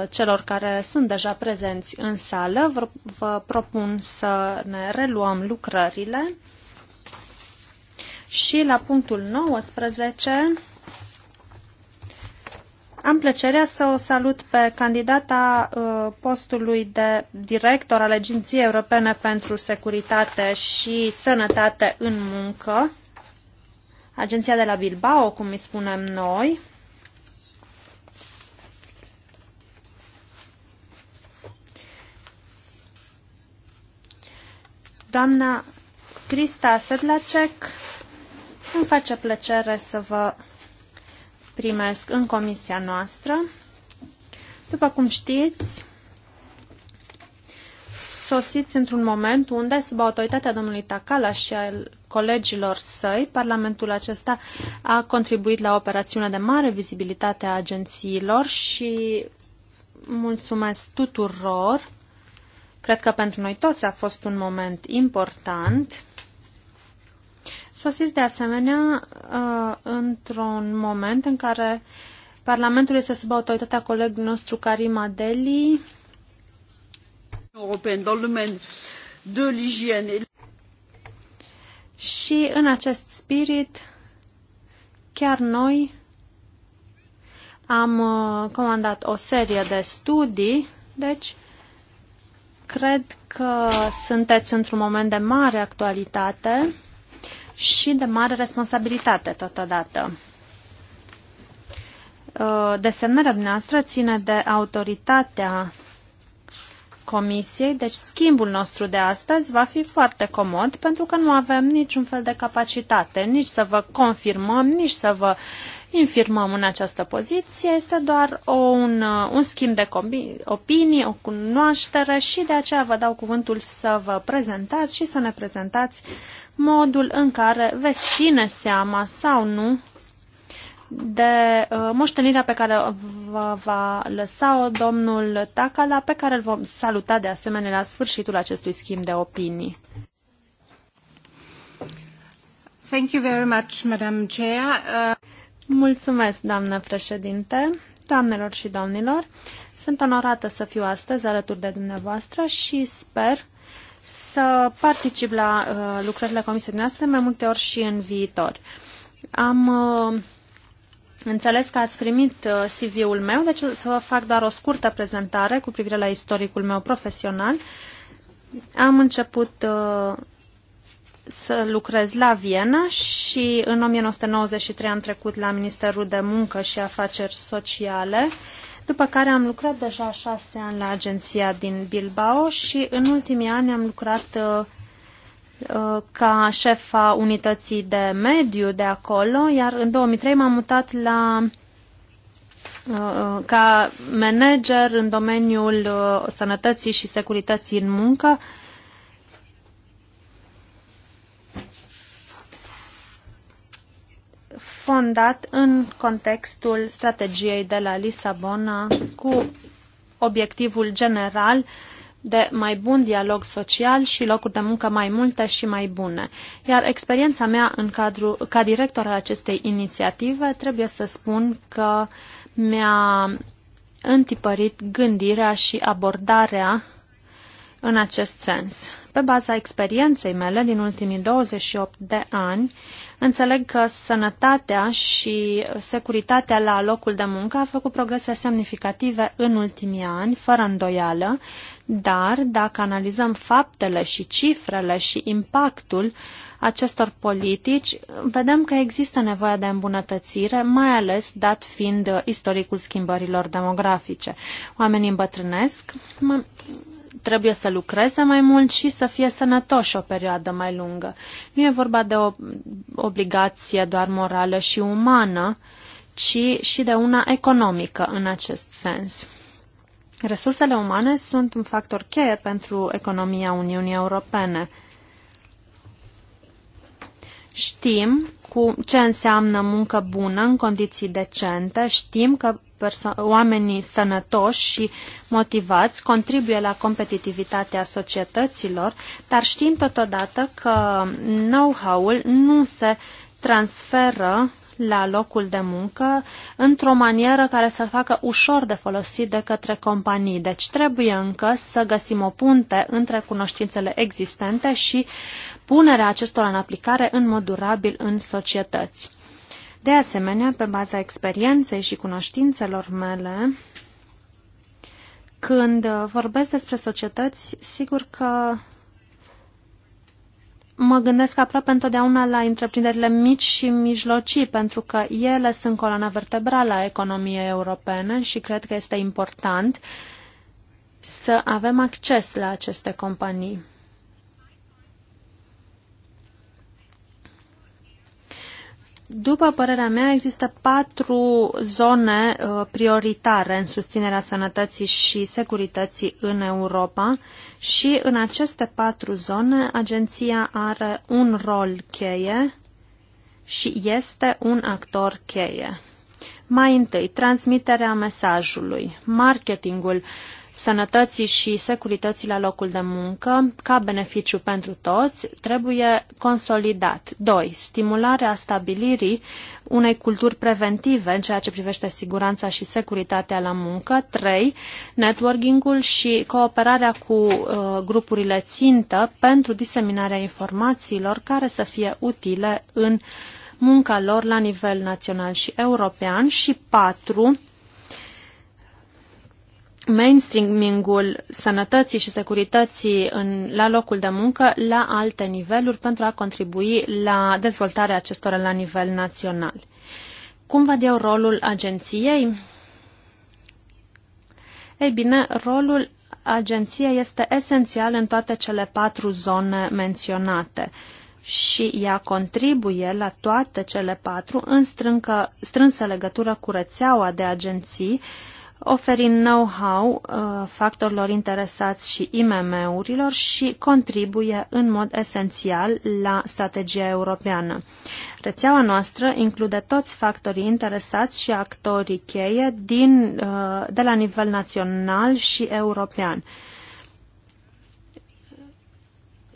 Uh, celor care sunt deja prezenți în sală. Vă propun să ne reluăm lucrările. Și la punctul 19 am plăcerea să o salut pe candidata uh, postului de director al Agenției Europene pentru Securitate și Sănătate în Muncă, agenția de la Bilbao, cum îi spunem noi, Doamna Crista Sedlacek, îmi face plăcere să vă primesc în comisia noastră. După cum știți, sosiți într-un moment unde, sub autoritatea domnului Takala și al colegilor săi, Parlamentul acesta a contribuit la operațiunea de mare vizibilitate a agențiilor și mulțumesc tuturor Cred că pentru noi toți a fost un moment important. Sosiți de asemenea uh, într-un moment în care Parlamentul este sub autoritatea colegului nostru Karim Adeli. European, de Și în acest spirit, chiar noi am uh, comandat o serie de studii, deci Cred că sunteți într-un moment de mare actualitate și de mare responsabilitate totodată. Uh, desemnarea dumneavoastră ține de autoritatea Comisiei, deci schimbul nostru de astăzi va fi foarte comod pentru că nu avem niciun fel de capacitate nici să vă confirmăm, nici să vă infirmăm în această poziție. Este doar o, un, uh, un schimb de opinii, o cunoaștere și de aceea vă dau cuvântul să vă prezentați și să ne prezentați modul în care veți ține seama sau nu de uh, moștenirea pe care vă va lăsa-o domnul Tacala, pe care îl vom saluta de asemenea la sfârșitul acestui schimb de opinii. Thank you very much, Madam Chair. Uh... Mulțumesc, doamnă președinte, doamnelor și domnilor. Sunt onorată să fiu astăzi alături de dumneavoastră și sper să particip la uh, lucrările comisiei noastre mai multe ori și în viitor. Am uh, Înțeles că ați primit uh, CV-ul meu, deci să vă fac doar o scurtă prezentare cu privire la istoricul meu profesional. Am început uh, să lucrez la Viena și în 1993 am trecut la Ministerul de Muncă și Afaceri Sociale, după care am lucrat deja șase ani la agenția din Bilbao și în ultimii ani am lucrat uh, uh, ca șefa unității de mediu de acolo, iar în 2003 m-am mutat la uh, ca manager în domeniul sănătății și securității în muncă, fondat în contextul strategiei de la Lisabona cu obiectivul general de mai bun dialog social și locuri de muncă mai multe și mai bune. Iar experiența mea în cadru, ca director al acestei inițiative trebuie să spun că mi-a întipărit gândirea și abordarea în acest sens. Pe baza experienței mele din ultimii 28 de ani, Înțeleg că sănătatea și securitatea la locul de muncă a făcut progrese semnificative în ultimii ani, fără îndoială, dar dacă analizăm faptele și cifrele și impactul acestor politici, vedem că există nevoie de îmbunătățire, mai ales dat fiind istoricul schimbărilor demografice. Oamenii îmbătrânesc, trebuie să lucreze mai mult și să fie sănătoși o perioadă mai lungă. Nu e vorba de o obligație doar morală și umană, ci și de una economică în acest sens. Resursele umane sunt un factor cheie pentru economia Uniunii Europene. Știm cu ce înseamnă muncă bună în condiții decente, știm că oamenii sănătoși și motivați contribuie la competitivitatea societăților, dar știm totodată că know-how-ul nu se transferă la locul de muncă într-o manieră care să-l facă ușor de folosit de către companii. Deci trebuie încă să găsim o punte între cunoștințele existente și punerea acestora în aplicare în mod durabil în societăți. De asemenea, pe baza experienței și cunoștințelor mele, când uh, vorbesc despre societăți, sigur că mă gândesc aproape întotdeauna la întreprinderile mici și mijlocii, pentru că ele sunt coloana vertebrală a economiei europene și cred că este important să avem acces la aceste companii. După părerea mea, există patru zone uh, prioritare în susținerea sănătății și securității în Europa și în aceste patru zone agenția are un rol cheie și este un actor cheie. Mai întâi, transmiterea mesajului, marketingul, uh, sănătății și securității la locul de muncă, ca beneficiu pentru toți, trebuie consolidat. 2. Stimularea stabilirii unei culturi preventive în ceea ce privește siguranța și securitatea la muncă. 3. Networking-ul și cooperarea cu uh, grupurile țintă pentru diseminarea informațiilor care să fie utile în munca lor la nivel național și european și 4 mainstreaming-ul sănătății și securității în, la locul de muncă la alte niveluri pentru a contribui la dezvoltarea acestora la nivel național. Cum văd eu rolul agenției? Ei bine, rolul agenției este esențial în toate cele patru zone menționate și ea contribuie la toate cele patru în strâncă, strânsă legătură cu rețeaua de agenții uh, oferind know-how uh, factorilor interesați și IMM-urilor și contribuie în mod esențial la strategia europeană. Rețeaua noastră include toți factorii interesați și actorii cheie din, uh, de la nivel național și european.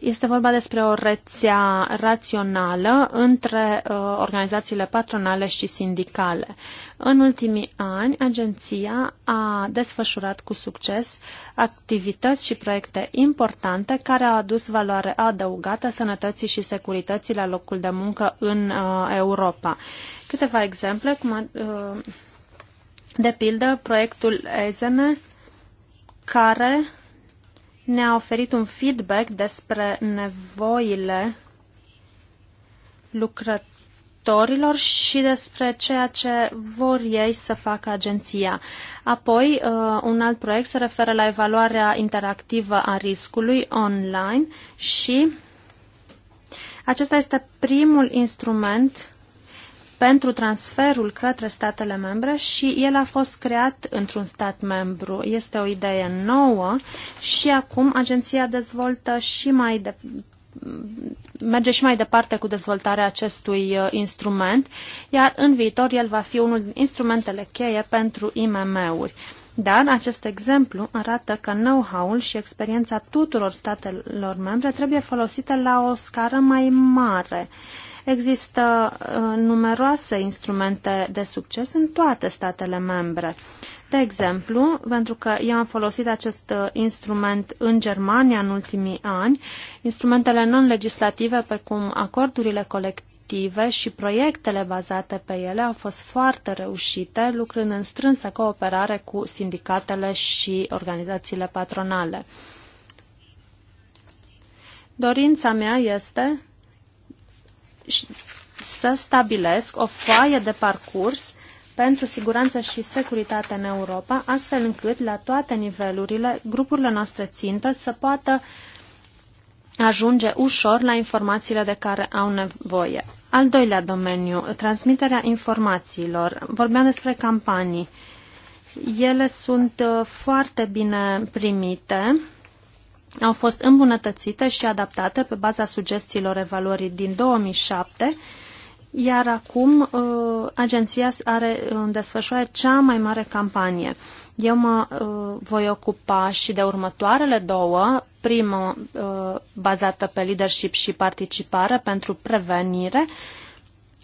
Este vorba despre o rețea rațională între uh, organizațiile patronale și sindicale. În ultimii ani, agenția a desfășurat cu succes activități și proiecte importante care au adus valoare adăugată sănătății și securității la locul de muncă în uh, Europa. Câteva exemple, cum, uh, de pildă proiectul EZENE, care ne-a oferit un feedback despre nevoile lucrătorilor și despre ceea ce vor ei să facă agenția. Apoi, uh, un alt proiect se referă la evaluarea interactivă a riscului online și acesta este primul instrument pentru transferul către statele membre și el a fost creat într-un stat membru. Este o idee nouă și acum agenția dezvoltă și mai de merge și mai departe cu dezvoltarea acestui uh, instrument, iar în viitor el va fi unul din instrumentele cheie pentru IMM-uri. Dar acest exemplu arată că know-how-ul și experiența tuturor statelor membre trebuie folosite la o scară mai mare. Uh, Există uh, numeroase instrumente de succes în toate statele membre. De exemplu, pentru că eu am folosit acest uh, instrument în Germania în ultimii ani, instrumentele non-legislative, precum acordurile colective, colective și proiectele bazate pe ele au fost foarte reușite, lucrând în strânsă cooperare cu sindicatele și organizațiile patronale. Dorința mea este să stabilesc o foaie de parcurs pentru siguranță și securitate în Europa, astfel încât la toate nivelurile grupurile noastre țintă să poată ajunge ușor la informațiile de care au nevoie. Al doilea domeniu, transmiterea informațiilor. Vorbeam despre campanii. Ele sunt uh, foarte bine primite au fost îmbunătățite și adaptate pe baza sugestiilor evaluării din 2007, iar acum uh, agenția are în desfășoare cea mai mare campanie. Eu mă uh, voi ocupa și de următoarele două, prima uh, bazată pe leadership și participare pentru prevenire,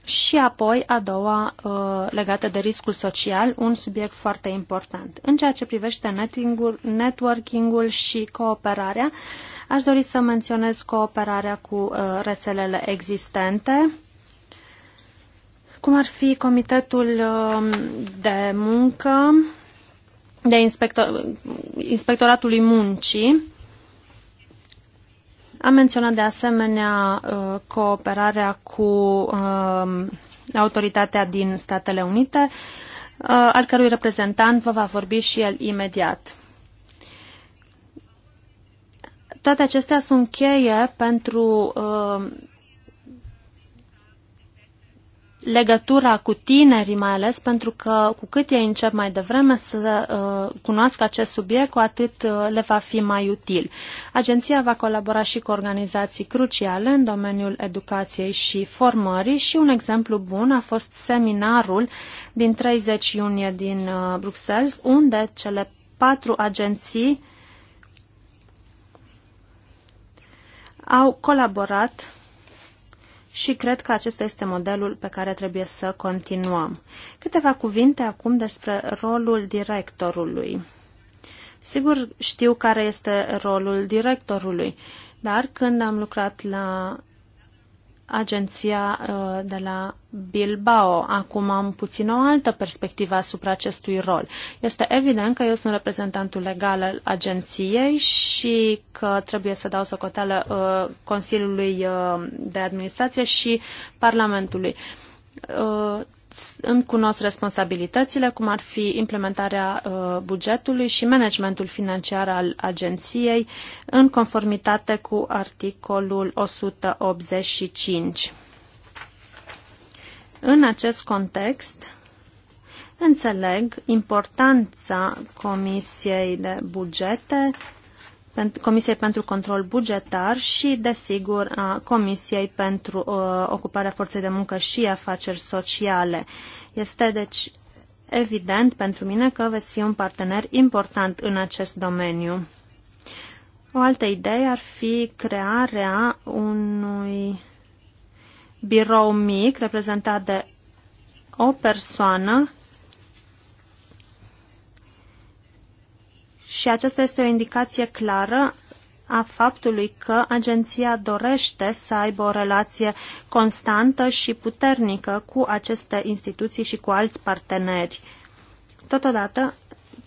și apoi, a doua, uh, legată de riscul social, un subiect foarte important. În ceea ce privește networking-ul și cooperarea, aș dori să menționez cooperarea cu uh, rețelele existente, cum ar fi Comitetul um, de Muncă, de inspector, Inspectoratului Muncii, am menționat de asemenea uh, cooperarea cu um, autoritatea din Statele Unite, uh, al cărui reprezentant vă va vorbi și el imediat. Toate acestea sunt cheie pentru um, legătura cu tinerii mai ales, pentru că cu cât ei încep mai devreme să uh, cunoască acest subiect, cu atât uh, le va fi mai util. Agenția va colabora și cu organizații cruciale în domeniul educației și formării și un exemplu bun a fost seminarul din 30 iunie din uh, Bruxelles, unde cele patru agenții au colaborat și cred că acesta este modelul pe care trebuie să continuăm. Câteva cuvinte acum despre rolul directorului. Sigur știu care este rolul directorului, dar când am lucrat la agenția uh, de la Bilbao. Acum am puțin o altă perspectivă asupra acestui rol. Este evident că eu sunt reprezentantul legal al agenției și că trebuie să dau socoteală uh, Consiliului uh, de Administrație și Parlamentului îmi cunosc responsabilitățile, cum ar fi implementarea uh, bugetului și managementul financiar al agenției în conformitate cu articolul 185. În acest context, înțeleg importanța Comisiei de Bugete Comisiei pentru Control Bugetar și, desigur, a Comisiei pentru uh, Ocuparea Forței de Muncă și Afaceri Sociale. Este, deci, evident pentru mine că veți fi un partener important în acest domeniu. O altă idee ar fi crearea unui birou mic reprezentat de o persoană Și aceasta este o indicație clară a faptului că agenția dorește să aibă o relație constantă și puternică cu aceste instituții și cu alți parteneri. Totodată,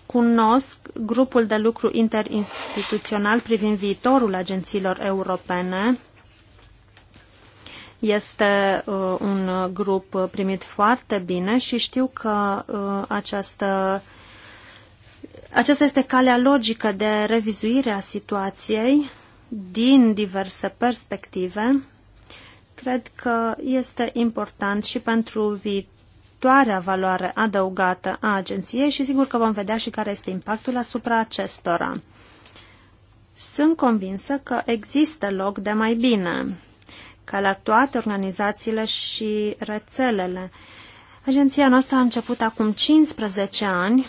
cunosc grupul de lucru interinstituțional privind viitorul agențiilor europene. Este uh, un grup primit foarte bine și știu că uh, această uh, aceasta este calea logică de revizuire a situației din diverse perspective. Cred că este important și pentru viitoarea valoare adăugată a agenției și sigur că vom vedea și care este impactul asupra acestora. Sunt convinsă că există loc de mai bine, ca la toate organizațiile și rețelele. Agenția noastră a început acum 15 ani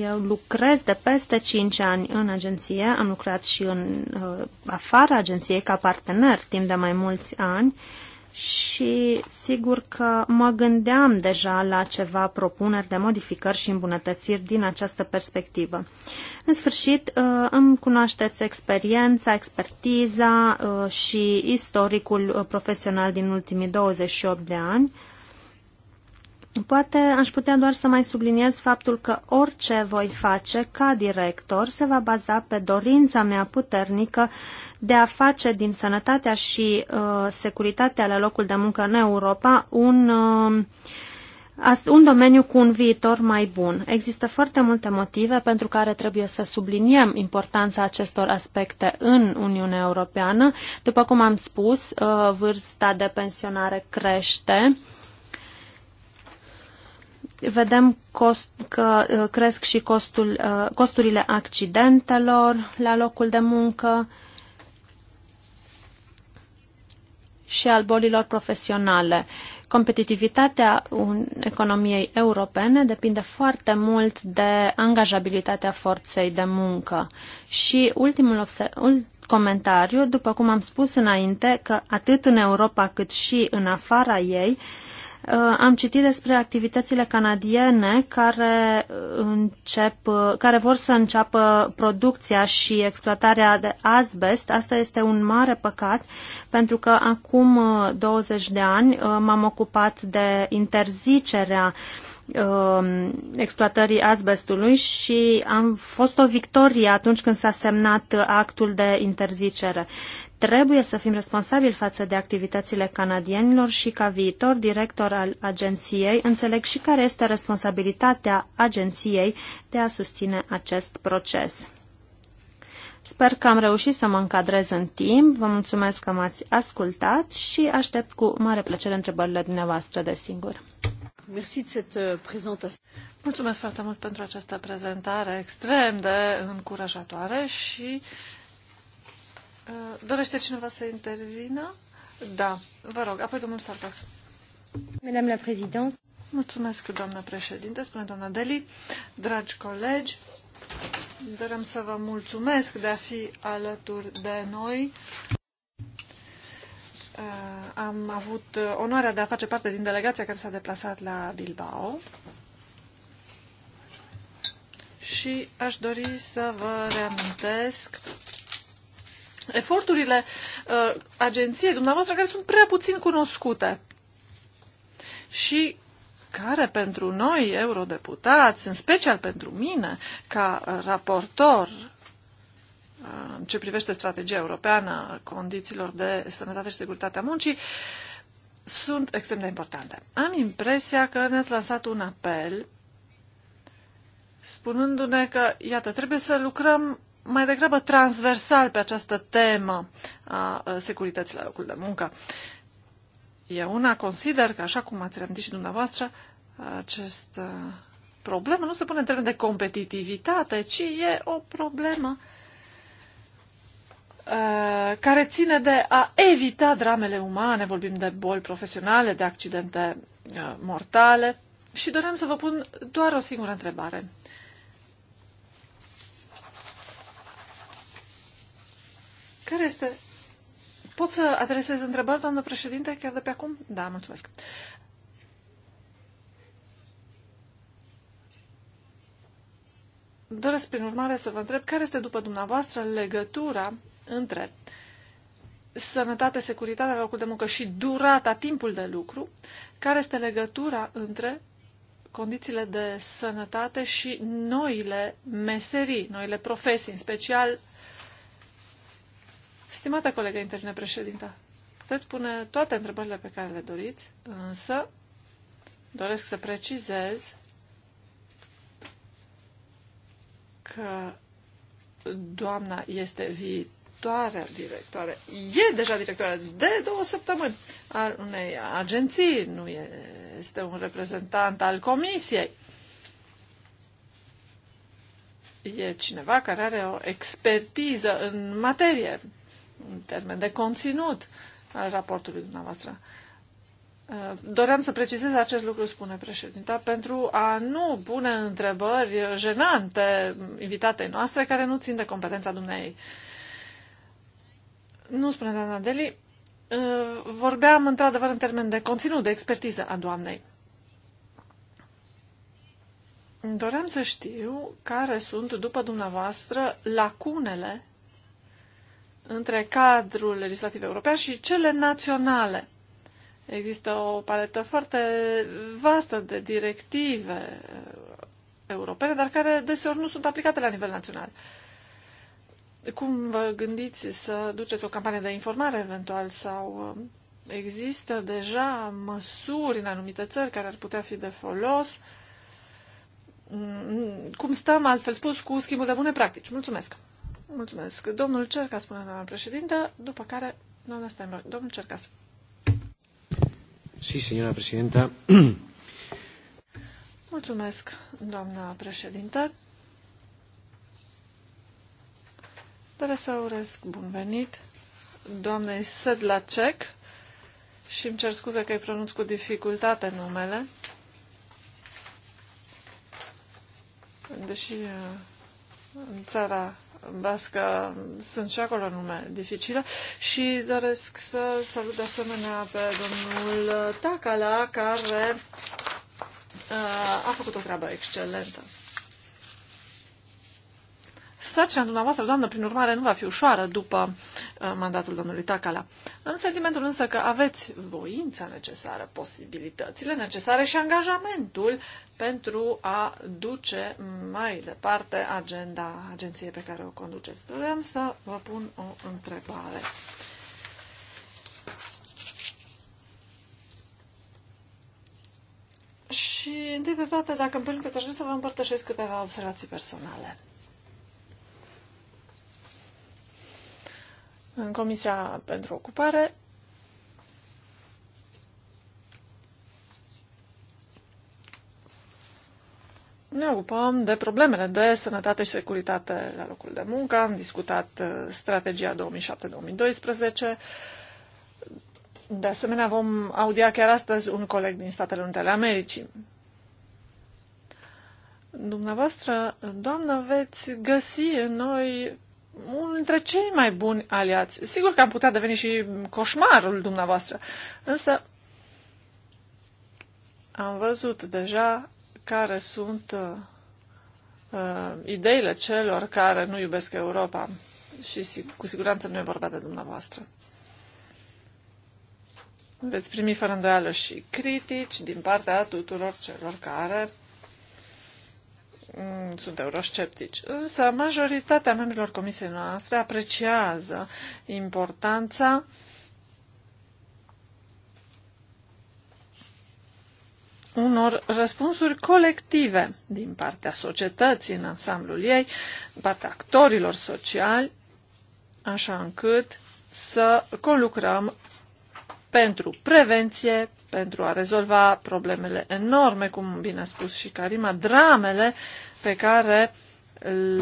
eu lucrez de peste 5 ani în agenție, am lucrat și în uh, afara agenției ca partener timp de mai mulți ani și sigur că mă gândeam deja la ceva propuneri de modificări și îmbunătățiri din această perspectivă. În sfârșit, uh, îmi cunoașteți experiența, expertiza uh, și istoricul profesional din ultimii 28 de ani. Poate aș putea doar să mai subliniez faptul că orice voi face ca director se va baza pe dorința mea puternică de a face din sănătatea și uh, securitatea la locul de muncă în Europa un, uh, un domeniu cu un viitor mai bun. Există foarte multe motive pentru care trebuie să subliniem importanța acestor aspecte în Uniunea Europeană. După cum am spus, uh, vârsta de pensionare crește. Uh, Vedem cost, că uh, cresc și costul, uh, costurile accidentelor la locul de muncă și al bolilor profesionale. Competitivitatea economiei europene depinde foarte mult de angajabilitatea forței de muncă. Și ultimul comentariu, după cum am spus înainte, că atât în Europa cât și în afara ei, uh, Uh, am citit despre activitățile canadiene care, uh, încep, uh, care vor să înceapă producția și exploatarea de azbest. Asta este un mare păcat pentru că acum 20 de ani m-am ocupat de interzicerea uh, Um, exploatării asbestului și am fost o victorie atunci când s-a semnat actul de interzicere. Trebuie să fim responsabili față de activitățile canadienilor și ca viitor director al agenției înțeleg și care este responsabilitatea agenției de a susține acest proces. Sper că am reușit să mă încadrez în timp, vă mulțumesc că m-ați ascultat și aștept cu mare plăcere întrebările dumneavoastră, singur. Euh, mulțumesc foarte mult pentru această prezentare extrem de încurajatoare și uh, dorește cineva să intervină? Da, vă rog, apoi domnul Sartas. Madame la Présidente. Mulțumesc, doamnă președinte, spune doamna Deli. Dragi colegi, doream să vă mulțumesc de a fi alături de noi Uh, am avut uh, onoarea de a face parte din delegația care s-a deplasat la Bilbao și aș dori să vă reamintesc eforturile uh, agenției dumneavoastră care sunt prea puțin cunoscute și care pentru noi, eurodeputați, în special pentru mine, ca raportor Uh, ce privește strategia europeană condițiilor de sănătate și securitate a muncii sunt extrem de importante. Am impresia că ne-ați lansat un apel spunându-ne că, iată, trebuie să lucrăm mai degrabă transversal pe această temă a securității la locul de muncă. Eu una consider că, așa cum ați reamintit și dumneavoastră, acest problemă nu se pune în termen de competitivitate, ci e o problemă Uh, care ține de a evita dramele umane, vorbim de boli profesionale, de accidente uh, mortale și doream să vă pun doar o singură întrebare. Care este... Pot să adresez întrebări, doamnă președinte, chiar de pe acum? Da, mulțumesc. Doresc, prin urmare, să vă întreb care este, după dumneavoastră, legătura între sănătate, securitatea locul de muncă și durata, timpul de lucru, care este legătura între condițiile de sănătate și noile meserii, noile profesii, în special. Stimată colegă interne președinta, puteți pune toate întrebările pe care le doriți, însă doresc să precizez că doamna este viitoare Actuala directoare e deja directoarea de două săptămâni al unei agenții, nu este un reprezentant al comisiei. E cineva care are o expertiză în materie, în termen de conținut al raportului dumneavoastră. Uh, doream să precizez acest lucru, spune președinta, pentru a nu pune întrebări jenante invitatei noastre care nu țin de competența dumneavoastră. Nu spune doamna Deli. Uh, vorbeam într-adevăr în termen de conținut, de expertiză a doamnei. Doream să știu care sunt, după dumneavoastră, lacunele între cadrul legislativ european și cele naționale. Există o paletă foarte vastă de directive europene, dar care deseori nu sunt aplicate la nivel național. Uh, cum vă gândiți să duceți o campanie de informare eventual sau um, există deja măsuri în anumite țări care ar putea fi de folos? Mm, cum stăm, altfel spus, cu schimbul de bune practici? Mulțumesc! Mulțumesc! Domnul Cerca, spune doamna președintă, după care doamna Steinberg. Domnul Cercas. Sí, señora presidenta. Mulțumesc, doamna președintă. Dar să urez bun venit doamnei Sedlacek și îmi cer scuze că îi pronunț cu dificultate numele. Deși uh, în țara bască sunt și acolo nume dificile și doresc să salut de asemenea pe domnul Tacala care uh, a făcut o treabă excelentă. Sarcina dumneavoastră, doamnă, prin urmare, nu va fi ușoară după uh, mandatul domnului Tacala. În sentimentul însă că aveți voința necesară, posibilitățile necesare și angajamentul pentru a duce mai departe agenda agenției pe care o conduceți. Doream să vă pun o întrebare. Și, întâi de toate, dacă îmi permiteți, aș vrea să vă împărtășesc câteva observații personale. în Comisia pentru Ocupare. Ne ocupăm de problemele de sănătate și securitate la locul de muncă. Am discutat uh, strategia 2007-2012. De asemenea, vom audia chiar astăzi un coleg din Statele Unite ale Americii. Dumneavoastră, doamnă, veți găsi în noi unul dintre cei mai buni aliați. Sigur că am putea deveni și coșmarul dumneavoastră, însă am văzut deja care sunt uh, uh ideile celor care nu iubesc Europa și cu siguranță nu e vorba de dumneavoastră. Veți primi fără îndoială și critici din partea tuturor celor care Mm, sunt eurosceptici. Însă majoritatea membrilor comisiei noastre apreciază importanța unor răspunsuri colective din partea societății în ansamblul ei, din partea actorilor sociali, așa încât să conlucrăm pentru prevenție, pentru a rezolva problemele enorme, cum bine a spus și Karima, dramele pe care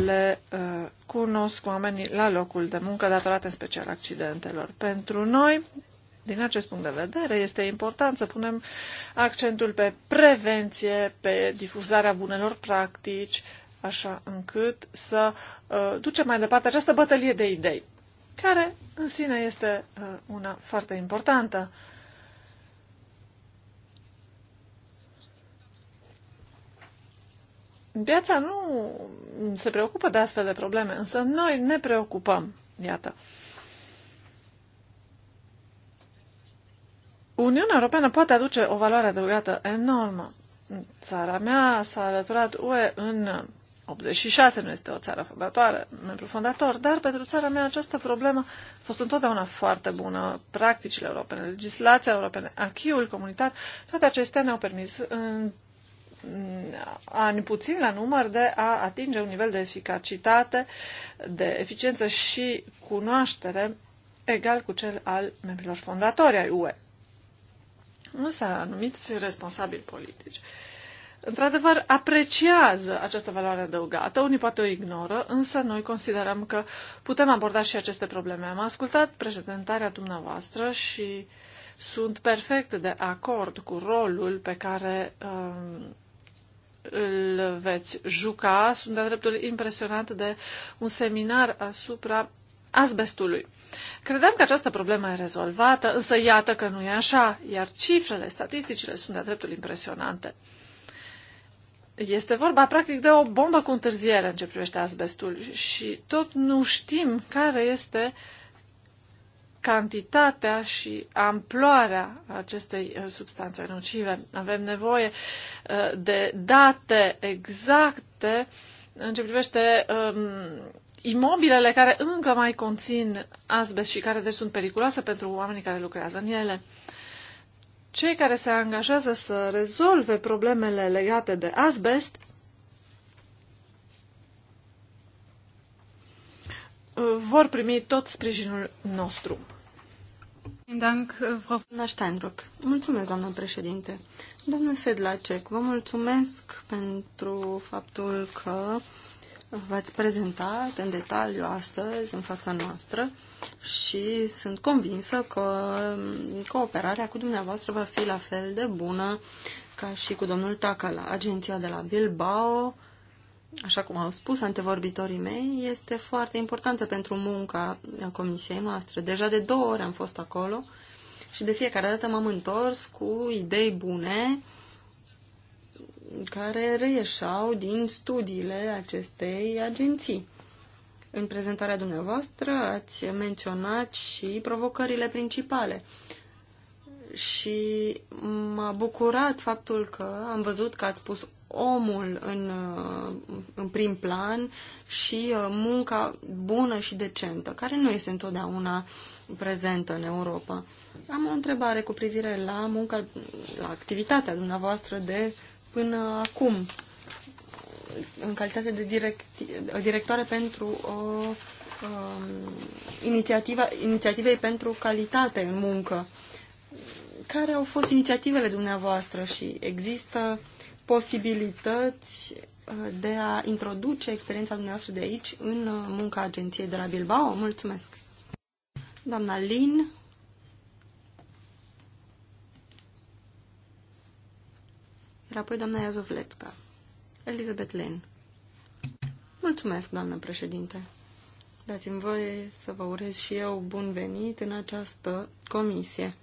le uh, cunosc oamenii la locul de muncă datorate în special accidentelor. Pentru noi, din acest punct de vedere, este important să punem accentul pe prevenție, pe difuzarea bunelor practici, așa încât să uh, ducem mai departe această bătălie de idei, care în sine este uh, una foarte importantă. Piața nu se preocupă de astfel de probleme, însă noi ne preocupăm. Iată. Uniunea Europeană poate aduce o valoare adăugată enormă. Țara mea s-a alăturat UE în 86, nu este o țară fondatoare, membru fondator, dar pentru țara mea această problemă a fost întotdeauna foarte bună. Practicile europene, legislația europene, achiul comunitar, toate acestea ne-au permis în ani puțin la număr de a atinge un nivel de eficacitate, de eficiență și cunoaștere egal cu cel al membrilor fondatori ai UE. Însă anumiți responsabili politici într-adevăr apreciază această valoare adăugată, unii poate o ignoră, însă noi considerăm că putem aborda și aceste probleme. Am ascultat prezentarea dumneavoastră și sunt perfect de acord cu rolul pe care uh, îl veți juca. Sunt de dreptul impresionat de un seminar asupra asbestului. Credeam că această problemă e rezolvată, însă iată că nu e așa, iar cifrele, statisticile sunt de dreptul impresionante. Este vorba practic de o bombă cu întârziere în ce privește asbestul și tot nu știm care este uh, cantitatea și amploarea acestei uh, substanțe nocive. Avem nevoie uh, de date exacte în ce privește um, imobilele care încă mai conțin asbest și care deci sunt periculoase pentru oamenii care lucrează în ele. Cei care se angajează să rezolve problemele legate de asbest uh, vor primi tot sprijinul nostru. Eh, mulțumesc, doamnă președinte. Doamnă Sedlacek, vă mulțumesc pentru faptul că v-ați prezentat în detaliu astăzi în fața noastră și sunt convinsă că cooperarea cu dumneavoastră va fi la fel de bună ca și cu domnul Tacala, agenția de la Bilbao, așa cum au spus antevorbitorii mei, este foarte importantă pentru munca comisiei noastre. Deja de două ori am fost acolo și de fiecare dată m-am întors cu idei bune care reieșau din studiile acestei agenții. În prezentarea dumneavoastră ați menționat și provocările principale și m-a bucurat faptul că am văzut că ați pus omul în, uh, în prim plan și uh, munca bună și decentă, care nu este întotdeauna prezentă în Europa. Am o întrebare cu privire la munca, la activitatea dumneavoastră de până acum, în calitate de direct, uh, directoare pentru o, um, inițiativa, inițiativei pentru calitate în muncă. Care au fost inițiativele dumneavoastră și există uh, posibilități uh, de a introduce experiența dumneavoastră de aici în uh, munca agenției de la Bilbao. Mulțumesc! Doamna Lin. Iar apoi doamna Iazovletca. Elizabeth Lin. Mulțumesc, doamnă președinte. Dați-mi voie să vă urez și eu bun venit în această comisie.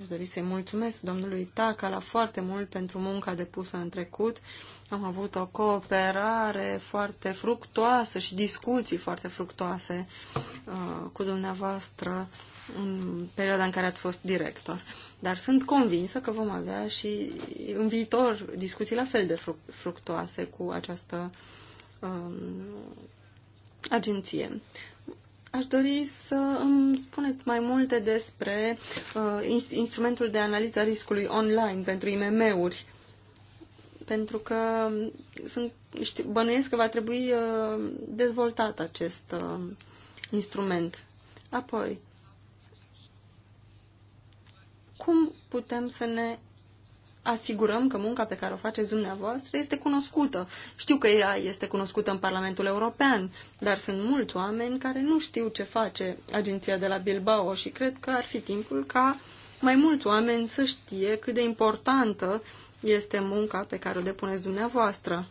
Aș dori să-i mulțumesc domnului Taca la foarte mult pentru munca depusă în trecut. Am avut o cooperare foarte fructoasă și discuții foarte fructoase uh, cu dumneavoastră în perioada în care ați fost director. Dar sunt convinsă că vom avea și în viitor discuții la fel de fructoase cu această um, agenție. Aș dori să îmi spuneți mai multe despre uh, instrumentul de analiză a riscului online pentru IMM-uri. Pentru că sunt, știu, bănuiesc că va trebui uh, dezvoltat acest uh, instrument. Apoi, cum putem să ne asigurăm că munca pe care o faceți dumneavoastră este cunoscută. Știu că ea este cunoscută în Parlamentul European, dar sunt mulți oameni care nu știu ce face agenția de la Bilbao și cred că ar fi timpul ca mai mulți oameni să știe cât de importantă este munca pe care o depuneți dumneavoastră.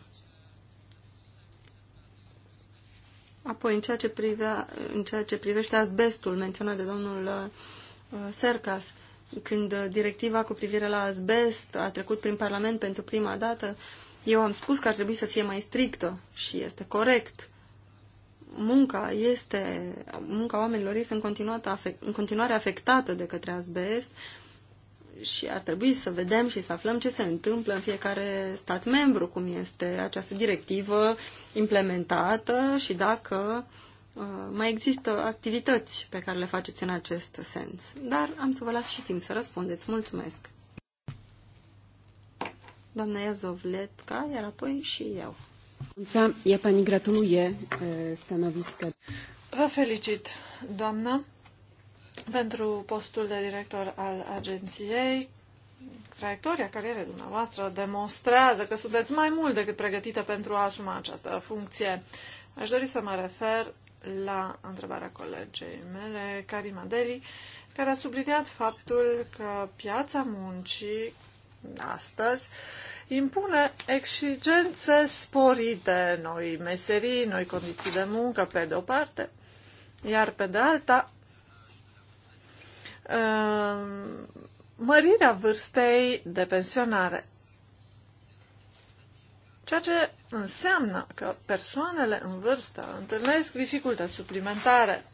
Apoi, în ceea ce, privea, în ceea ce privește asbestul menționat de domnul uh, Sercas, uh, când uh, directiva cu privire la asbest a trecut prin Parlament pentru prima dată, eu am spus că ar trebui să fie mai strictă și este corect. Munca, este, munca oamenilor este în continuare, afect, în continuare afectată de către asbest și ar trebui să vedem și să aflăm ce se întâmplă în fiecare stat membru, cum este această directivă implementată și dacă uh, Uh, mai există activități pe care le faceți în acest sens, dar am să vă las și timp să răspundeți. Mulțumesc! Doamna Iazovletka, iar apoi și eu. Ja pani gratuluję uh, stanowiska. Vă felicit, doamna, pentru postul de director al agenției. Traiectoria carierei dumneavoastră demonstrează că sunteți mai mult decât pregătită pentru a asuma această funcție. Aș dori să mă refer la întrebarea colegei mele, Karim Deli, care a subliniat faptul că piața muncii astăzi impune exigențe sporite, noi meserii, noi condiții de muncă, pe de o parte, iar pe de alta, uh, mărirea vârstei de pensionare ceea ce înseamnă că persoanele în vârstă întâlnesc dificultăți suplimentare.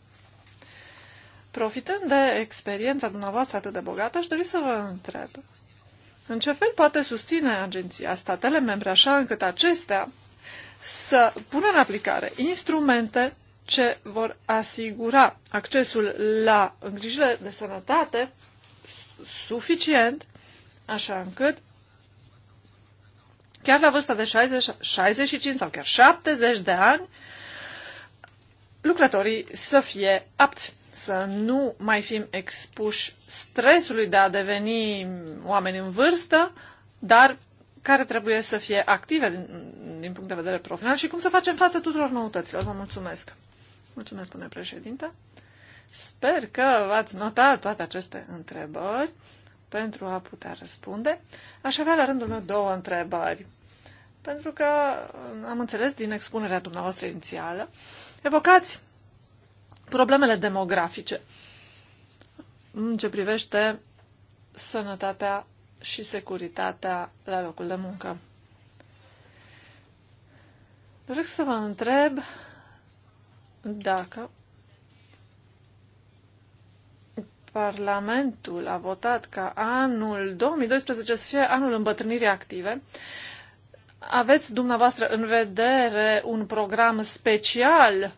Profitând de experiența dumneavoastră atât de bogată, aș dori să vă întreb în ce fel poate susține agenția statele membre așa încât acestea să pună în aplicare instrumente ce vor asigura accesul la îngrijire de sănătate suficient, așa încât chiar la vârsta de 60, 65 sau chiar 70 de ani, lucrătorii să fie apți, să nu mai fim expuși stresului de a deveni oameni în vârstă, dar care trebuie să fie active din, din punct de vedere profesional și cum să facem față tuturor noutăților. Vă mulțumesc! Mulțumesc, spune președinte. Sper că ați notat toate aceste întrebări pentru a putea răspunde. Aș avea la rândul meu două întrebări pentru că um, am înțeles din expunerea dumneavoastră inițială, evocați problemele demografice în ce privește sănătatea și securitatea la locul de muncă. Doresc să vă întreb dacă Parlamentul a votat ca anul 2012 să fie anul îmbătrânirii active, aveți dumneavoastră în vedere un program special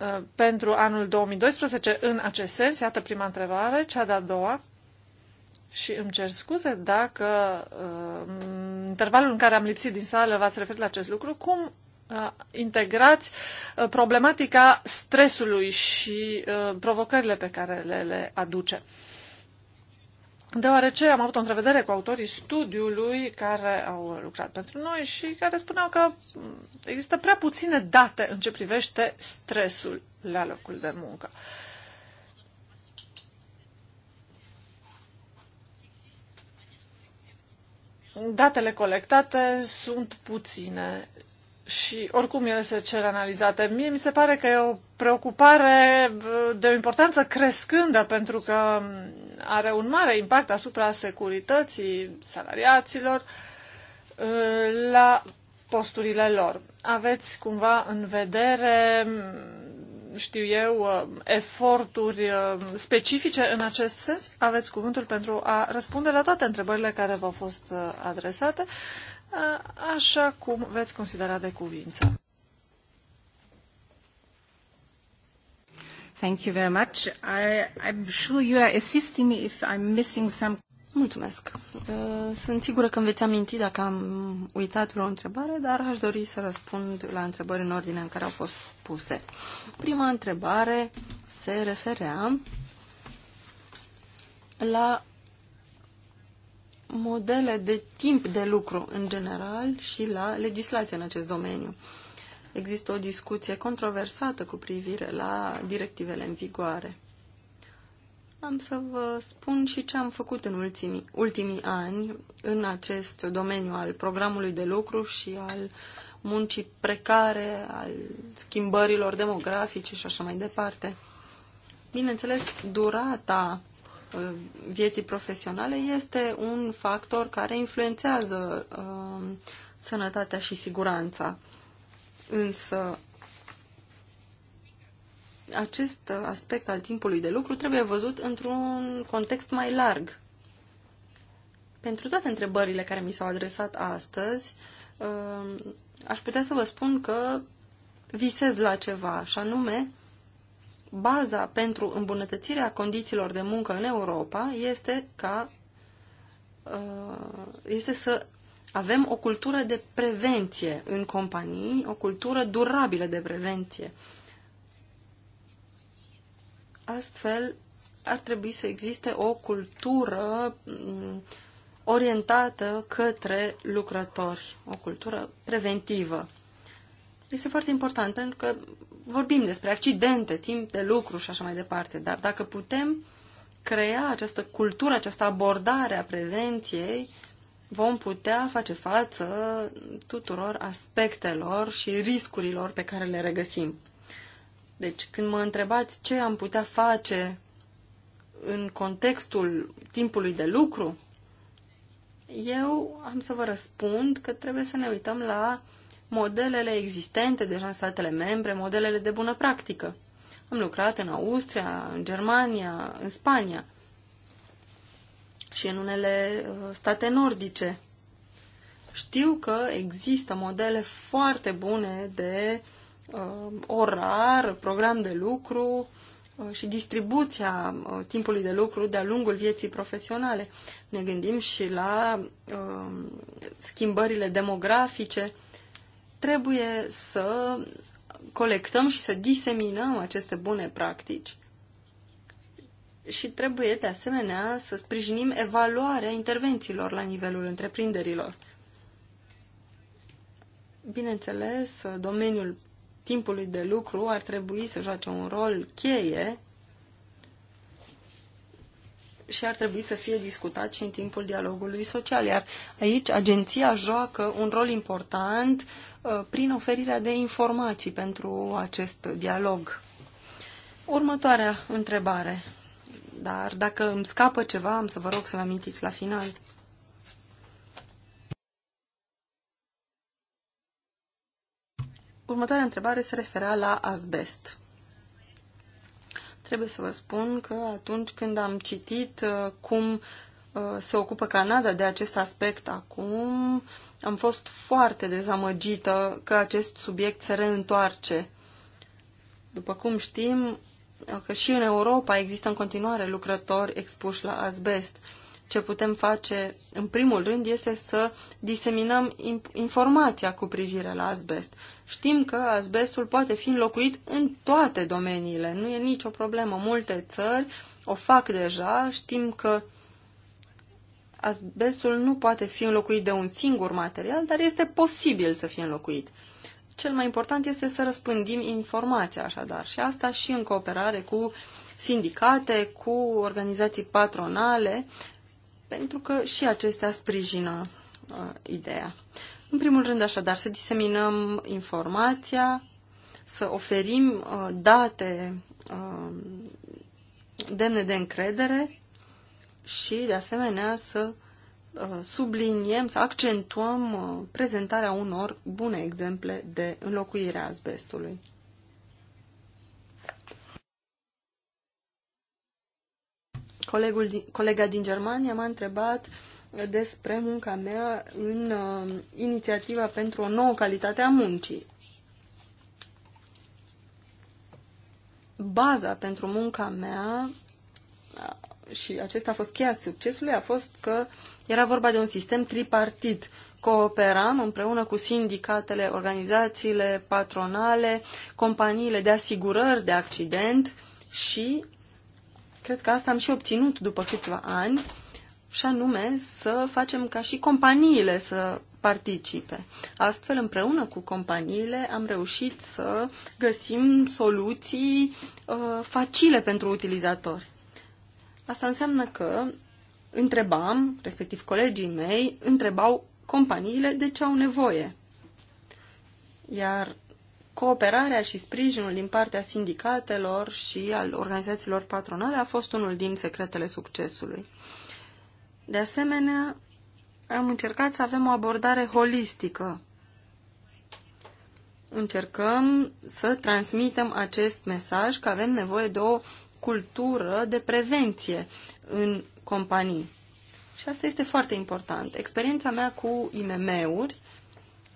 uh, pentru anul 2012 în acest sens? Iată prima întrebare. Cea de-a doua. Și îmi cer scuze dacă uh, intervalul în care am lipsit din sală v-ați referit la acest lucru. Cum uh, integrați uh, problematica stresului și uh, provocările pe care le, le aduce? Uh, deoarece am avut o întrevedere cu autorii studiului care au lucrat pentru noi și care spuneau că există prea puține date în ce privește stresul la locul de muncă. Datele colectate sunt puține și oricum ele se cer analizate. Mie mi se pare că e o preocupare uh, de o importanță crescândă pentru că um, are un mare impact asupra securității salariaților uh, la posturile lor. Aveți cumva în vedere, um, știu eu, uh, eforturi specifice în acest sens? Aveți cuvântul pentru a răspunde la toate întrebările care v-au fost adresate așa cum veți considera de cuvință. Thank you very much. I, I'm sure you are assisting me if I'm missing some... Mulțumesc. Uh, sunt sigură că îmi veți aminti dacă am uitat vreo întrebare, dar aș dori să răspund la întrebări în ordine în care au fost puse. Prima întrebare se referea la modele de timp de lucru în general și la legislație în acest domeniu. Există o discuție controversată cu privire la directivele în vigoare. Am să vă spun și ce am făcut în ultimii, ultimii ani în acest domeniu al programului de lucru și al muncii precare, al schimbărilor demografice și așa mai departe. Bineînțeles, durata Uh, vieții profesionale este un factor care influențează um, sănătatea și siguranța. Însă acest aspect al timpului de lucru trebuie văzut într-un context mai larg. Pentru toate întrebările care mi s-au adresat astăzi, um, aș putea să vă spun că visez la ceva, și anume baza pentru îmbunătățirea condițiilor de muncă în Europa este ca uh, este să avem o cultură de prevenție în companii, o cultură durabilă de prevenție. Astfel, ar trebui să existe o cultură mm, orientată către lucrători, o cultură preventivă. Este foarte important pentru că vorbim despre accidente, timp de lucru și așa mai departe, dar dacă putem crea această cultură, această abordare a prevenției, vom putea face față tuturor aspectelor și riscurilor pe care le regăsim. Deci, când mă întrebați ce am putea face în contextul timpului de lucru, eu am să vă răspund că trebuie să ne uităm la uh, modelele existente deja în statele membre, modelele de bună practică. Am lucrat în Austria, în Germania, în Spania și în unele uh, state nordice. Știu că există modele foarte bune de uh, orar, program de lucru uh, și distribuția uh, timpului de lucru de-a lungul vieții profesionale. Ne gândim și la uh, schimbările demografice uh, Trebuie să colectăm și să diseminăm aceste bune practici și trebuie de asemenea să sprijinim evaluarea intervențiilor la nivelul întreprinderilor. Bineînțeles, domeniul timpului de lucru ar trebui să joace un rol cheie și ar trebui să fie discutat și în timpul dialogului social. Iar aici agenția joacă un rol important uh, prin oferirea de informații pentru acest dialog. Următoarea întrebare. Dar dacă îmi scapă ceva, am să vă rog să-mi amintiți la final. Următoarea întrebare se referea la asbest. Trebuie să vă spun că atunci când am citit uh, cum uh, se ocupă Canada de acest aspect acum, am fost foarte dezamăgită că acest subiect se reîntoarce. După cum știm, uh, că și în Europa există în continuare lucrători expuși la asbest. Ce putem face, în primul rând, este să diseminăm informația cu privire la asbest. Știm că asbestul poate fi înlocuit în toate domeniile, nu e nicio problemă. Multe țări o fac deja, știm că asbestul nu poate fi înlocuit de un singur material, dar este posibil să fie înlocuit. Cel mai important este să răspândim informația, așadar, și asta și în cooperare cu sindicate, cu organizații patronale, pentru că și acestea sprijină uh, ideea. În primul rând, așadar, să diseminăm informația, să oferim uh, date uh, demne de încredere și, de asemenea, să uh, subliniem, să accentuăm uh, prezentarea unor bune exemple de înlocuire a asbestului. Colegul, colega din Germania m-a întrebat despre munca mea în uh, inițiativa pentru o nouă calitate a muncii. Baza pentru munca mea uh, și acesta a fost cheia succesului, a fost că era vorba de un sistem tripartit. Cooperam împreună cu sindicatele, organizațiile patronale, companiile de asigurări de accident și Cred că asta am și obținut după câțiva ani, și anume să facem ca și companiile să participe. Astfel, împreună cu companiile, am reușit să găsim soluții uh, facile pentru utilizatori. Asta înseamnă că întrebam, respectiv colegii mei, întrebau companiile de ce au nevoie. Iar cooperarea și sprijinul din partea sindicatelor și al organizațiilor patronale a fost unul din secretele succesului. De asemenea, am încercat să avem o abordare holistică. Încercăm să transmitem acest mesaj că avem nevoie de o cultură de prevenție în companii. Și asta este foarte important. Experiența mea cu IMM-uri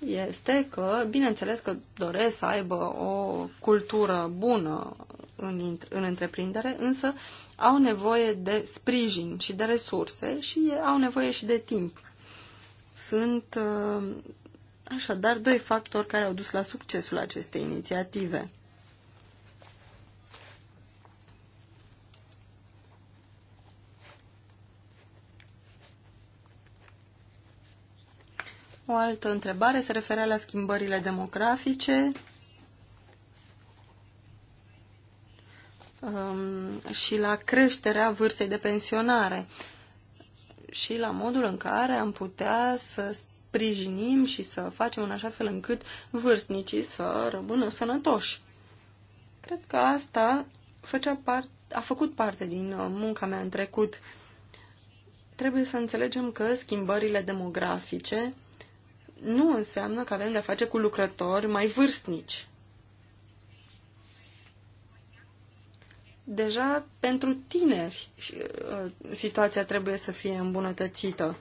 este că, bineînțeles că doresc să aibă o cultură bună în, în întreprindere, însă au nevoie de sprijin și de resurse și au nevoie și de timp. Sunt uh, așadar doi factori care au dus la succesul acestei inițiative. O altă întrebare se referea la schimbările demografice um, și la creșterea vârstei de pensionare și la modul în care am putea să sprijinim și să facem în așa fel încât vârstnicii să rămână sănătoși. Cred că asta făcea part, a făcut parte din uh, munca mea în trecut. Trebuie să înțelegem că schimbările demografice nu înseamnă că avem de-a face cu lucrători mai vârstnici. Deja pentru tineri uh, situația trebuie să fie îmbunătățită.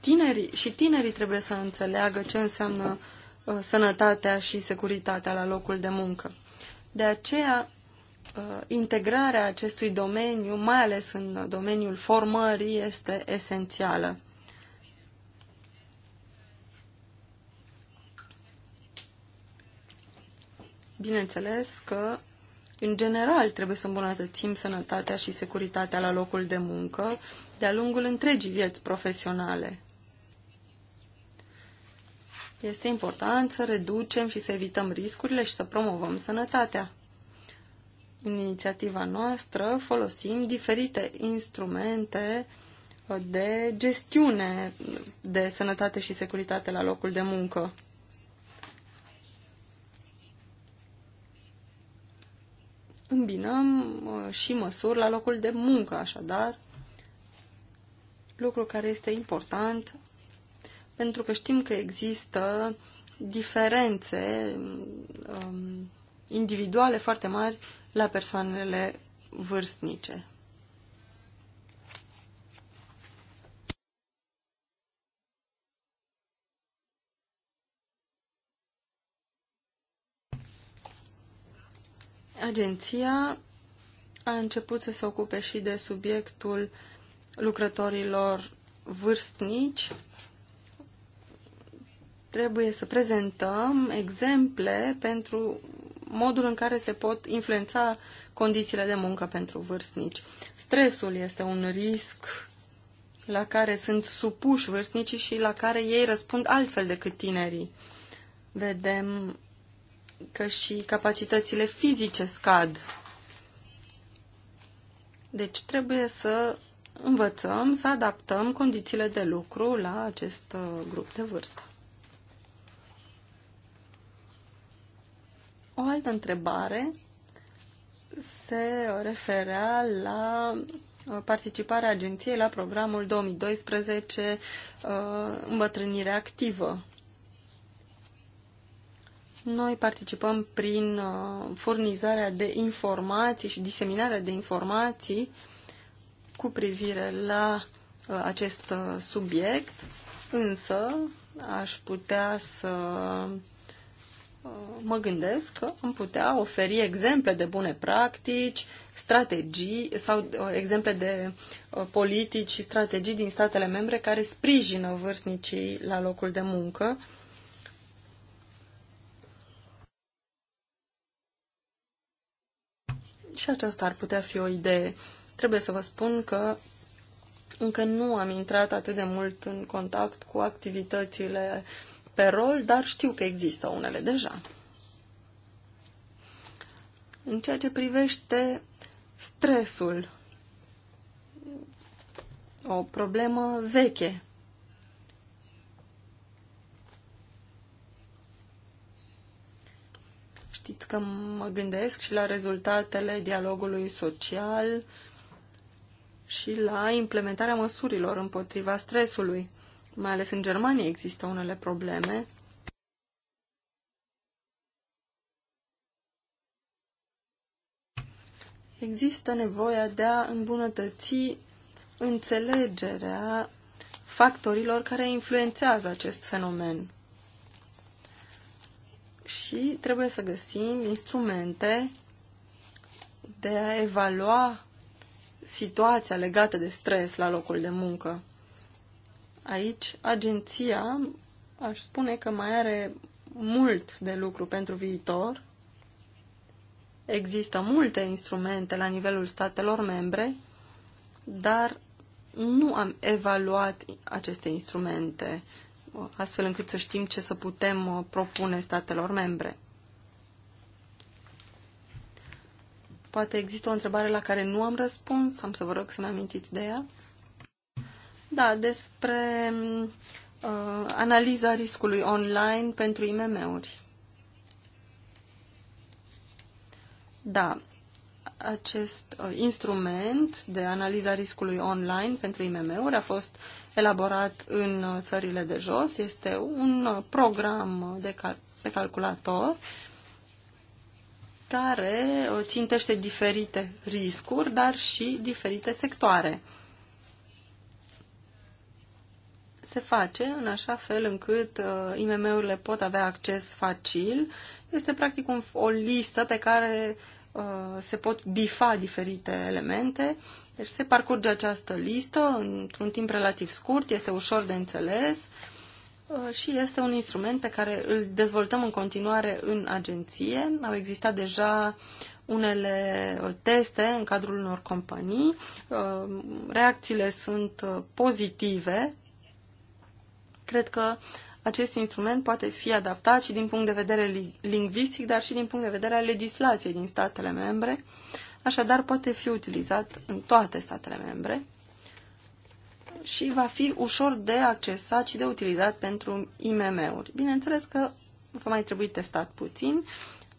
Tinerii, și tinerii trebuie să înțeleagă ce înseamnă uh, sănătatea și securitatea la locul de muncă. De aceea, uh, integrarea acestui domeniu, mai ales în domeniul formării, este esențială. Bineînțeles că, în general, trebuie să îmbunătățim sănătatea și securitatea la locul de muncă de-a lungul întregii vieți profesionale. Este important să reducem și să evităm riscurile și să promovăm sănătatea. În inițiativa noastră folosim diferite instrumente uh, de gestiune de sănătate și securitate la locul de muncă. îmbinăm și măsuri la locul de muncă, așadar, lucru care este important pentru că știm că există diferențe um, individuale foarte mari la persoanele vârstnice. Agenția a început să se ocupe și de subiectul lucrătorilor vârstnici. Trebuie să prezentăm exemple pentru modul în care se pot influența condițiile de muncă pentru vârstnici. Stresul este un risc la care sunt supuși vârstnicii și la care ei răspund altfel decât tinerii. Vedem că și capacitățile fizice scad. Deci trebuie să învățăm să adaptăm condițiile de lucru la acest uh, grup de vârstă. O altă întrebare se referea la uh, participarea agenției la programul 2012 uh, Îmbătrânire activă. Noi participăm prin uh, furnizarea de informații și diseminarea de informații cu privire la uh, acest uh, subiect, însă aș putea să mă gândesc că am putea oferi exemple de bune practici, strategii sau exemple de politici și strategii din statele membre care sprijină vârstnicii la locul de muncă Și aceasta ar putea fi o idee. Trebuie să vă spun că încă nu am intrat atât de mult în contact cu activitățile pe rol, dar știu că există unele deja. În ceea ce privește stresul, o problemă veche amintit că mă gândesc și la rezultatele dialogului social și la implementarea măsurilor împotriva stresului. Mai ales în Germania există unele probleme. Există nevoia de a îmbunătăți înțelegerea factorilor care influențează acest fenomen și trebuie să găsim instrumente de a evalua situația legată de stres la locul de muncă. Aici, agenția, aș spune că mai are mult de lucru pentru viitor. Există multe instrumente la nivelul statelor membre, dar nu am evaluat aceste instrumente astfel încât să știm ce să putem uh, propune statelor membre. Poate există o întrebare la care nu am răspuns, am să vă rog să-mi amintiți de ea. Da, despre uh, analiza riscului online pentru IMM-uri. Da, acest uh, instrument de analiza riscului online pentru IMM-uri a fost uh, elaborat în uh, țările de jos. Este un uh, program de cal pe calculator care uh, țintește diferite riscuri, dar și diferite sectoare. Se face în așa fel încât IMM-urile pot avea acces facil. Este practic un, o listă pe care Uh, se pot bifa diferite elemente. Deci se parcurge această listă într-un timp relativ scurt, este ușor de înțeles uh, și este un instrument pe care îl dezvoltăm în continuare în agenție. Au existat deja unele uh, teste în cadrul unor companii. Reacțiile sunt pozitive. Cred că acest instrument poate fi adaptat și din punct de vedere lingvistic, dar și din punct de vedere al legislației din statele membre, așadar poate fi utilizat în toate statele membre și va fi ușor de accesat și de utilizat pentru IMM-uri. Bineînțeles că va mai trebui testat puțin,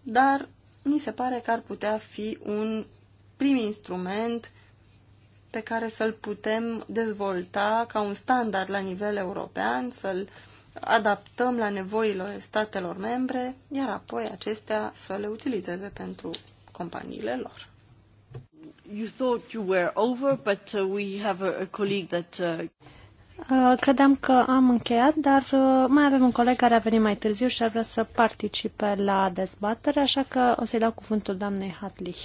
dar mi se pare că ar putea fi un prim instrument pe care să-l putem dezvolta ca un standard la nivel european, să-l uh, adaptăm la nevoile statelor membre, iar apoi acestea să le utilizeze pentru companiile lor. You thought you were over, but uh, we have a, a colleague that Uh... uh credeam că am încheiat, dar uh, mai avem un coleg care a venit mai târziu și ar vrea să participe la dezbatere, așa că o să-i dau cuvântul doamnei Hatlich.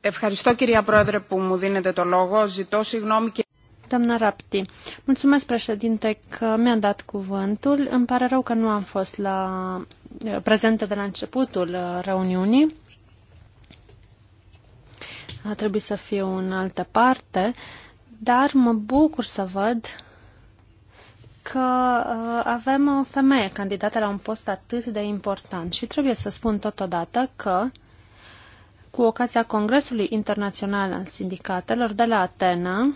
Ευχαριστώ κυρία Πρόεδρε που μου δίνετε το λόγο. Ζητώ συγγνώμη και... Doamna Rapti, mulțumesc președinte că mi-a dat cuvântul. Îmi pare rău că nu am fost la eh, prezentă de la începutul eh, reuniunii. A trebuit să fiu în altă parte, dar mă bucur să văd că eh, avem o femeie candidată la un post atât de important și trebuie să spun totodată că cu ocazia Congresului Internațional al Sindicatelor de la Atena,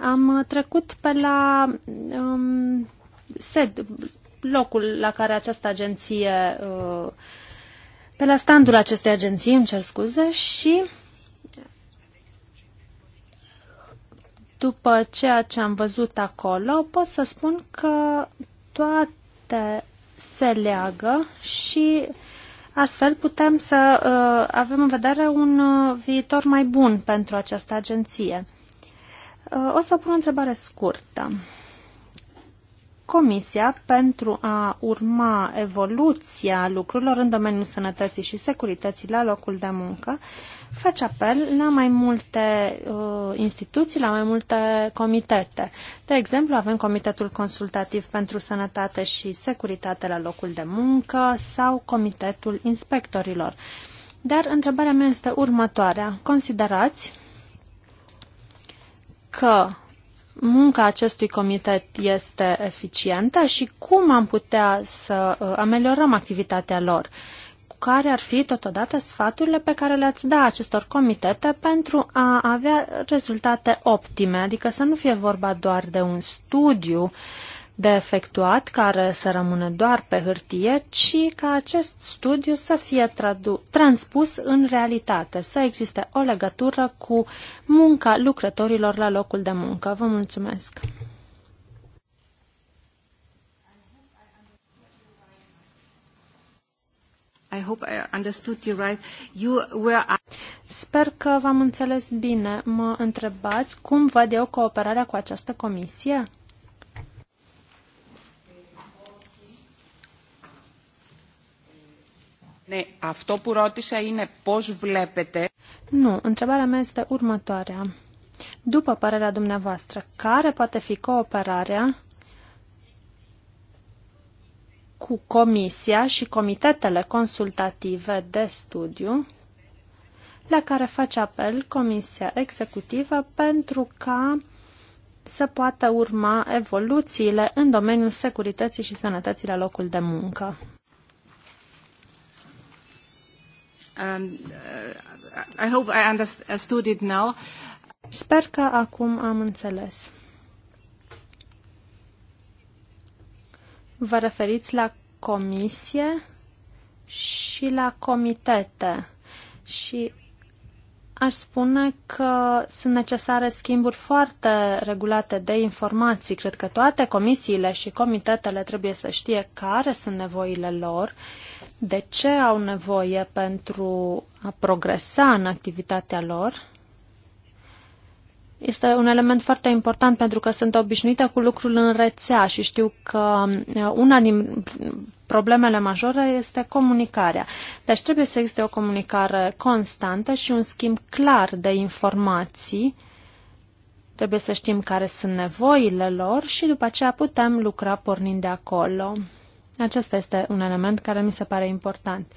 am uh, trecut pe la um, sed, locul la care această agenție, uh, pe la standul acestei agenții, îmi cer scuze, și după ceea ce am văzut acolo, pot să spun că toate se leagă și astfel putem să uh, avem în vedere un uh, viitor mai bun pentru această agenție. Uh, o să pun o întrebare scurtă. Comisia, pentru a urma evoluția lucrurilor în domeniul sănătății și securității la locul de muncă, face apel la mai multe uh, instituții, la mai multe comitete. De exemplu, avem Comitetul Consultativ pentru Sănătate și Securitate la locul de muncă sau Comitetul Inspectorilor. Dar întrebarea mea este următoarea. Considerați că munca acestui comitet este eficientă și cum am putea să uh, ameliorăm activitatea lor. Care ar fi totodată sfaturile pe care le-ați da acestor comitete pentru a avea rezultate optime, adică să nu fie vorba doar de un studiu de efectuat, care să rămână doar pe hârtie, ci ca acest studiu să fie transpus în realitate, să existe o legătură cu munca lucrătorilor la locul de muncă. Vă mulțumesc! I hope I understood you right. You were... Sper că v-am înțeles bine. Mă întrebați cum văd eu cooperarea cu această comisie? Ne, αυτό που ρώτησα είναι πώς βλέπετε... Nu, întrebarea mea este următoarea. După părerea dumneavoastră, care poate fi cooperarea cu Comisia și comitetele consultative de studiu la care face apel Comisia Executivă pentru ca să poată urma evoluțiile în domeniul securității și sănătății la locul de muncă. Uh, I hope I understood uh, it now. Sper că acum am înțeles. Vă referiți la comisie și la comitete și aș spune că sunt necesare schimburi foarte regulate de informații. Cred că toate comisiile și comitetele trebuie să știe care sunt nevoile lor uh, de ce au nevoie pentru a progresa în activitatea lor, este un element foarte important pentru că sunt obișnuită cu lucrul în rețea și știu că uh, una din problemele majore este comunicarea. Deci trebuie să existe o comunicare constantă și un schimb clar de informații. Trebuie să știm care sunt nevoile lor și după aceea putem lucra pornind de acolo. Acesta este un element care mi se pare important.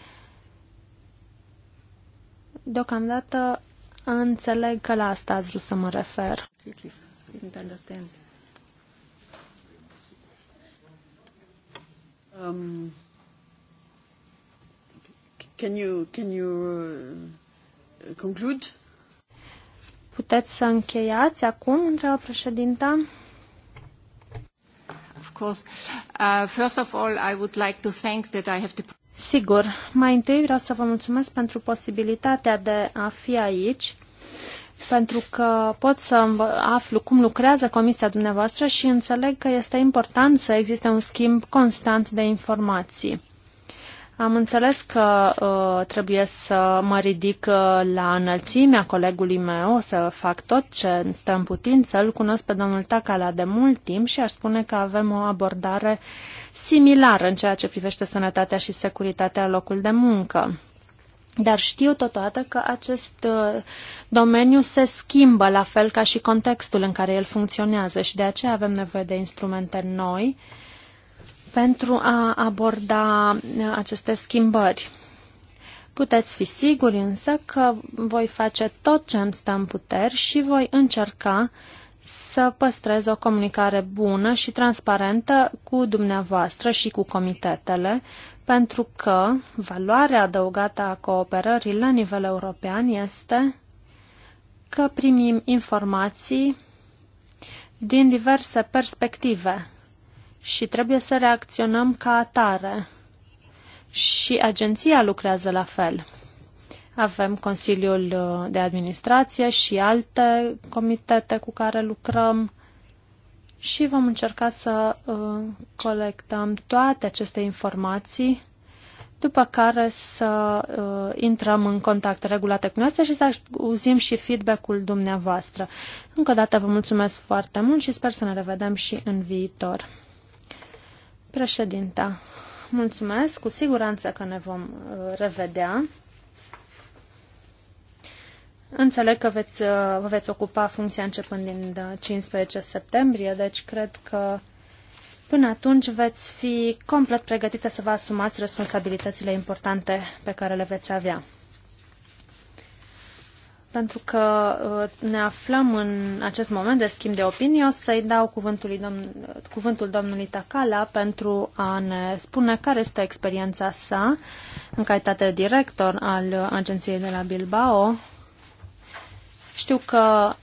Deocamdată înțeleg că la asta ați vrut să mă refer. Um, can you, can you uh, conclude? Puteți să încheiați acum, întreabă președinta course. Uh, first of all, I would like to thank that I have the Sigur, mai întâi vreau să vă mulțumesc pentru posibilitatea de a fi aici pentru că pot să aflu cum lucrează comisia dumneavoastră și înțeleg că este important să existe un schimb constant de informații. Am înțeles că uh, trebuie să mă ridic uh, la înălțimea colegului meu, să fac tot ce stă în putință. Îl cunosc pe domnul Tacala de mult timp și aș spune că avem o abordare similară în ceea ce privește sănătatea și securitatea la locul de muncă. Dar știu totodată că acest uh, domeniu se schimbă, la fel ca și contextul în care el funcționează și de aceea avem nevoie de instrumente noi uh, pentru a aborda uh, aceste schimbări. Puteți fi siguri însă că voi face tot ce îmi stă în puteri și voi încerca să păstrez o comunicare bună și transparentă cu dumneavoastră și cu comitetele, pentru că valoarea adăugată a cooperării la nivel european este că primim informații din diverse perspective și trebuie să reacționăm ca atare. Și agenția lucrează la fel. Avem Consiliul uh, de Administrație și alte comitete cu care lucrăm și vom încerca să uh, colectăm toate aceste informații, după care să uh, intrăm în contact regulat cu noastră și să auzim și feedback-ul dumneavoastră. Încă o dată vă mulțumesc foarte mult și sper să ne revedem și în viitor. Președinta, mulțumesc. Cu siguranță că ne vom uh, revedea. Înțeleg că veți, uh, vă veți ocupa funcția începând din 15 uh, septembrie, deci cred că până atunci veți fi complet pregătită să vă asumați responsabilitățile importante pe care le veți avea pentru că uh, ne aflăm în acest moment de schimb de opinie. O să-i dau cuvântul, domn- uh, cuvântul domnului Tacala pentru a ne spune care este experiența sa în calitate de director al uh, agenției de la Bilbao. Știu că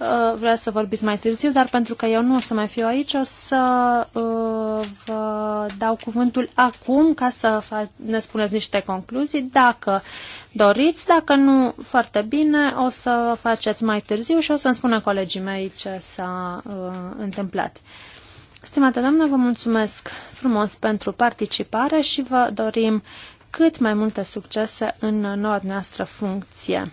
Uh, vreau să vorbiți mai târziu, dar pentru că eu nu o să mai fiu aici, o să uh, vă dau cuvântul acum ca să ne spuneți niște concluzii. Dacă doriți, dacă nu, foarte bine, o să faceți mai târziu și o să-mi spună colegii mei ce s-a uh, întâmplat. Stimată doamnă, vă mulțumesc frumos pentru participare și vă dorim cât mai multe succese în noua noastră funcție.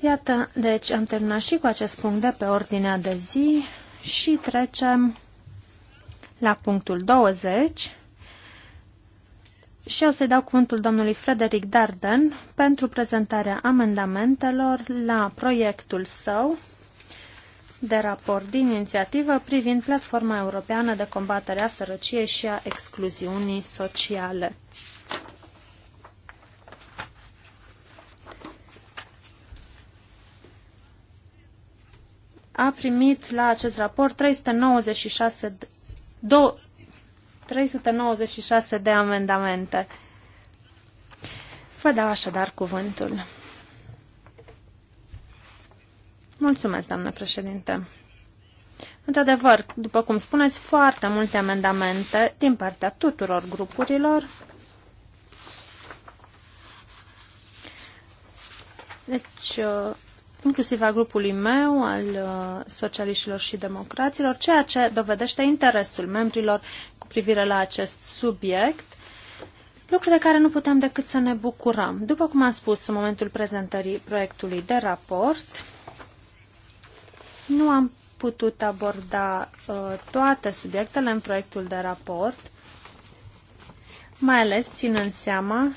Iată, deci am terminat și cu acest punct de pe ordinea de zi și trecem la punctul 20 și o să-i dau cuvântul domnului Frederic Darden pentru prezentarea amendamentelor la proiectul său de raport din inițiativă privind Platforma Europeană de Combatere a Sărăciei și a Excluziunii Sociale. a primit la acest raport 396 do, 396 de amendamente. Vă dau așadar cuvântul. Mulțumesc, doamnă președinte. Într-adevăr, după cum spuneți, foarte multe amendamente din partea tuturor grupurilor. Deci, uh, inclusiv a grupului meu, al uh, socialiștilor și democraților, ceea ce dovedește interesul membrilor cu privire la acest subiect, lucru de care nu putem decât să ne bucurăm. După cum am spus în momentul prezentării proiectului de raport, nu am putut aborda uh, toate subiectele în proiectul de raport, mai ales ținând seama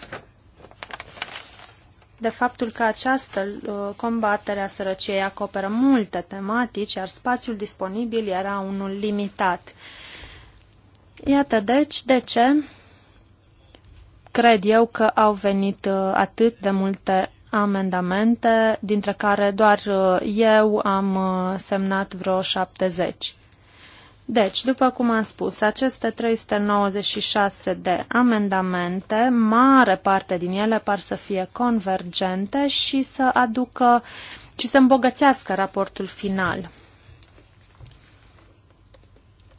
de faptul că această uh, combatere a sărăciei acoperă multe tematici, iar spațiul disponibil era unul limitat. Iată deci de ce cred eu că au venit uh, atât de multe amendamente, dintre care doar uh, eu am semnat vreo 70. Deci, după cum am spus, aceste 396 de amendamente, mare parte din ele par să fie convergente și să aducă și să îmbogățească raportul final.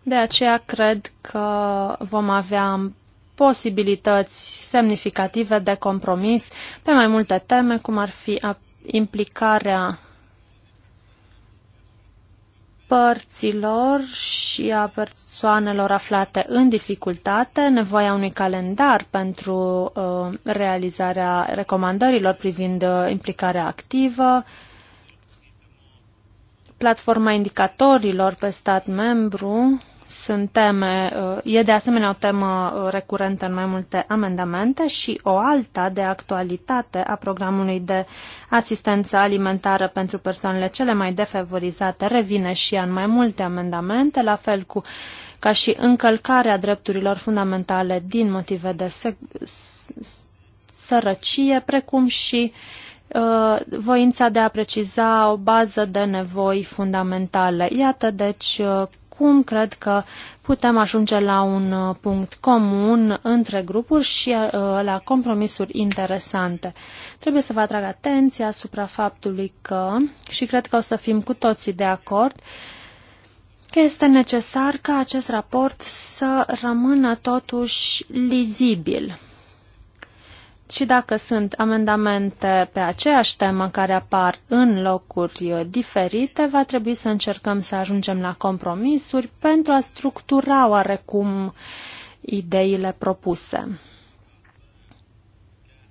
De aceea cred că vom avea posibilități semnificative de compromis pe mai multe teme, cum ar fi implicarea părților și a persoanelor aflate în dificultate, nevoia unui calendar pentru uh, realizarea recomandărilor privind uh, implicarea activă, platforma indicatorilor pe stat membru, sunt teme, e de asemenea o temă uh, recurentă în mai multe amendamente și o alta de actualitate a programului de asistență alimentară pentru persoanele cele mai defavorizate revine și în mai multe amendamente, la fel cu ca și încălcarea drepturilor fundamentale din motive de sărăcie, precum și uh, voința de a preciza o bază de nevoi fundamentale. Iată, deci, uh, acum cred că putem ajunge la un uh, punct comun între grupuri și uh, la compromisuri interesante. Trebuie să vă atrag atenția asupra faptului că, și cred că o să fim cu toții de acord, că este necesar ca acest raport să rămână totuși lizibil și dacă sunt amendamente pe aceeași temă care apar în locuri diferite, va trebui să încercăm să ajungem la compromisuri pentru a structura oarecum ideile propuse.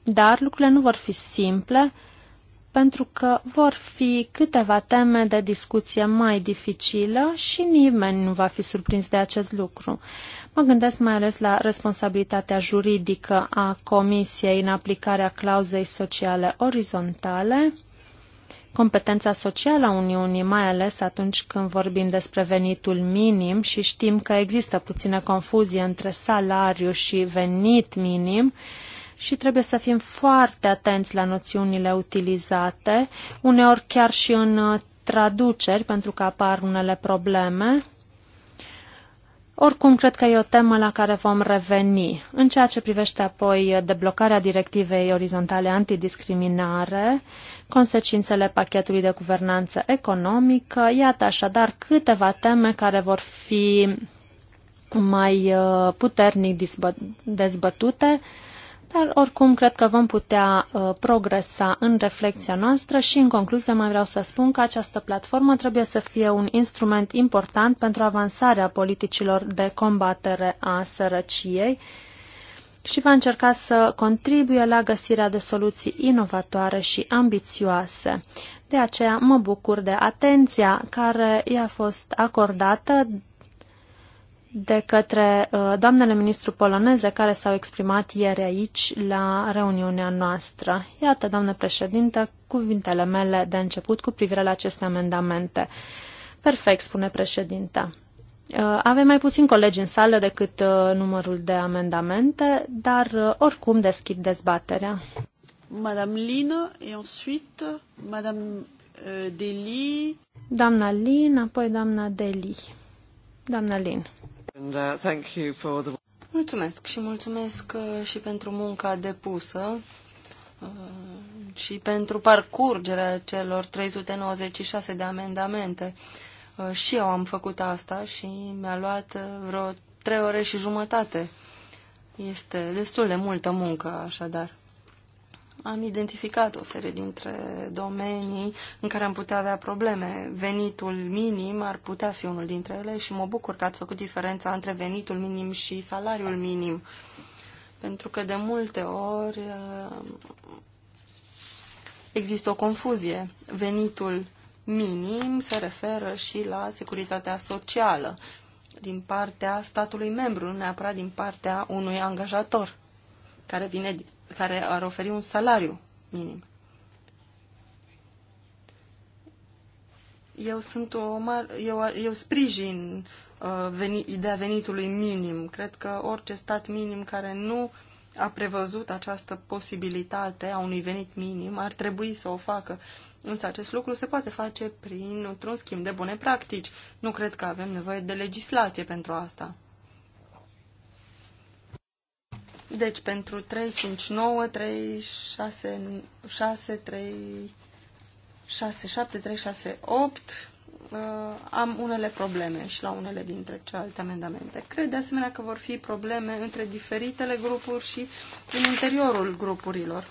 Dar lucrurile nu vor fi simple, pentru că vor fi câteva teme de discuție mai dificilă și nimeni nu va fi surprins de acest lucru. Mă gândesc mai ales la responsabilitatea juridică a Comisiei în aplicarea clauzei sociale orizontale, competența socială a Uniunii, mai ales atunci când vorbim despre venitul minim și știm că există puțină confuzie între salariu și venit minim, și trebuie să fim foarte atenți la noțiunile utilizate, uneori chiar și în traduceri, pentru că apar unele probleme. Oricum, cred că e o temă la care vom reveni. În ceea ce privește apoi deblocarea directivei orizontale antidiscriminare, consecințele pachetului de guvernanță economică, iată așadar câteva teme care vor fi mai uh, puternic dezbătute dar oricum cred că vom putea uh, progresa în reflexia noastră și în concluzie mai vreau să spun că această platformă trebuie să fie un instrument important pentru avansarea politicilor de combatere a sărăciei și va încerca să contribuie la găsirea de soluții inovatoare și ambițioase. De aceea mă bucur de atenția care i-a fost acordată de către uh, doamnele ministru poloneze care s-au exprimat ieri aici la reuniunea noastră. Iată, doamnă președintă, cuvintele mele de început cu privire la aceste amendamente. Perfect, spune președinta. Uh, avem mai puțin colegi în sală decât uh, numărul de amendamente, dar oricum deschid dezbaterea. Madame Lina et ensuite Madame euh, Deli. Doamna Lin, apoi doamna Deli. Doamna Lin. Uh, mulțumesc și mulțumesc uh, și pentru munca depusă uh, și pentru parcurgerea celor 396 de amendamente. Și eu am făcut asta și mi-a luat vreo trei ore și jumătate. Este destul de multă muncă, așadar am identificat o serie dintre domenii în care am putea avea probleme. Venitul minim ar putea fi unul dintre ele și mă bucur că ați făcut diferența între venitul minim și salariul minim. Pentru că de multe ori uh, există o confuzie. Venitul minim se referă și la securitatea socială din partea statului membru, nu neapărat din partea unui angajator care vine care ar oferi un salariu minim. Eu sunt o mar, eu, eu sprijin uh, veni, ideea venitului minim. Cred că orice stat minim care nu a prevăzut această posibilitate a unui venit minim ar trebui să o facă. Însă acest lucru se poate face prin un schimb de bune practici. Nu cred că avem nevoie de legislație pentru asta. Deci pentru 3, 5, 9, 3, 6, 6, 3, 6, 7, 3, 6, 8 uh, am unele probleme și la unele dintre celelalte amendamente. Cred de asemenea că vor fi probleme între diferitele grupuri și în interiorul grupurilor.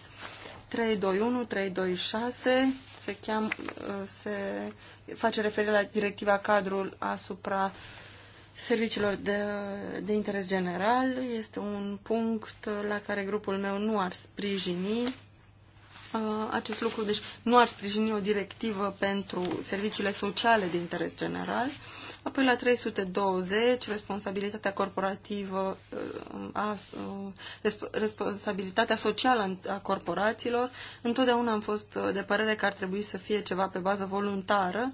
3, 3, 2, 1, 2, 6 se, cheam, uh, se face referire la directiva cadrul asupra uh, serviciilor de, de interes general. Este un punct la care grupul meu nu ar sprijini uh, acest lucru, deci nu ar sprijini o directivă pentru serviciile sociale de interes general. Apoi la 320, responsabilitatea corporativă, uh, a, uh, responsabilitatea socială a corporațiilor. Întotdeauna am fost uh, de părere că ar trebui să fie ceva pe bază voluntară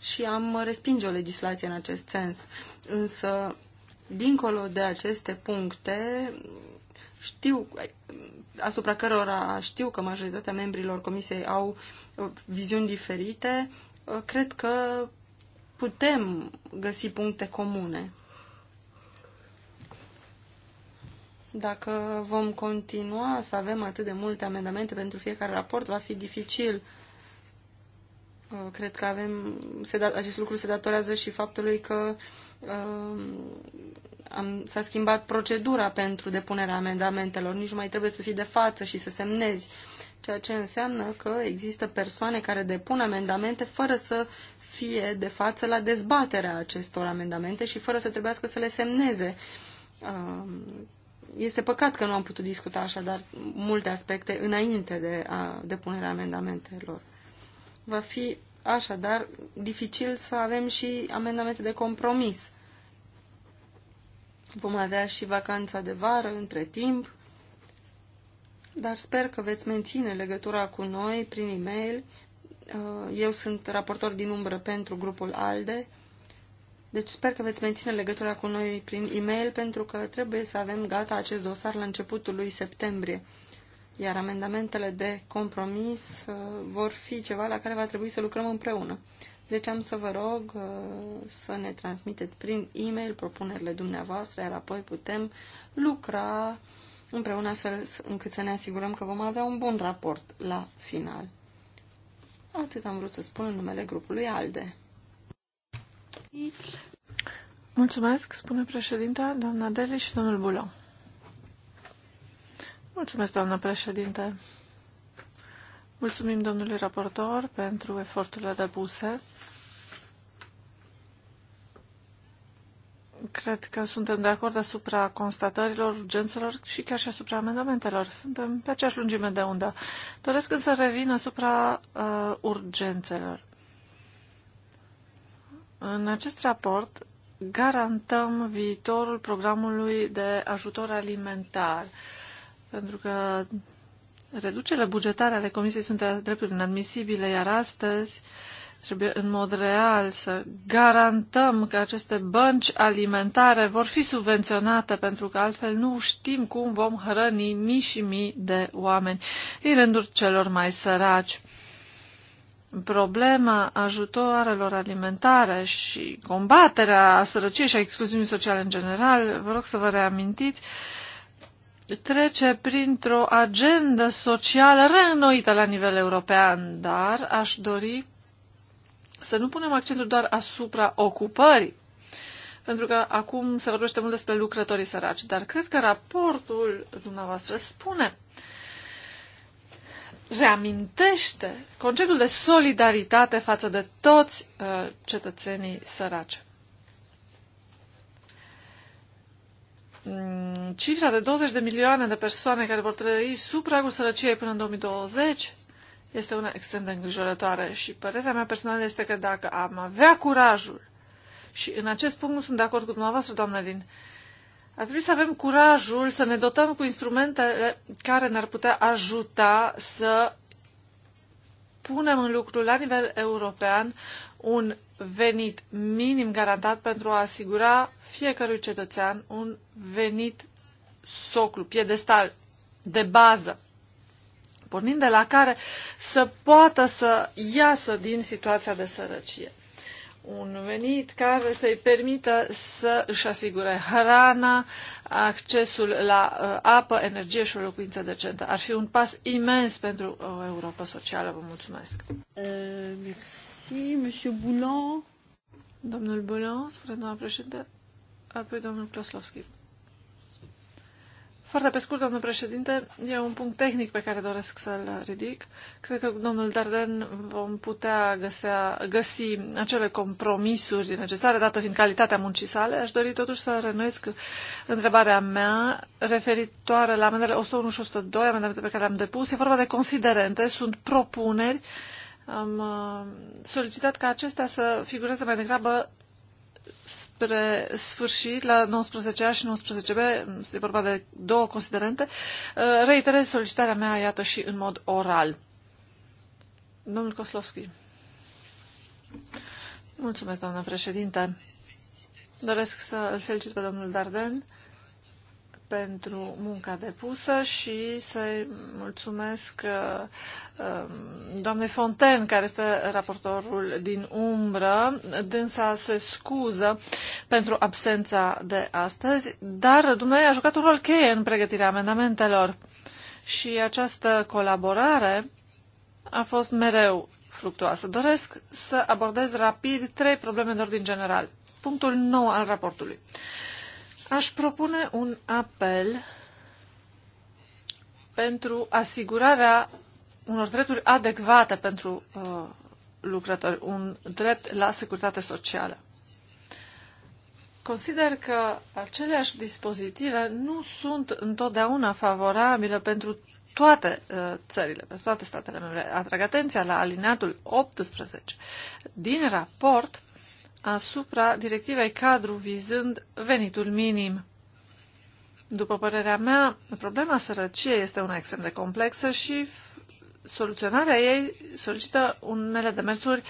și am respinge o legislație în acest sens. Însă, dincolo de aceste puncte, știu, asupra cărora știu că majoritatea membrilor comisiei au viziuni diferite, cred că putem găsi puncte comune. Dacă vom continua să avem atât de multe amendamente pentru fiecare raport, va fi dificil. Uh, cred că avem, se da, acest lucru se datorează și faptului că um, s-a schimbat procedura pentru depunerea amendamentelor. Nici nu mai trebuie să fii de față și să semnezi ceea ce înseamnă că există persoane care depun amendamente fără să fie de față la dezbaterea acestor amendamente și fără să trebuiască să le semneze. Um, este păcat că nu am putut discuta așadar multe aspecte înainte de depunerea amendamentelor. Va fi așadar dificil să avem și amendamente de compromis. Vom avea și vacanța de vară între timp, dar sper că veți menține legătura cu noi prin e-mail Uh, eu sunt raportor din umbră pentru grupul ALDE, deci sper că veți menține legătura cu noi prin e-mail pentru că trebuie să avem gata acest dosar la începutul lui septembrie. Iar amendamentele de compromis uh, vor fi ceva la care va trebui să lucrăm împreună. Deci am să vă rog uh, să ne transmiteți prin e-mail propunerile dumneavoastră, iar apoi putem lucra împreună astfel încât să ne asigurăm că vom avea un bun raport la final. Atât am vrut să spun în numele grupului ALDE. Mulțumesc, spune președinta, doamna Deli și domnul Bulo. Mulțumesc, doamna președinte. Mulțumim, domnului raportor, pentru eforturile depuse Cred că suntem de acord asupra constatărilor, urgențelor și chiar și asupra amendamentelor. Suntem pe aceeași lungime de undă. Doresc însă să revin asupra uh, urgențelor. În acest raport garantăm viitorul programului de ajutor alimentar, pentru că reducerile bugetare ale Comisiei sunt drepturi inadmisibile, iar astăzi uh, Trebuie în mod real să garantăm că aceste bănci alimentare vor fi subvenționate, pentru că altfel nu știm cum vom hrăni mii și mii de oameni în rândul celor mai săraci. Problema ajutoarelor alimentare și combaterea sărăciei și a excluziunii sociale în general, vă rog să vă reamintiți, trece printr-o agendă socială reînnoită la nivel european, dar aș dori să nu punem accentul doar asupra ocupării, pentru că acum se vorbește mult despre lucrătorii săraci, dar cred că raportul dumneavoastră spune, reamintește conceptul de solidaritate față de toți uh, cetățenii săraci. Mm, cifra de 20 de milioane de persoane care vor trăi sub pragul sărăciei până în 2020 este una extrem de îngrijorătoare și părerea mea personală este că dacă am avea curajul, și în acest punct nu sunt de acord cu dumneavoastră, doamnă Lin, ar trebui să avem curajul să ne dotăm cu instrumentele care ne-ar putea ajuta să punem în lucru la nivel european un venit minim garantat pentru a asigura fiecărui cetățean un venit soclu, piedestal, de bază pornind de la care să poată să iasă din situația de sărăcie. Un venit care să-i permită să își asigure hrana, accesul la uh, apă, energie și o locuință decentă. Ar fi un pas imens pentru uh, o Europa socială. Vă mulțumesc. Uh, merci, monsieur Domnul Boulon, spune doamna președinte, apoi domnul Kloslovski. Foarte pe scurt, domnul președinte, e un punct tehnic pe care doresc să-l ridic. Cred că domnul Darden vom putea găsea, găsi acele compromisuri necesare, dată fiind calitatea muncii sale. Aș dori totuși să renuiesc întrebarea mea referitoare la amendele 101 și 102, amendamente pe care le-am depus. E vorba de considerente, sunt propuneri. Am uh, solicitat ca acestea să figureze mai degrabă spre sfârșit, la 19A și 19B, este vorba de două considerente, uh, reiterez solicitarea mea, iată, și în mod oral. Domnul Koslovski. Mulțumesc, doamnă președinte. Doresc să îl felicit pe domnul Darden pentru munca depusă și să mulțumesc uh, um, doamnei Fonten, care este raportorul din umbră. Dânsa se scuză pentru absența de astăzi, dar dumneavoastră a jucat un rol cheie în pregătirea amendamentelor și această colaborare a fost mereu fructuoasă. Doresc să abordez rapid trei probleme de ordin general. Punctul nou al raportului. Aș propune un apel pentru asigurarea unor drepturi adecvate pentru uh, lucrători, un drept la securitate socială. Consider că aceleași dispozitive nu sunt întotdeauna favorabile pentru toate uh, țările, pentru toate statele membre. Atrag atenția la alineatul 18 din raport asupra directivei cadru vizând venitul minim. După părerea mea, problema sărăciei este una extrem de complexă și soluționarea ei solicită unele demersuri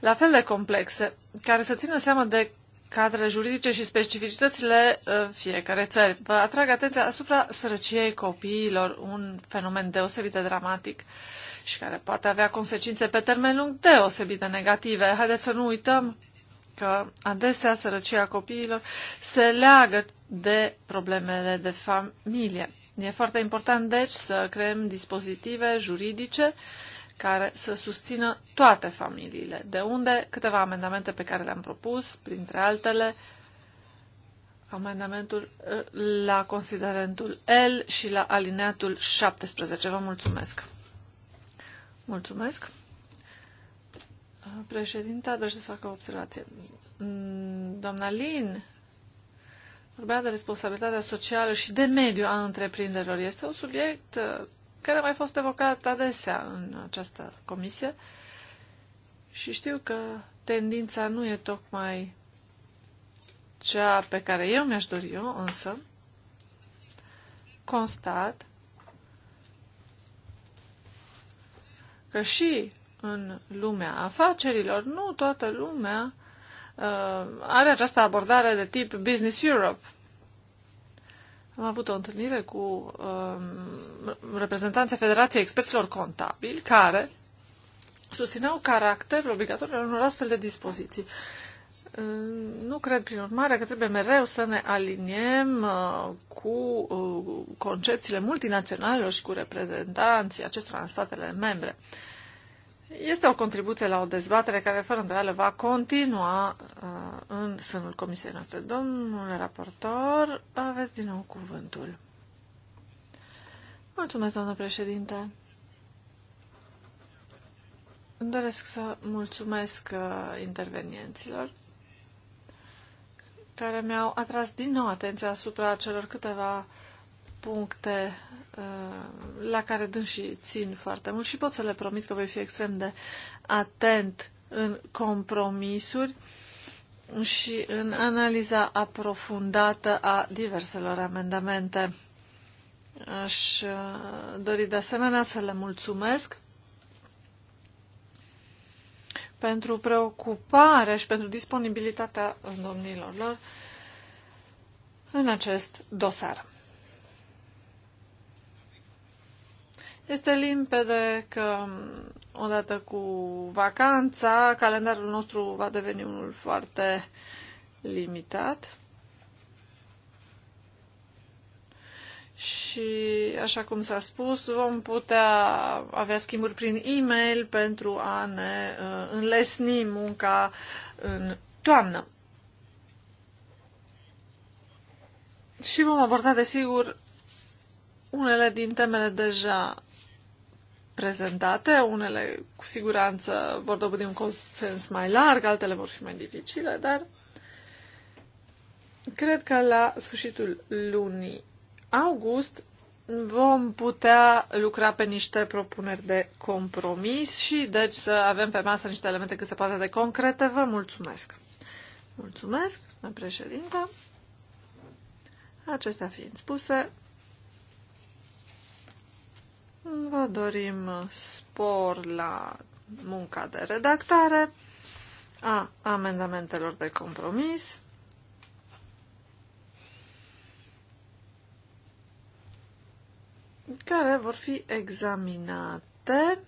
la fel de complexe, care să țină seama de cadrele juridice și specificitățile uh, fiecare țări. Vă atrag atenția asupra sărăciei copiilor, un fenomen deosebit de dramatic și care poate avea consecințe pe termen lung deosebit de negative. Haideți să nu uităm că adesea sărăcia copiilor se leagă de problemele de familie. E foarte important, deci, să creăm dispozitive juridice care să susțină toate familiile, de unde câteva amendamente pe care le-am propus, printre altele, amendamentul uh, la considerentul L și la alineatul 17. Vă mulțumesc! Mulțumesc! Președinte, adrește să facă o observație. Mm, doamna Lin vorbea de responsabilitatea socială și de mediu a întreprinderilor. Este un subiect uh, care a mai fost evocat adesea în această comisie și știu că tendința nu e tocmai cea pe care eu mi-aș dori eu, însă constat că și în lumea afacerilor, nu toată lumea uh, are această abordare de tip Business Europe. Am avut o întâlnire cu uh, reprezentanții Federației Experților Contabili, care susțineau caracterul obligatoriu al unor astfel de dispoziții. Uh, nu cred, prin urmare, că trebuie mereu să ne aliniem uh, cu uh, concepțiile multinaționalelor și cu reprezentanții acestora în statele membre. Uh, este o contribuție la o dezbatere care, fără îndoială, va continua uh, în sânul comisiei noastre. Domnule raportor, aveți din nou cuvântul. Mulțumesc, doamnă președinte. Îmi doresc să mulțumesc uh, intervenienților care mi-au atras din nou atenția asupra celor câteva uh, puncte uh, la care și țin foarte mult și pot să le promit că voi fi extrem de atent în compromisuri și în analiza aprofundată a diverselor amendamente. Aș uh, dori de asemenea să le mulțumesc pentru preocuparea și pentru disponibilitatea domnilor lor în acest dosar. Este limpede că odată cu vacanța, calendarul nostru va deveni unul foarte limitat. Și, așa cum s-a spus, vom putea avea schimburi prin e-mail pentru a ne uh, înlesni munca în toamnă. Și vom aborda, desigur, unele din temele deja prezentate, unele cu siguranță vor dobândi un consens mai larg, altele vor fi mai dificile, dar cred că la sfârșitul lunii august vom putea lucra pe niște propuneri de compromis și deci să avem pe masă niște elemente cât se poate de concrete. Vă mulțumesc! Mulțumesc, președinte! Acestea fiind spuse, Vă dorim spor la munca de redactare a amendamentelor de compromis. care vor fi examinate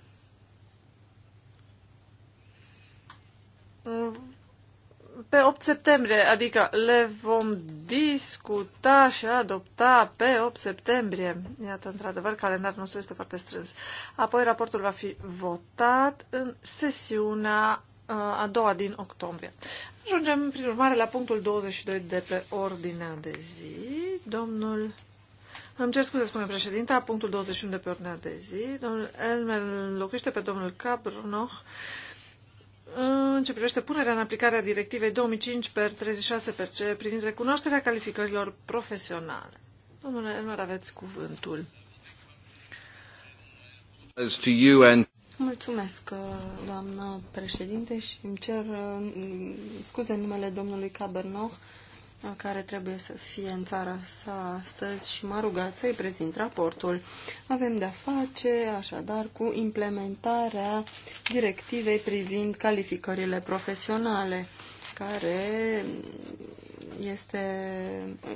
pe 8 septembrie, adică le vom discuta și adopta pe 8 septembrie. Iată, într-adevăr, calendarul nostru este foarte strâns. Apoi raportul va fi votat în sesiunea uh, a doua din octombrie. Ajungem, prin urmare, la punctul 22 de pe ordinea de zi. Domnul îmi cer scuze, spune președinta, punctul 21 de pe ordinea de zi. Domnul Elmer locuiește pe domnul Cabrnoch, în ce privește punerea în aplicare a directivei 2005 per 36 per C privind recunoașterea calificărilor profesionale. Domnule Elmar, aveți cuvântul. Mulțumesc, uh, doamnă președinte, și îmi cer uh, scuze în numele domnului Cabernoch, care trebuie să fie în țara sa astăzi și m-a rugat să-i prezint raportul. Avem de-a face, așadar, cu implementarea directivei privind calificările profesionale, care este,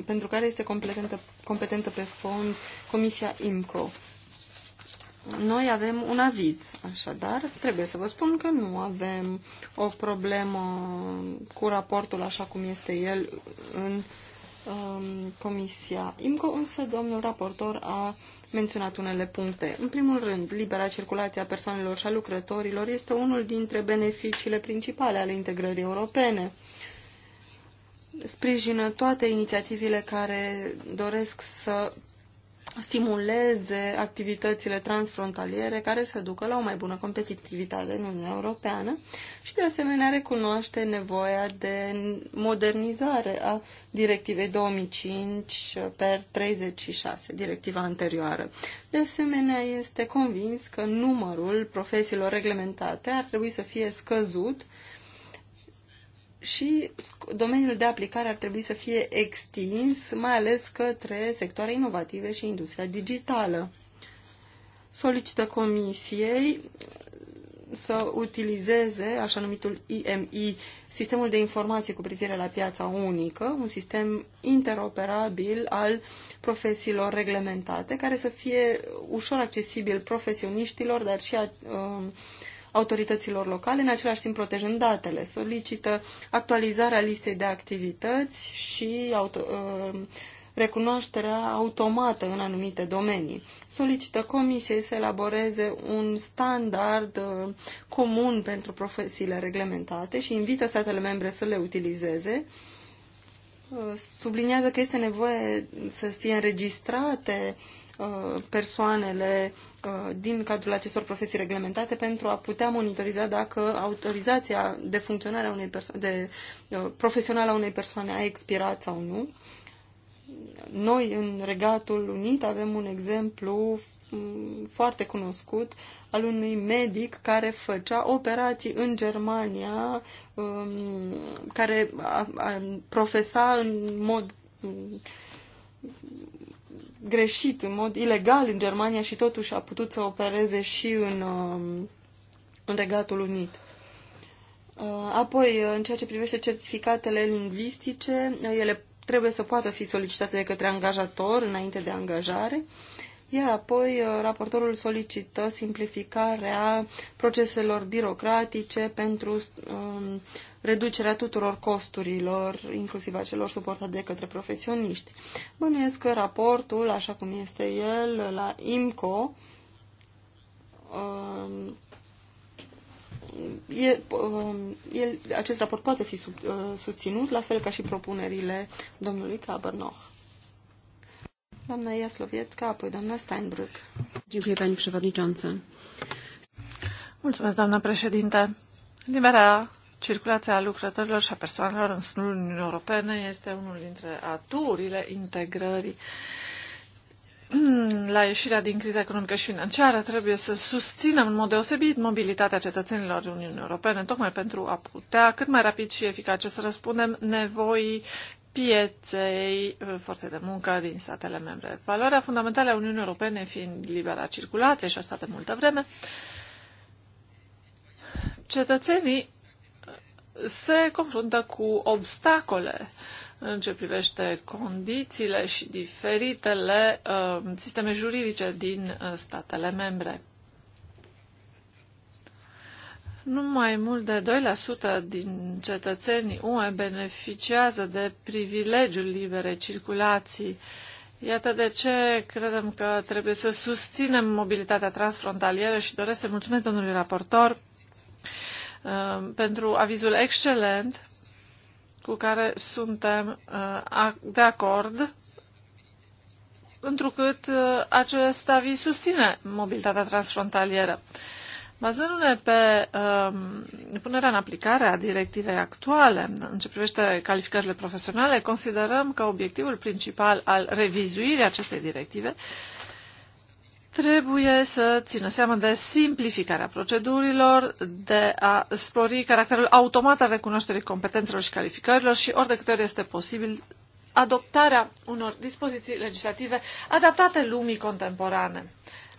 pentru care este competentă, competentă pe fond Comisia IMCO. Noi avem un aviz, așadar trebuie să vă spun că nu avem o problemă cu raportul așa cum este el în um, Comisia IMCO, însă domnul raportor a menționat unele puncte. În primul rând, libera circulație a persoanelor și a lucrătorilor este unul dintre beneficiile principale ale integrării europene. Sprijină toate inițiativele care doresc să stimuleze activitățile transfrontaliere care să ducă la o mai bună competitivitate în Uniunea Europeană și de asemenea recunoaște nevoia de modernizare a directivei 2005 per 36, directiva anterioară. De asemenea, este convins că numărul profesiilor reglementate ar trebui să fie scăzut și domeniul de aplicare ar trebui să fie extins, mai ales către sectoare inovative și industria digitală. Solicită Comisiei să utilizeze așa numitul IMI, Sistemul de Informații cu privire la piața unică, un sistem interoperabil al profesiilor reglementate, care să fie ușor accesibil profesioniștilor, dar și a, uh, autorităților locale, în același timp protejând datele. Solicită actualizarea listei de activități și auto, uh, recunoașterea automată în anumite domenii. Solicită comisiei să elaboreze un standard uh, comun pentru profesiile reglementate și invită statele membre să le utilizeze uh, subliniază că este nevoie să fie înregistrate persoanele Uh, din cadrul acestor profesii reglementate pentru a putea monitoriza dacă autorizația de funcționare a unei persoane, de uh, profesională a unei persoane a expirat sau nu. Noi, în Regatul Unit, avem un exemplu mm, foarte cunoscut al unui medic care făcea operații în Germania, um, care profesa în mod mm, greșit, în mod ilegal în Germania și totuși a putut să opereze și în, um, în Regatul Unit. Uh, apoi, uh, în ceea ce privește certificatele lingvistice, uh, ele trebuie să poată fi solicitate de către angajator înainte de angajare iar apoi uh, raportorul solicită simplificarea proceselor birocratice pentru um, reducerea tuturor costurilor, inclusiv a celor suportate de către profesioniști. Bănuiesc că raportul, așa cum este el, la IMCO, um, E, um, el, acest raport poate fi sub, uh, susținut, la fel ca și propunerile domnului Cabernoch doamna Jaslowiecka, apoi doamna Steinbrück. Dziękuję, pani przewodnicząca. Mulțumesc, doamna președinte. Libera circulație a lucrătorilor și a persoanelor în sânul Uniunii Europene este unul dintre aturile integrării. Hmm, la ieșirea din criza economică și financiară trebuie să susținem în mod deosebit mobilitatea cetățenilor Uniunii Europene, tocmai pentru a putea cât mai rapid și eficace să răspundem nevoii pieței uh, forței de muncă din statele membre. Valoarea fundamentală a Uniunii Europene fiind libera circulație și asta de multă vreme, cetățenii uh, se confruntă cu obstacole în ce privește condițiile și diferitele uh, sisteme juridice din uh, statele membre. Nu mai mult de 2% din cetățenii UE beneficiază de privilegiul libere circulații. Iată de ce credem că trebuie să susținem mobilitatea transfrontalieră și doresc să mulțumesc domnului raportor uh, pentru avizul excelent cu care suntem uh, de acord, întrucât uh, acest aviz susține mobilitatea transfrontalieră. Bazându-ne pe um, punerea în aplicare a directivei actuale în ce privește calificările profesionale, considerăm că obiectivul principal al revizuirii acestei directive trebuie să țină seama de simplificarea procedurilor, de a spori caracterul automat al recunoașterii competențelor și calificărilor și ori de câte ori este posibil adoptarea unor dispoziții legislative adaptate lumii contemporane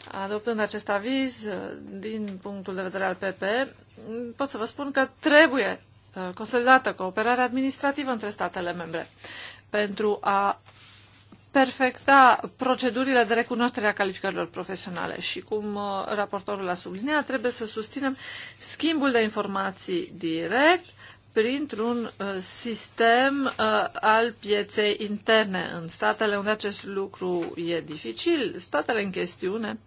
Adoptând acest aviz, uh, din punctul de vedere al PP, mm, pot să vă spun că trebuie uh, consolidată cooperarea administrativă între statele membre pentru a perfecta procedurile de recunoaștere a calificărilor profesionale și, cum uh, raportorul a subliniat, trebuie să susținem schimbul de informații direct printr-un sistem al pieței interne în statele unde acest lucru e dificil, statele în chestiune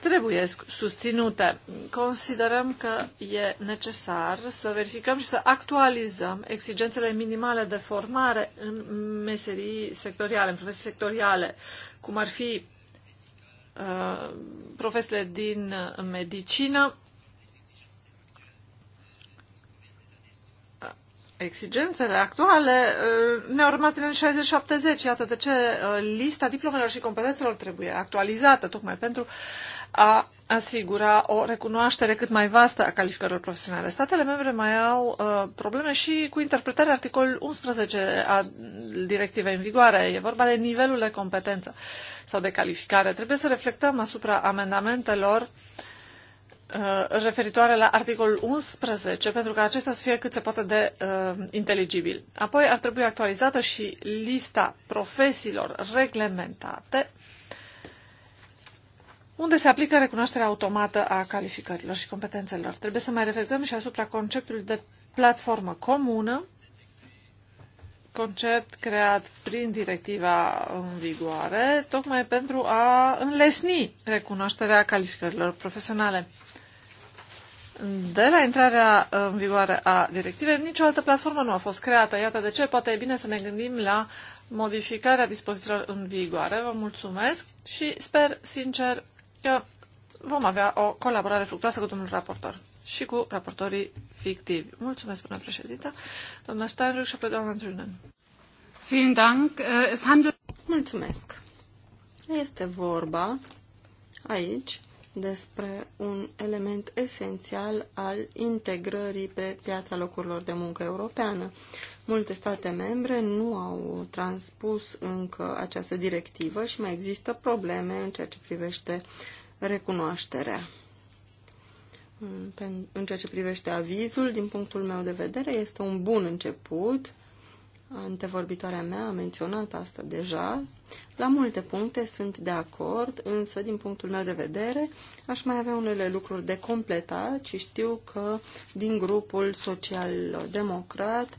trebuie susținute. Considerăm că e necesar să verificăm și să actualizăm exigențele minimale de formare în meserii sectoriale, în profesii sectoriale, cum ar fi uh, profesiile din medicină, exigențele actuale uh, ne-au rămas din 60-70. Iată de ce uh, lista diplomelor și competențelor trebuie actualizată, tocmai pentru a asigura o recunoaștere cât mai vastă a calificărilor profesionale. Statele membre mai au uh, probleme și cu interpretarea articolului 11 a directivei în vigoare. E vorba de nivelul de competență sau de calificare. Trebuie să reflectăm asupra amendamentelor uh, Uh, referitoare la articolul 11, pentru că acesta să fie cât se poate de uh, inteligibil. Apoi ar trebui actualizată și lista profesiilor reglementate unde se aplică recunoașterea automată a calificărilor și competențelor. Trebuie să mai reflectăm și asupra conceptului de platformă comună, concept creat prin directiva în vigoare, tocmai pentru a înlesni recunoașterea calificărilor profesionale de la intrarea în vigoare a directivei, nicio altă platformă nu a fost creată. Iată de ce poate e bine să ne gândim la modificarea dispozițiilor în vigoare. Vă mulțumesc și sper sincer că vom avea o colaborare fructoasă cu domnul raportor și cu raportorii fictivi. Mulțumesc, până președinte, doamna Steinruck și pe doamna Trunen. Äh, mulțumesc. Este vorba aici despre un element esențial al integrării pe piața locurilor de muncă europeană. Multe state membre nu au transpus încă această directivă și mai există probleme în ceea ce privește recunoașterea. În ceea ce privește avizul, din punctul meu de vedere, este un bun început. Antevorbitoarea mea a menționat asta deja la multe puncte sunt de acord, însă, din punctul meu de vedere, aș mai avea unele lucruri de completat și știu că din grupul social-democrat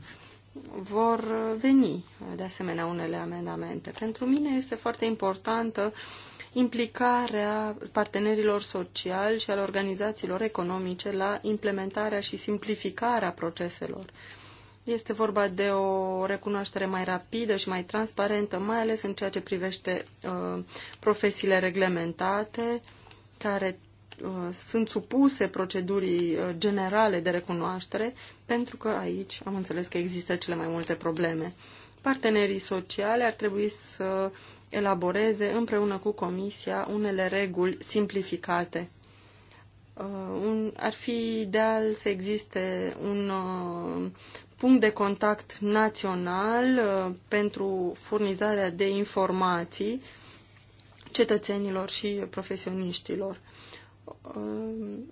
vor veni, de asemenea, unele amendamente. Pentru mine este foarte importantă implicarea partenerilor sociali și al organizațiilor economice la implementarea și simplificarea proceselor este vorba de o recunoaștere mai rapidă și mai transparentă, mai ales în ceea ce privește uh, profesiile reglementate, care uh, sunt supuse procedurii uh, generale de recunoaștere, pentru că aici am înțeles că există cele mai multe probleme. Partenerii sociale ar trebui să elaboreze împreună cu Comisia unele reguli simplificate uh, un, ar fi ideal să existe un uh, punct de contact național uh, pentru furnizarea de informații cetățenilor și profesioniștilor. Uh,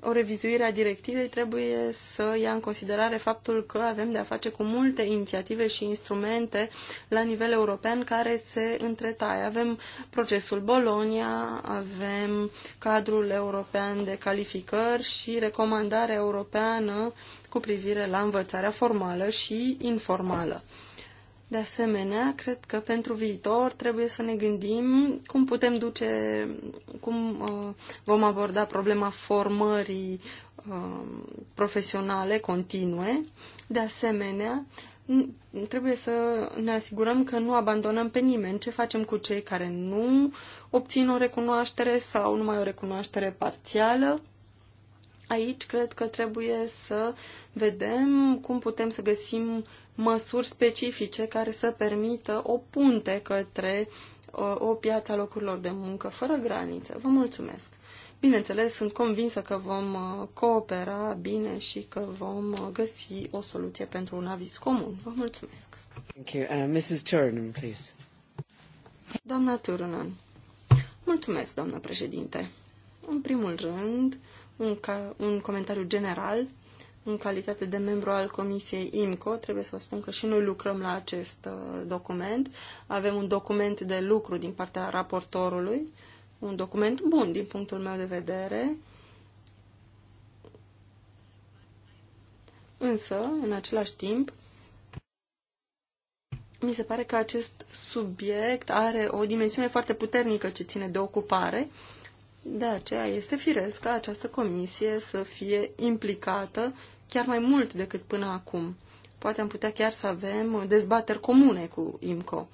o revizuire a directivei trebuie să ia în considerare faptul că avem de a face cu multe inițiative și instrumente la nivel european care se întretaie. Avem procesul Bologna, avem cadrul european de calificări și recomandarea europeană uh, cu privire la învățarea formală și informală. De asemenea, cred că pentru viitor trebuie să ne gândim cum putem duce, cum uh, vom aborda problema formării uh, profesionale continue. De asemenea, trebuie să ne asigurăm că nu abandonăm pe nimeni. Ce facem cu cei care nu obțin o recunoaștere sau numai o recunoaștere parțială? Aici cred că trebuie să vedem cum putem să găsim măsuri specifice care să permită o punte către uh, o piață a locurilor de muncă fără granițe. Vă mulțumesc! Bineînțeles, sunt convinsă că vom uh, coopera bine și că vom uh, găsi o soluție pentru un aviz comun. Vă mulțumesc! Thank you. Uh, Mrs. Turunen, please. Doamna Turunen, mulțumesc, doamnă președinte. În primul rând, un, ca, un comentariu general. În calitate de membru al Comisiei IMCO, trebuie să vă spun că și noi lucrăm la acest uh, document. Avem un document de lucru din partea raportorului, un document bun din punctul meu de vedere. Însă, în același timp, mi se pare că acest subiect are o dimensiune foarte puternică ce ține de ocupare de aceea este firesc ca această comisie să fie implicată chiar mai mult decât până acum. Poate am putea chiar să avem dezbateri comune cu IMCO.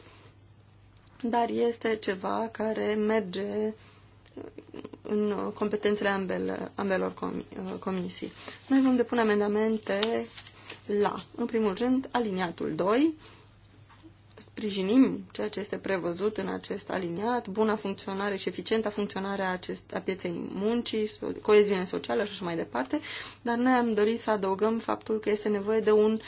Dar este ceva care merge în competențele ambele, ambelor comisii. Noi vom depune amendamente la, în primul rând, aliniatul 2, sprijinim ceea ce este prevăzut în acest aliniat, buna funcționare și eficienta funcționare a, acest, a pieței muncii, coeziune socială și așa mai departe, dar noi am dorit să adăugăm faptul că este nevoie de un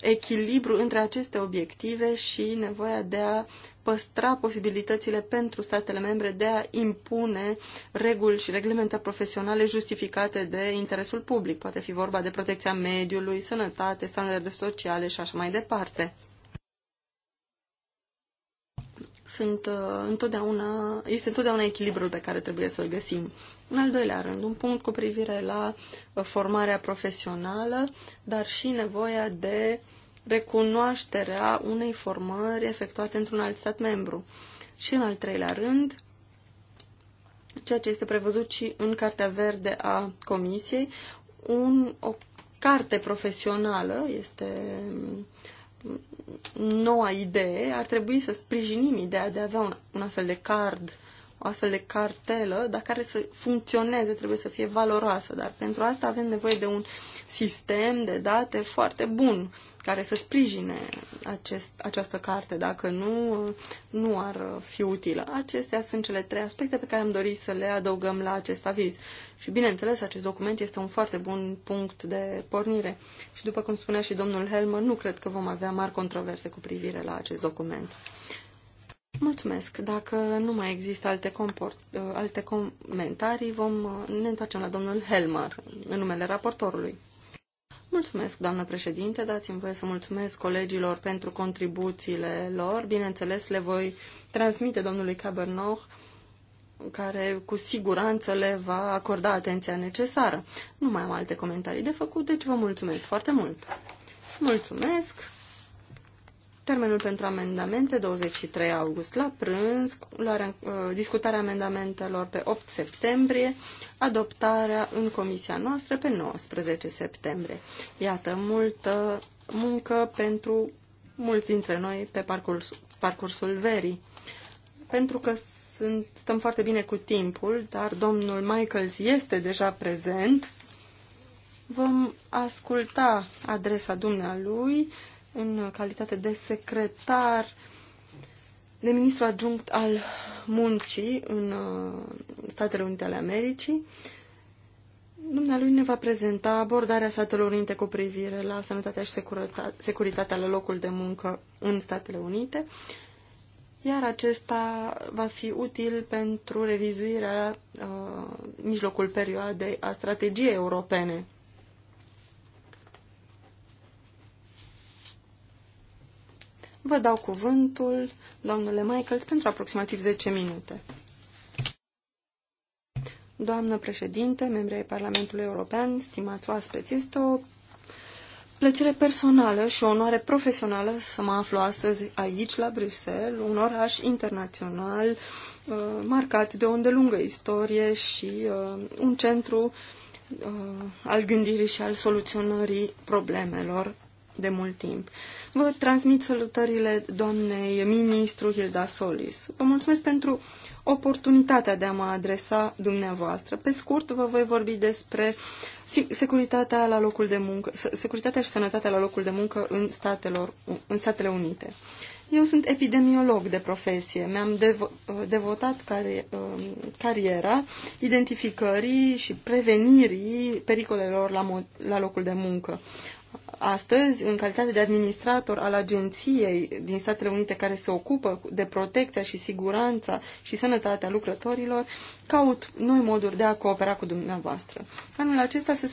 echilibru între aceste obiective și nevoia de a păstra posibilitățile pentru statele membre de a impune reguli și reglementări profesionale justificate de interesul public. Poate fi vorba de protecția mediului, sănătate, standarde sociale și așa mai departe sunt uh, întotdeauna, este întotdeauna echilibrul pe care trebuie să-l găsim. În al doilea rând, un punct cu privire la uh, formarea profesională, dar și nevoia de recunoașterea unei formări efectuate într-un alt stat membru. Și în al treilea rând, ceea ce este prevăzut și în Cartea Verde a Comisiei, un, o carte profesională este uh, noua idee, ar trebui să sprijinim ideea de a avea un, un astfel de card, o astfel de cartelă, dar care să funcționeze, trebuie să fie valoroasă. Dar pentru asta avem nevoie de un uh, sistem de date foarte bun care să sprijine acest, această carte. Dacă nu, nu ar fi utilă. Acestea sunt cele trei aspecte pe care am dorit să le adăugăm la acest aviz. Și bineînțeles, acest document este un foarte bun punct de pornire. Și după cum spunea și domnul Helmer, nu cred că vom avea mari controverse cu privire la acest document. Mulțumesc. Dacă nu mai există alte, comport, alte comentarii, vom ne întoarcem la domnul Helmer, în numele raportorului. Mulțumesc, doamnă președinte. Dați-mi voie să mulțumesc colegilor pentru contribuțiile lor. Bineînțeles, le voi transmite domnului Cabernoch, care cu siguranță le va acorda atenția necesară. Nu mai am alte comentarii de făcut, deci vă mulțumesc foarte mult. Mulțumesc. Termenul pentru amendamente, 23 august la prânz, luarea, uh, discutarea amendamentelor pe 8 septembrie, adoptarea în comisia noastră pe 19 septembrie. Iată, multă muncă pentru mulți dintre noi pe parcurs, parcursul verii. Pentru că sunt, stăm foarte bine cu timpul, dar domnul Michaels este deja prezent. Vom asculta adresa dumnealui în calitate de secretar, de ministru adjunct al muncii în uh, Statele Unite ale Americii. Dumnealui ne va prezenta abordarea Statelor Unite cu privire la sănătatea și securitatea la locul de muncă în Statele Unite, iar acesta va fi util pentru revizuirea uh, mijlocul perioadei a strategiei europene Vă dau cuvântul, domnule Michaels, pentru aproximativ 10 minute. Doamnă președinte, membri ai Parlamentului European, stimați oaspeți, este o plăcere personală și o onoare profesională să mă aflu astăzi aici, la Bruxelles, un oraș internațional uh, marcat de o îndelungă istorie și uh, un centru uh, al gândirii și al soluționării problemelor de mult timp. Vă transmit salutările doamnei ministru Hilda Solis. Vă mulțumesc pentru oportunitatea de a mă adresa dumneavoastră. Pe scurt, vă voi vorbi despre securitatea, la locul de muncă, securitatea și sănătatea la locul de muncă în, statelor, în Statele Unite. Eu sunt epidemiolog de profesie. Mi-am devo devotat car- um, cariera identificării și prevenirii pericolelor la, la locul de muncă astăzi, în calitate de administrator al agenției din Statele Unite care se ocupă de protecția și siguranța și sănătatea lucrătorilor, caut noi moduri de a coopera cu dumneavoastră. Anul acesta se,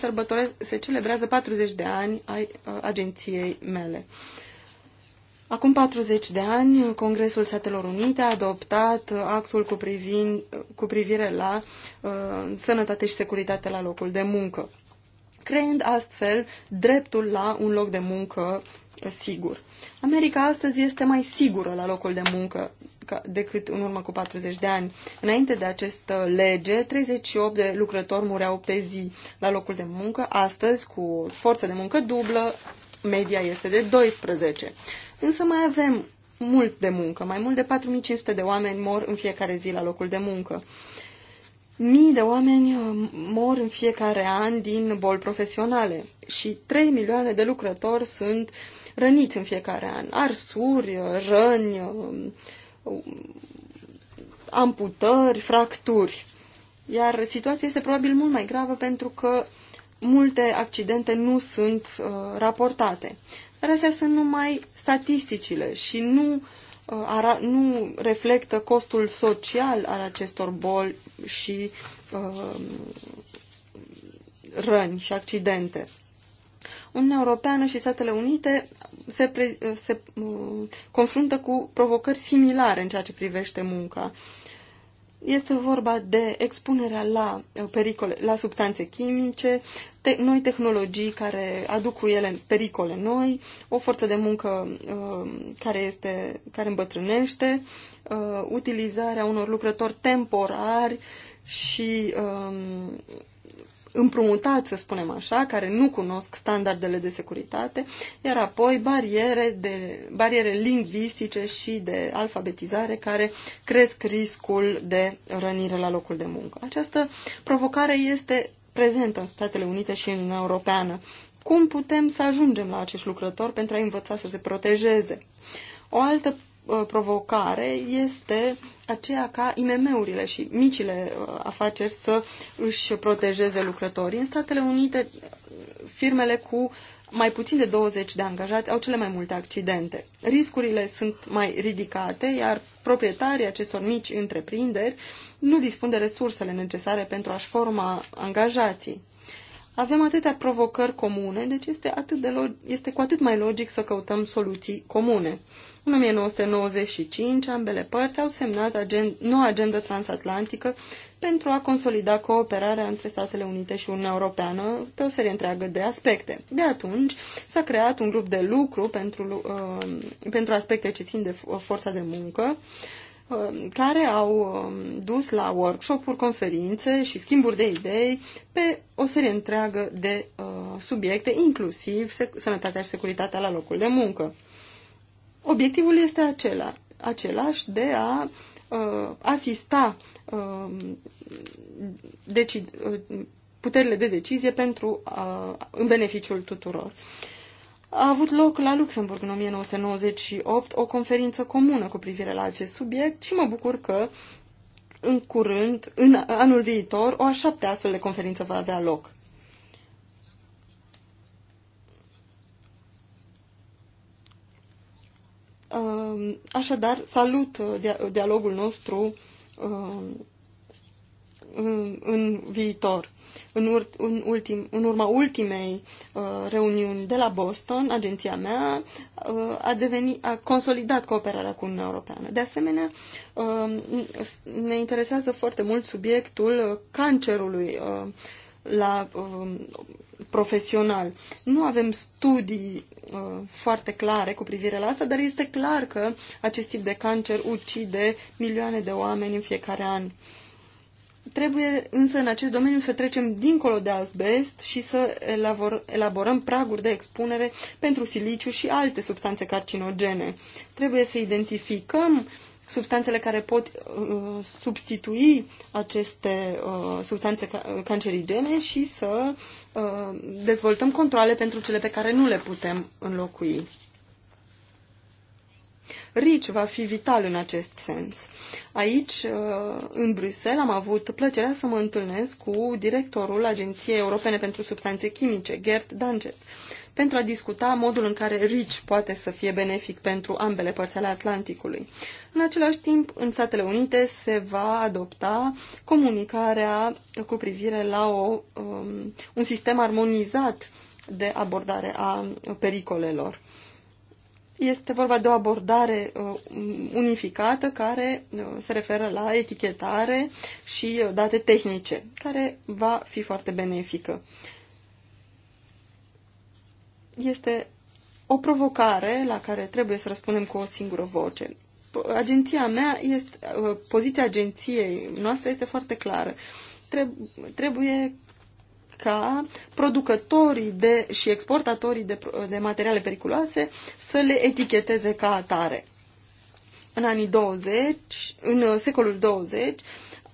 se celebrează 40 de ani ai uh, agenției mele. Acum 40 de ani, Congresul Statelor Unite a adoptat uh, actul cu, privin, cu privire la uh, sănătate și securitate la locul de muncă creând astfel dreptul la un loc de muncă sigur. America astăzi este mai sigură la locul de muncă decât în urmă cu 40 de ani. Înainte de această lege, 38 de lucrători mureau pe zi la locul de muncă. Astăzi, cu forță de muncă dublă, media este de 12. Însă mai avem mult de muncă. Mai mult de 4500 de oameni mor în fiecare zi la locul de muncă. Mii de oameni uh, mor în fiecare an din boli profesionale și 3 milioane de lucrători sunt răniți în fiecare an. Arsuri, uh, răni, uh, amputări, fracturi. Iar situația este probabil mult mai gravă pentru că multe accidente nu sunt uh, raportate. Dar astea sunt numai statisticile și nu Uh, nu reflectă costul social al acestor boli și uh, răni și accidente. Uniunea Europeană și Statele Unite se, pre, se uh, confruntă cu provocări similare în ceea ce privește munca. Este vorba de expunerea la uh, pericole, la substanțe chimice, te, noi tehnologii care aduc cu ele pericole noi, o forță de muncă uh, care, este, care îmbătrânește, uh, utilizarea unor lucrători temporari și um, împrumutat, să spunem așa, care nu cunosc standardele de securitate, iar apoi bariere, de, bariere lingvistice și de alfabetizare care cresc riscul de rănire la locul de muncă. Această provocare este prezentă în Statele Unite și în Uniunea Europeană. Cum putem să ajungem la acești lucrători pentru a învăța să se protejeze? O altă Uh, provocare este aceea ca IMM-urile și micile uh, afaceri să își protejeze lucrătorii. În Statele Unite, firmele cu mai puțin de 20 de angajați au cele mai multe accidente. Riscurile sunt mai ridicate, iar proprietarii acestor mici întreprinderi nu dispun de resursele necesare pentru a-și forma angajații. Avem atâtea provocări comune, deci este, atât de este cu atât mai logic să căutăm soluții comune. În 1995, ambele părți au semnat agend noua agendă transatlantică pentru a consolida cooperarea între Statele Unite și Uniunea Europeană pe o serie întreagă de aspecte. De atunci s-a creat un grup de lucru pentru, uh, pentru aspecte ce țin de forța de muncă, uh, care au um, dus la workshop-uri, conferințe și schimburi de idei pe o serie întreagă de uh, subiecte, inclusiv sănătatea și securitatea la locul de muncă obiectivul este acela, același de a uh, asista uh, deci, uh, puterile de decizie pentru, uh, în beneficiul tuturor. A avut loc la Luxemburg în 1998 o conferință comună cu privire la acest subiect și mă bucur că în curând, în anul viitor, o a șaptea astfel de conferință va avea loc. Ehm, așadar, salut uh, dialogul nostru ehm, în viitor. În, în, ultim, în urma ultimei uh, reuniuni de la Boston, agenția mea uh, a, devenit, a consolidat cooperarea cu Uniunea Europeană. De asemenea, ehm, ne interesează foarte mult subiectul cancerului la profesional. Nu avem studii Uh, foarte clare cu privire la asta, dar este clar că acest tip de cancer ucide milioane de oameni în fiecare an. Trebuie însă în acest domeniu să trecem dincolo de asbest și să elabor, elaborăm praguri de expunere pentru siliciu și alte substanțe carcinogene. Trebuie să identificăm substanțele care pot uh, substitui aceste uh, substanțe uh, cancerigene și să uh, dezvoltăm controle pentru cele pe care nu le putem înlocui. RICH va fi vital în acest sens. Aici, uh, în Bruxelles, am avut plăcerea să mă întâlnesc cu directorul Agenției Europene pentru Substanțe Chimice, Gert Danget, pentru a discuta modul în care RICH poate să fie benefic pentru ambele părți ale Atlanticului. În același timp, în Statele Unite se va adopta comunicarea cu privire la o, um, un sistem armonizat de abordare a pericolelor. Este vorba de o abordare uh, unificată care uh, se referă la etichetare și uh, date tehnice, care va fi foarte benefică este o provocare la care trebuie să răspundem cu o singură voce. Agenția mea este, uh, poziția agenției noastre este foarte clară. Trebuie ca producătorii de, și exportatorii de, de materiale periculoase să le eticheteze ca atare. În anii 20, în uh, secolul 20,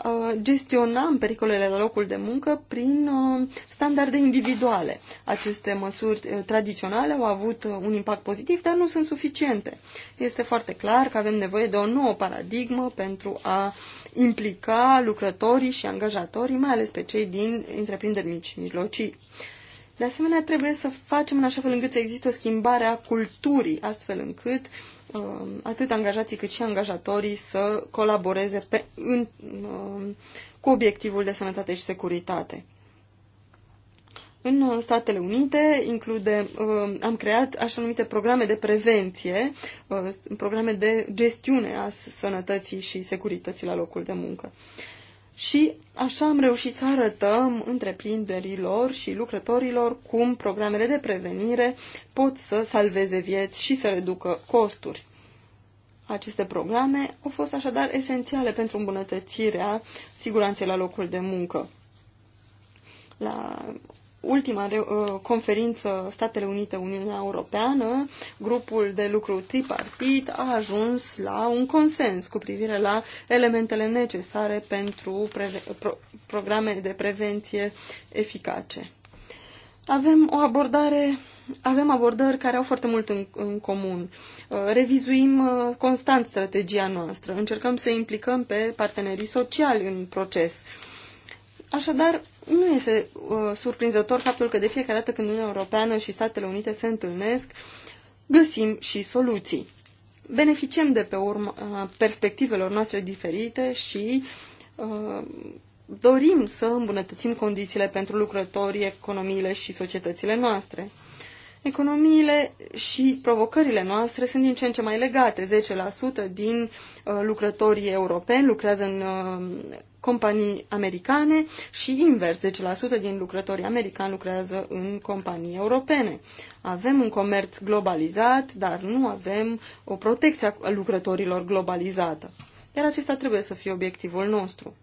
Uh, gestionam pericolele la locul de muncă prin uh, standarde individuale. Aceste măsuri uh, tradiționale au avut un impact pozitiv, dar nu sunt suficiente. Este foarte clar că avem nevoie de o nouă paradigmă pentru a implica lucrătorii și angajatorii, mai ales pe cei din întreprinderi mici și mijlocii. De asemenea, trebuie să facem în așa fel încât să existe o schimbare a culturii, astfel încât uh, Um, atât angajații cât și angajatorii să colaboreze pe, în, um, cu obiectivul de sănătate și securitate. În Statele Unite include, um, am creat așa numite programe de prevenție, uh, programe de gestiune a sănătății și securității la locul de muncă. Și așa am reușit să arătăm întreprinderilor și lucrătorilor cum programele de prevenire pot să salveze vieți și să reducă costuri. Aceste programe au fost așadar esențiale pentru îmbunătățirea siguranței la locul de muncă. La ultima uh, conferință Statele Unite-Uniunea Europeană, grupul de lucru tripartit a ajuns la un consens cu privire la elementele necesare pentru pro programe de prevenție eficace avem o abordare, avem abordări care au foarte mult în, în comun. Uh, revizuim uh, constant strategia noastră, încercăm să implicăm pe partenerii sociali în proces. Așadar, nu este uh, surprinzător faptul că de fiecare dată când Uniunea Europeană și Statele Unite se întâlnesc, găsim și soluții. Beneficiem de pe urma uh, perspectivelor noastre diferite și uh, dorim să îmbunătățim condițiile pentru lucrătorii, economiile și societățile noastre. Economiile și provocările noastre sunt din ce în ce mai legate. 10% din uh, lucrătorii europeni lucrează în uh, companii americane și invers, 10% din lucrătorii americani lucrează în companii europene. Avem un comerț globalizat, dar nu avem o protecție a lucrătorilor globalizată. Iar acesta trebuie să fie obiectivul nostru.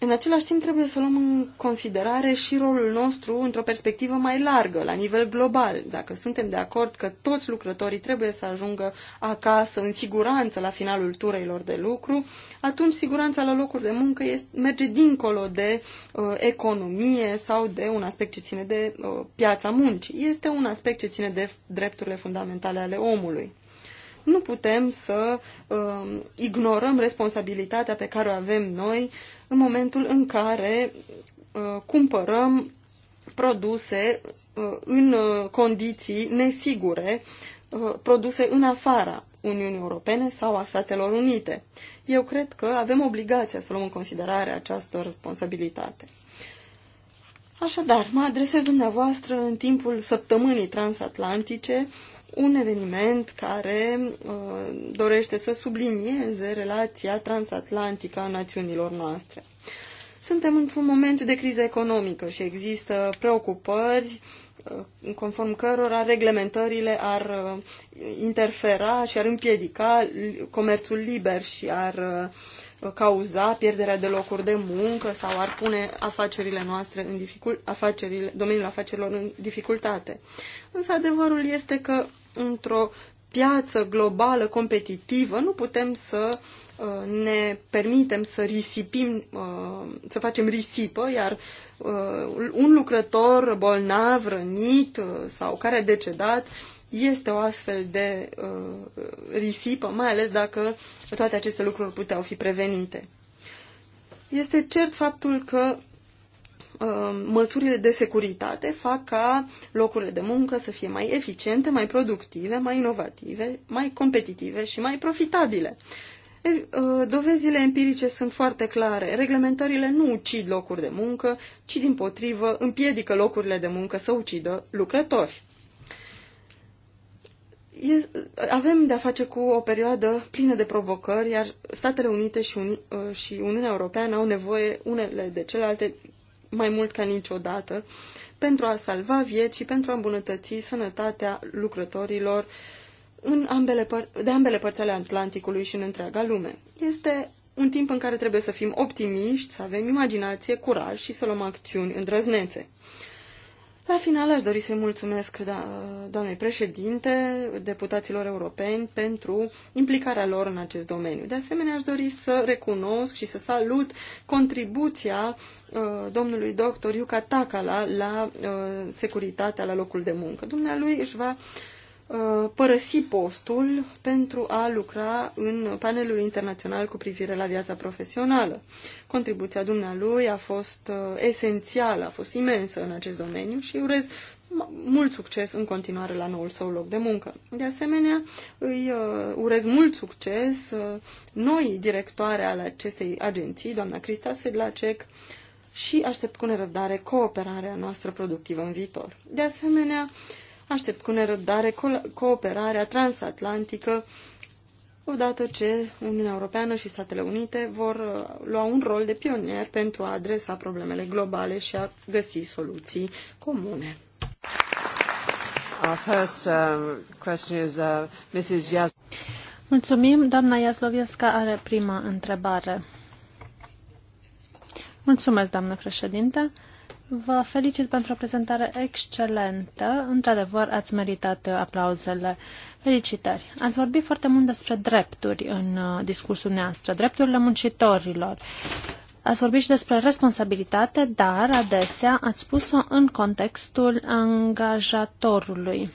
În același timp, trebuie să luăm în considerare și rolul nostru într-o perspectivă mai largă, la nivel global. Dacă suntem de acord că toți lucrătorii trebuie să ajungă acasă în siguranță la finalul turelor de lucru, atunci siguranța la locuri de muncă este, merge dincolo de uh, economie sau de un aspect ce ține de uh, piața muncii. Este un aspect ce ține de drepturile fundamentale ale omului nu putem să uh, ignorăm responsabilitatea pe care o avem noi în momentul în care uh, cumpărăm produse uh, în uh, condiții nesigure, produse în afara Uniunii Europene sau a Statelor Unite. Eu cred că avem obligația să luăm în considerare această responsabilitate. Așadar, mă adresez dumneavoastră în timpul săptămânii transatlantice un eveniment care uh, dorește să sublinieze relația transatlantică a națiunilor noastre. Suntem într-un moment de criză economică și există preocupări în uh, conform cărora reglementările ar uh, interfera și ar împiedica comerțul liber și ar uh, cauza pierderea de locuri de muncă sau ar pune afacerile noastre în dificul, afacerile, domeniul afacerilor în dificultate. Însă adevărul este că într-o piață globală competitivă nu putem să uh, ne permitem să risipim, uh, să facem risipă, iar uh, un lucrător bolnav, rănit sau care a decedat este o astfel de uh, risipă, mai ales dacă toate aceste lucruri puteau fi prevenite. Este cert faptul că uh, măsurile de securitate fac ca locurile de muncă să fie mai eficiente, mai productive, mai inovative, mai competitive și mai profitabile. Uh, dovezile empirice sunt foarte clare. Reglementările nu ucid locuri de muncă, ci din potrivă împiedică locurile de muncă să ucidă lucrători avem de-a face cu o perioadă plină de provocări, iar Statele Unite și, Uni uh, și Uniunea Europeană au nevoie unele de celelalte mai mult ca niciodată pentru a salva vieți și pentru a îmbunătăți sănătatea lucrătorilor în ambele de ambele părți ale Atlanticului și în întreaga lume. Este un timp în care trebuie să fim optimiști, să avem imaginație, curaj și să luăm acțiuni îndrăznețe. La final aș dori să-i mulțumesc da, doamnei președinte, deputaților europeni pentru implicarea lor în acest domeniu. De asemenea, aș dori să recunosc și să salut contribuția uh, domnului doctor Iuca Takala la uh, securitatea la locul de muncă. Dumnealui își va Uh, părăsi postul pentru a lucra în panelul internațional cu privire la viața profesională. Contribuția dumnealui a fost uh, esențială, a fost imensă în acest domeniu și urez mult succes în continuare la noul său loc de muncă. De asemenea, îi uh, urez mult succes noi directoare al acestei agenții, doamna Crista Sedlacek, și aștept cu nerăbdare cooperarea noastră productivă în viitor. De asemenea, uh, Aștept cu nerăbdare cooperarea transatlantică odată ce Uniunea Europeană și Statele Unite vor uh, lua un rol de pionier pentru a adresa problemele globale și a găsi soluții comune. Our first uh, question is uh, Mrs. Yaz Mulțumim. Doamna Iaslovieska are prima întrebare. Mulțumesc, doamnă președinte. Vă felicit pentru o prezentare excelentă. Într-adevăr, ați meritat aplauzele. Felicitări! Ați vorbit foarte mult despre drepturi în uh, discursul noastră, drepturile muncitorilor. Ați vorbit și despre responsabilitate, dar adesea ați spus-o în contextul angajatorului.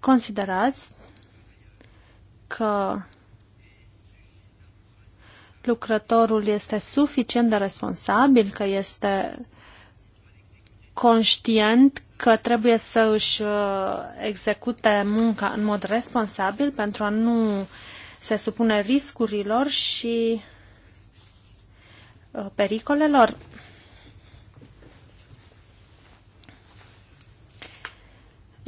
Considerați că lucrătorul este suficient de responsabil, că este conștient că trebuie să își uh, execute munca în mod responsabil pentru a nu se supune riscurilor și uh, pericolelor.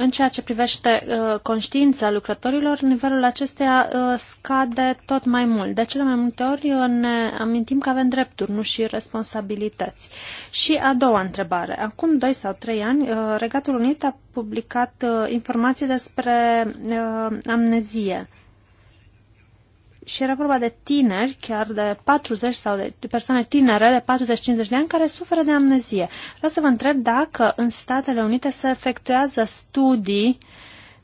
În ceea ce privește uh, conștiința lucrătorilor, nivelul acesteia uh, scade tot mai mult. De cele mai multe ori uh, ne amintim că avem drepturi, nu și responsabilități. Și a doua întrebare. Acum 2 sau 3 ani, uh, Regatul Unit a publicat uh, informații despre uh, amnezie. Uh, și era vorba de tineri, chiar de 40 sau de persoane tinere de 40-50 de ani care suferă de amnezie. Vreau să vă întreb dacă în Statele Unite se efectuează studii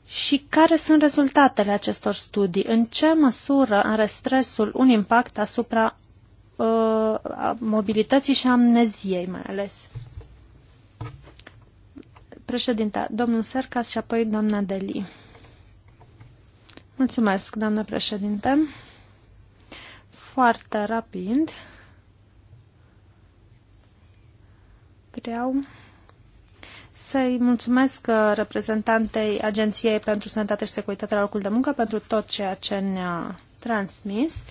și care sunt rezultatele acestor studii? În ce măsură are stresul un impact asupra uh, mobilității și amneziei mai ales? Președinte, domnul Sercas și apoi doamna Deli. Mulțumesc, doamnă președinte foarte rapid. Vreau să-i mulțumesc uh, reprezentantei Agenției pentru Sănătate și Securitate la locul de muncă pentru tot ceea ce ne-a transmis.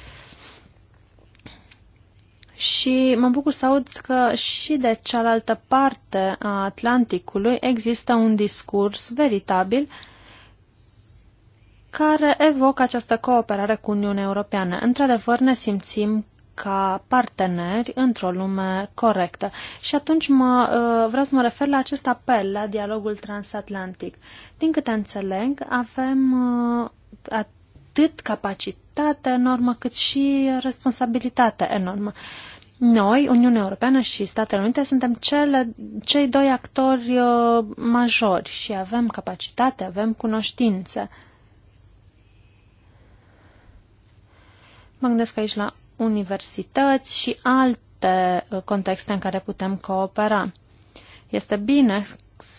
Și mă bucur să aud că și de cealaltă parte a Atlanticului există un discurs veritabil uh, care evocă această cooperare cu Uniunea Europeană. Într-adevăr, ne simțim ca parteneri într-o lume corectă. Și atunci mă, uh, vreau să mă refer la acest apel, la dialogul transatlantic. Din câte înțeleg, avem uh, atât capacitate enormă, cât și responsabilitate enormă. Noi, Uniunea Europeană și Statele Unite, suntem cele, cei doi actori uh, majori și avem capacitate, avem cunoștințe. Mă gândesc aici la universități și alte uh, contexte în care putem coopera. Este bine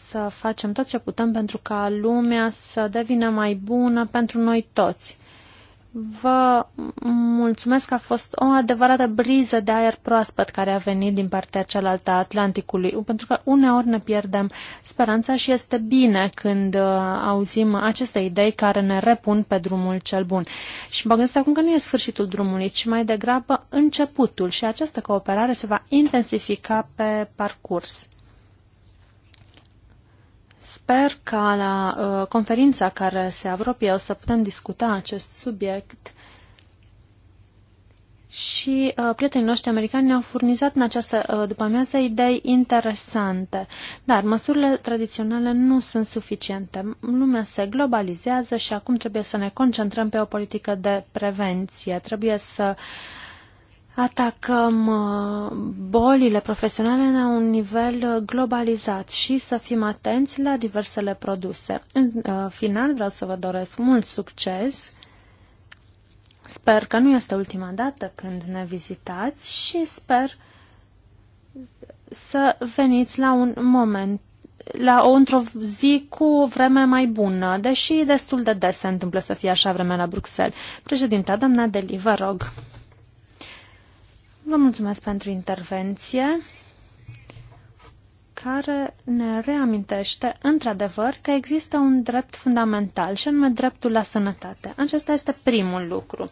să facem tot ce putem pentru ca lumea să devină mai bună pentru noi toți. Vă mulțumesc că a fost o adevărată briză de aer proaspăt care a venit din partea cealaltă a Atlanticului, pentru că uneori ne pierdem speranța și este bine când uh, auzim aceste idei care ne repun pe drumul cel bun. Și mă gândesc acum că nu e sfârșitul drumului, ci mai degrabă începutul și această cooperare se va intensifica pe parcurs. Sper ca la uh, conferința care se apropie o să putem discuta acest subiect și uh, prietenii noștri americani ne-au furnizat în această uh, după-amiază idei interesante. Dar măsurile tradiționale nu sunt suficiente. Lumea se globalizează și acum trebuie să ne concentrăm pe o politică de prevenție. Trebuie să uh, atacăm uh, bolile profesionale la un nivel uh, globalizat și să fim atenți la diversele produse. În uh, final, vreau să vă doresc mult succes. Sper că nu este ultima dată când ne vizitați și sper să veniți la un moment la o într-o zi cu vreme mai bună, deși destul de des se întâmplă să fie așa vreme la Bruxelles. Președinta, doamna Deli, vă rog. Vă mulțumesc pentru intervenție care ne reamintește, într-adevăr, că există un drept fundamental, și anume dreptul la sănătate. Acesta este primul lucru.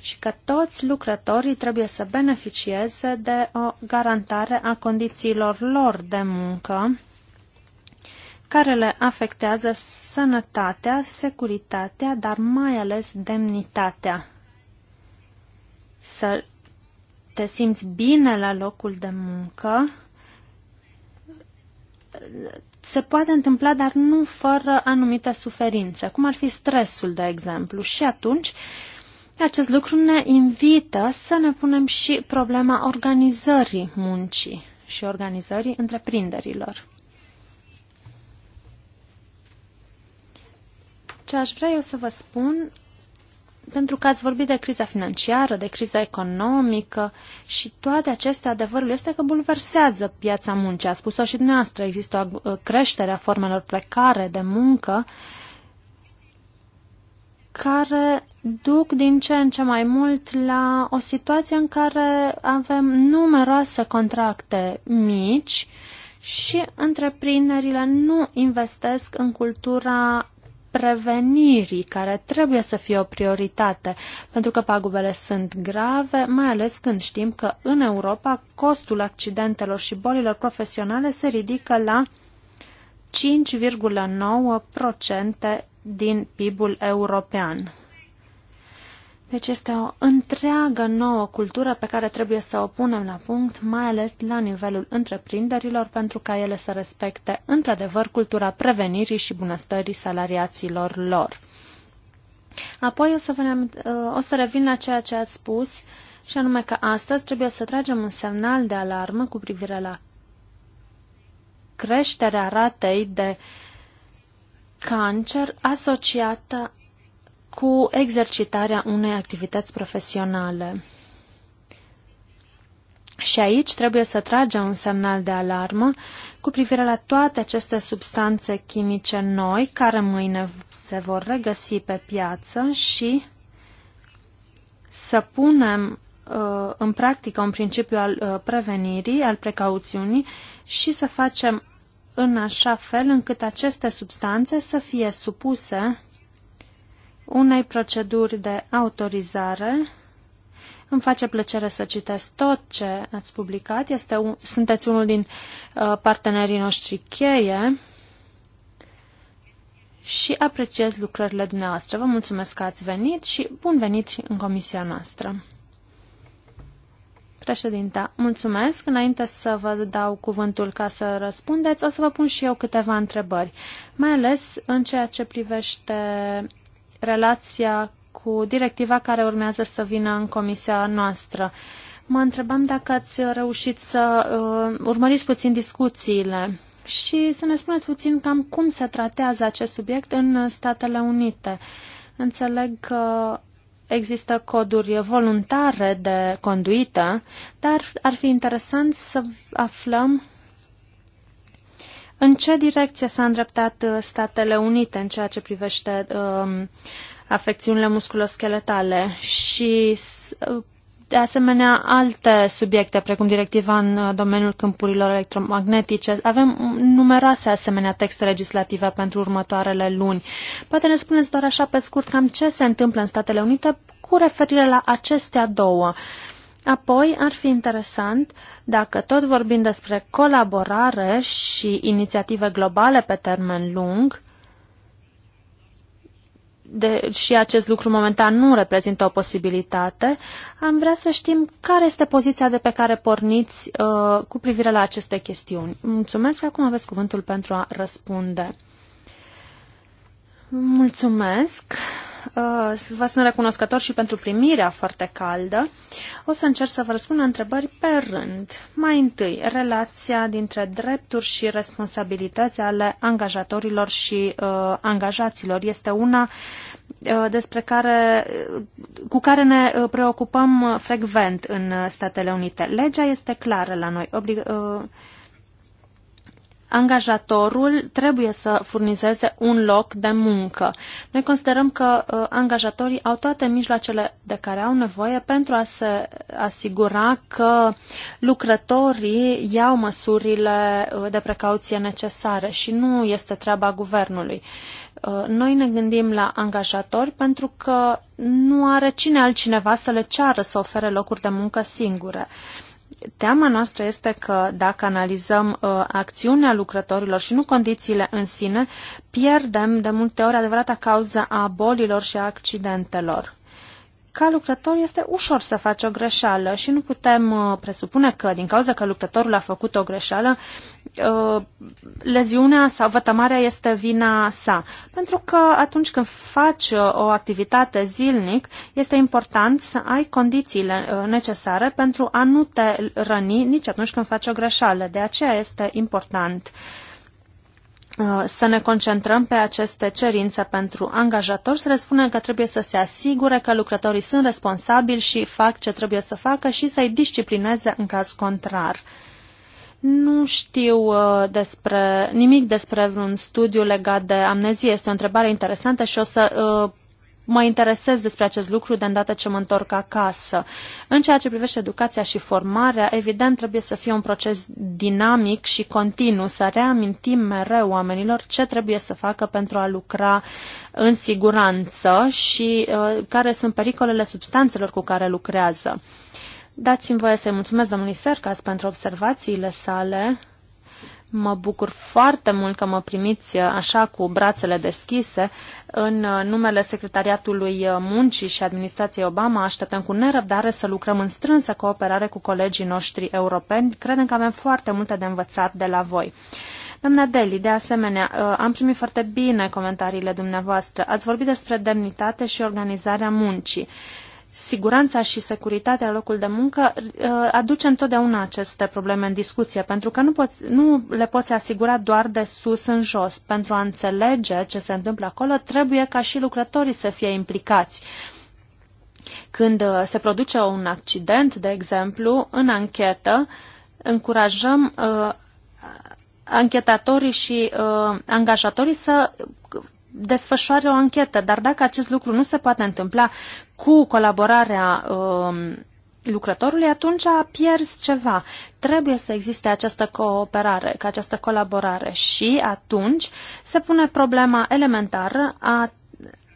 Și că toți lucrătorii trebuie să beneficieze de o garantare a condițiilor lor de muncă, care le afectează sănătatea, securitatea, dar mai ales demnitatea. Să te simți bine la locul de muncă, se poate întâmpla, dar nu fără anumite suferințe, cum ar fi stresul, de exemplu. Și atunci, acest lucru ne invită să ne punem și problema organizării muncii și organizării întreprinderilor. Ce aș vrea eu să vă spun pentru că ați vorbit de criza financiară, de criza economică și toate acestea, adevărul este că bulversează piața muncii. A spus-o și dumneavoastră, există o creștere a formelor plecare de muncă care duc din ce în ce mai mult la o situație în care avem numeroase contracte mici și întreprinderile nu investesc în cultura prevenirii, care trebuie să fie o prioritate, pentru că pagubele sunt grave, mai ales când știm că în Europa costul accidentelor și bolilor profesionale se ridică la 5,9% din PIB-ul european. Deci este o întreagă nouă cultură pe care trebuie să o punem la punct, mai ales la nivelul întreprinderilor, pentru ca ele să respecte într-adevăr cultura prevenirii și bunăstării salariaților lor. Apoi o să, venem, o să revin la ceea ce ați spus, și anume că astăzi trebuie să tragem un semnal de alarmă cu privire la creșterea ratei de cancer asociată cu exercitarea unei activități profesionale. Și aici trebuie să tragem un semnal de alarmă cu privire la toate aceste substanțe chimice noi care mâine se vor regăsi pe piață și să punem uh, în practică un principiu al uh, prevenirii, al precauțiunii și să facem în așa fel încât aceste substanțe să fie supuse unei proceduri de autorizare. Îmi face plăcere să citesc tot ce ați publicat. Este un, sunteți unul din uh, partenerii noștri cheie și apreciez lucrările dumneavoastră. Vă mulțumesc că ați venit și bun venit și în comisia noastră. Președinta, mulțumesc. Înainte să vă dau cuvântul ca să răspundeți, o să vă pun și eu câteva întrebări, mai ales în ceea ce privește relația cu directiva care urmează să vină în comisia noastră. Mă întrebam dacă ați reușit să uh, urmăriți puțin discuțiile și să ne spuneți puțin cam cum se tratează acest subiect în Statele Unite. Înțeleg că există coduri voluntare de conduită, dar ar fi interesant să aflăm în ce direcție s-a îndreptat uh, Statele Unite în ceea ce privește um, afecțiunile musculoscheletale și uh, de asemenea alte subiecte, precum directiva în uh, domeniul câmpurilor electromagnetice. Avem numeroase asemenea texte legislative pentru următoarele luni. Poate ne spuneți doar așa pe scurt cam ce se întâmplă în Statele Unite cu referire la acestea două. Uh, Apoi ar fi interesant dacă tot vorbim despre colaborare și inițiative globale pe termen lung, de, și acest lucru momentan nu reprezintă o posibilitate, am vrea să știm care este poziția de pe care porniți uh, cu privire la aceste chestiuni. Mulțumesc, acum aveți cuvântul pentru a răspunde. Mulțumesc. Uh, vă sunt recunoscător și pentru primirea foarte caldă. O să încerc să vă răspund la întrebări pe rând. Mai întâi, relația dintre drepturi și responsabilități ale angajatorilor și uh, angajaților este una uh, despre care, uh, cu care ne uh, preocupăm frecvent în Statele Unite. Legea este clară la noi. Oblig- uh, angajatorul trebuie să furnizeze un loc de muncă. Noi considerăm că uh, angajatorii au toate mijloacele de care au nevoie pentru a se asigura că lucrătorii iau măsurile uh, de precauție necesare și nu este treaba guvernului. Uh, noi ne gândim la angajatori pentru că nu are cine altcineva să le ceară să ofere locuri de muncă singure. Uh, Teama noastră este că dacă analizăm uh, acțiunea lucrătorilor și nu condițiile în sine, pierdem de multe ori adevărata cauză a bolilor și a accidentelor. Ca lucrător este ușor să faci o greșeală și nu putem uh, presupune că din cauza că lucrătorul a făcut o greșeală, Uh, leziunea sau vătămarea este vina sa. Pentru că atunci când faci uh, o activitate zilnic, este important să ai condițiile uh, necesare pentru a nu te răni nici atunci când faci o greșeală. De aceea este important să ne concentrăm pe aceste cerințe pentru angajatori, să le spunem că trebuie să se asigure că lucrătorii sunt responsabili și fac ce trebuie să facă și să-i disciplineze în caz contrar. Nu știu uh, despre, nimic despre vreun studiu legat de amnezie. Este o întrebare interesantă și o să uh, mă interesez despre acest lucru de îndată ce mă întorc acasă. În ceea ce privește educația și formarea, evident trebuie să fie un proces dinamic și continuu, să reamintim mereu oamenilor ce trebuie să facă pentru a lucra în siguranță și uh, care sunt pericolele substanțelor cu care lucrează. Uh, Dați-mi voie să-i mulțumesc domnului Sercas pentru observațiile sale. Mă bucur foarte mult că mă primiți așa cu brațele deschise. În numele Secretariatului Muncii și Administrației Obama așteptăm cu nerăbdare să lucrăm în strânsă cooperare cu colegii noștri europeni. Credem că avem foarte multe de învățat de la voi. Doamna Deli, de asemenea, am primit foarte bine comentariile dumneavoastră. Ați vorbit despre demnitate și organizarea muncii siguranța și securitatea locul de muncă uh, aduce întotdeauna aceste probleme în discuție, pentru că nu, poți, nu le poți asigura doar de sus în jos. Pentru a înțelege ce se întâmplă acolo, trebuie ca și lucrătorii să fie implicați. Când uh, se produce un accident, de exemplu, în anchetă, încurajăm uh, anchetatorii și uh, angajatorii să desfășoare o anchetă, dar dacă acest lucru nu se poate întâmpla cu colaborarea um, lucrătorului, atunci pierzi ceva. Trebuie să existe această cooperare, ca această colaborare și atunci se pune problema elementară a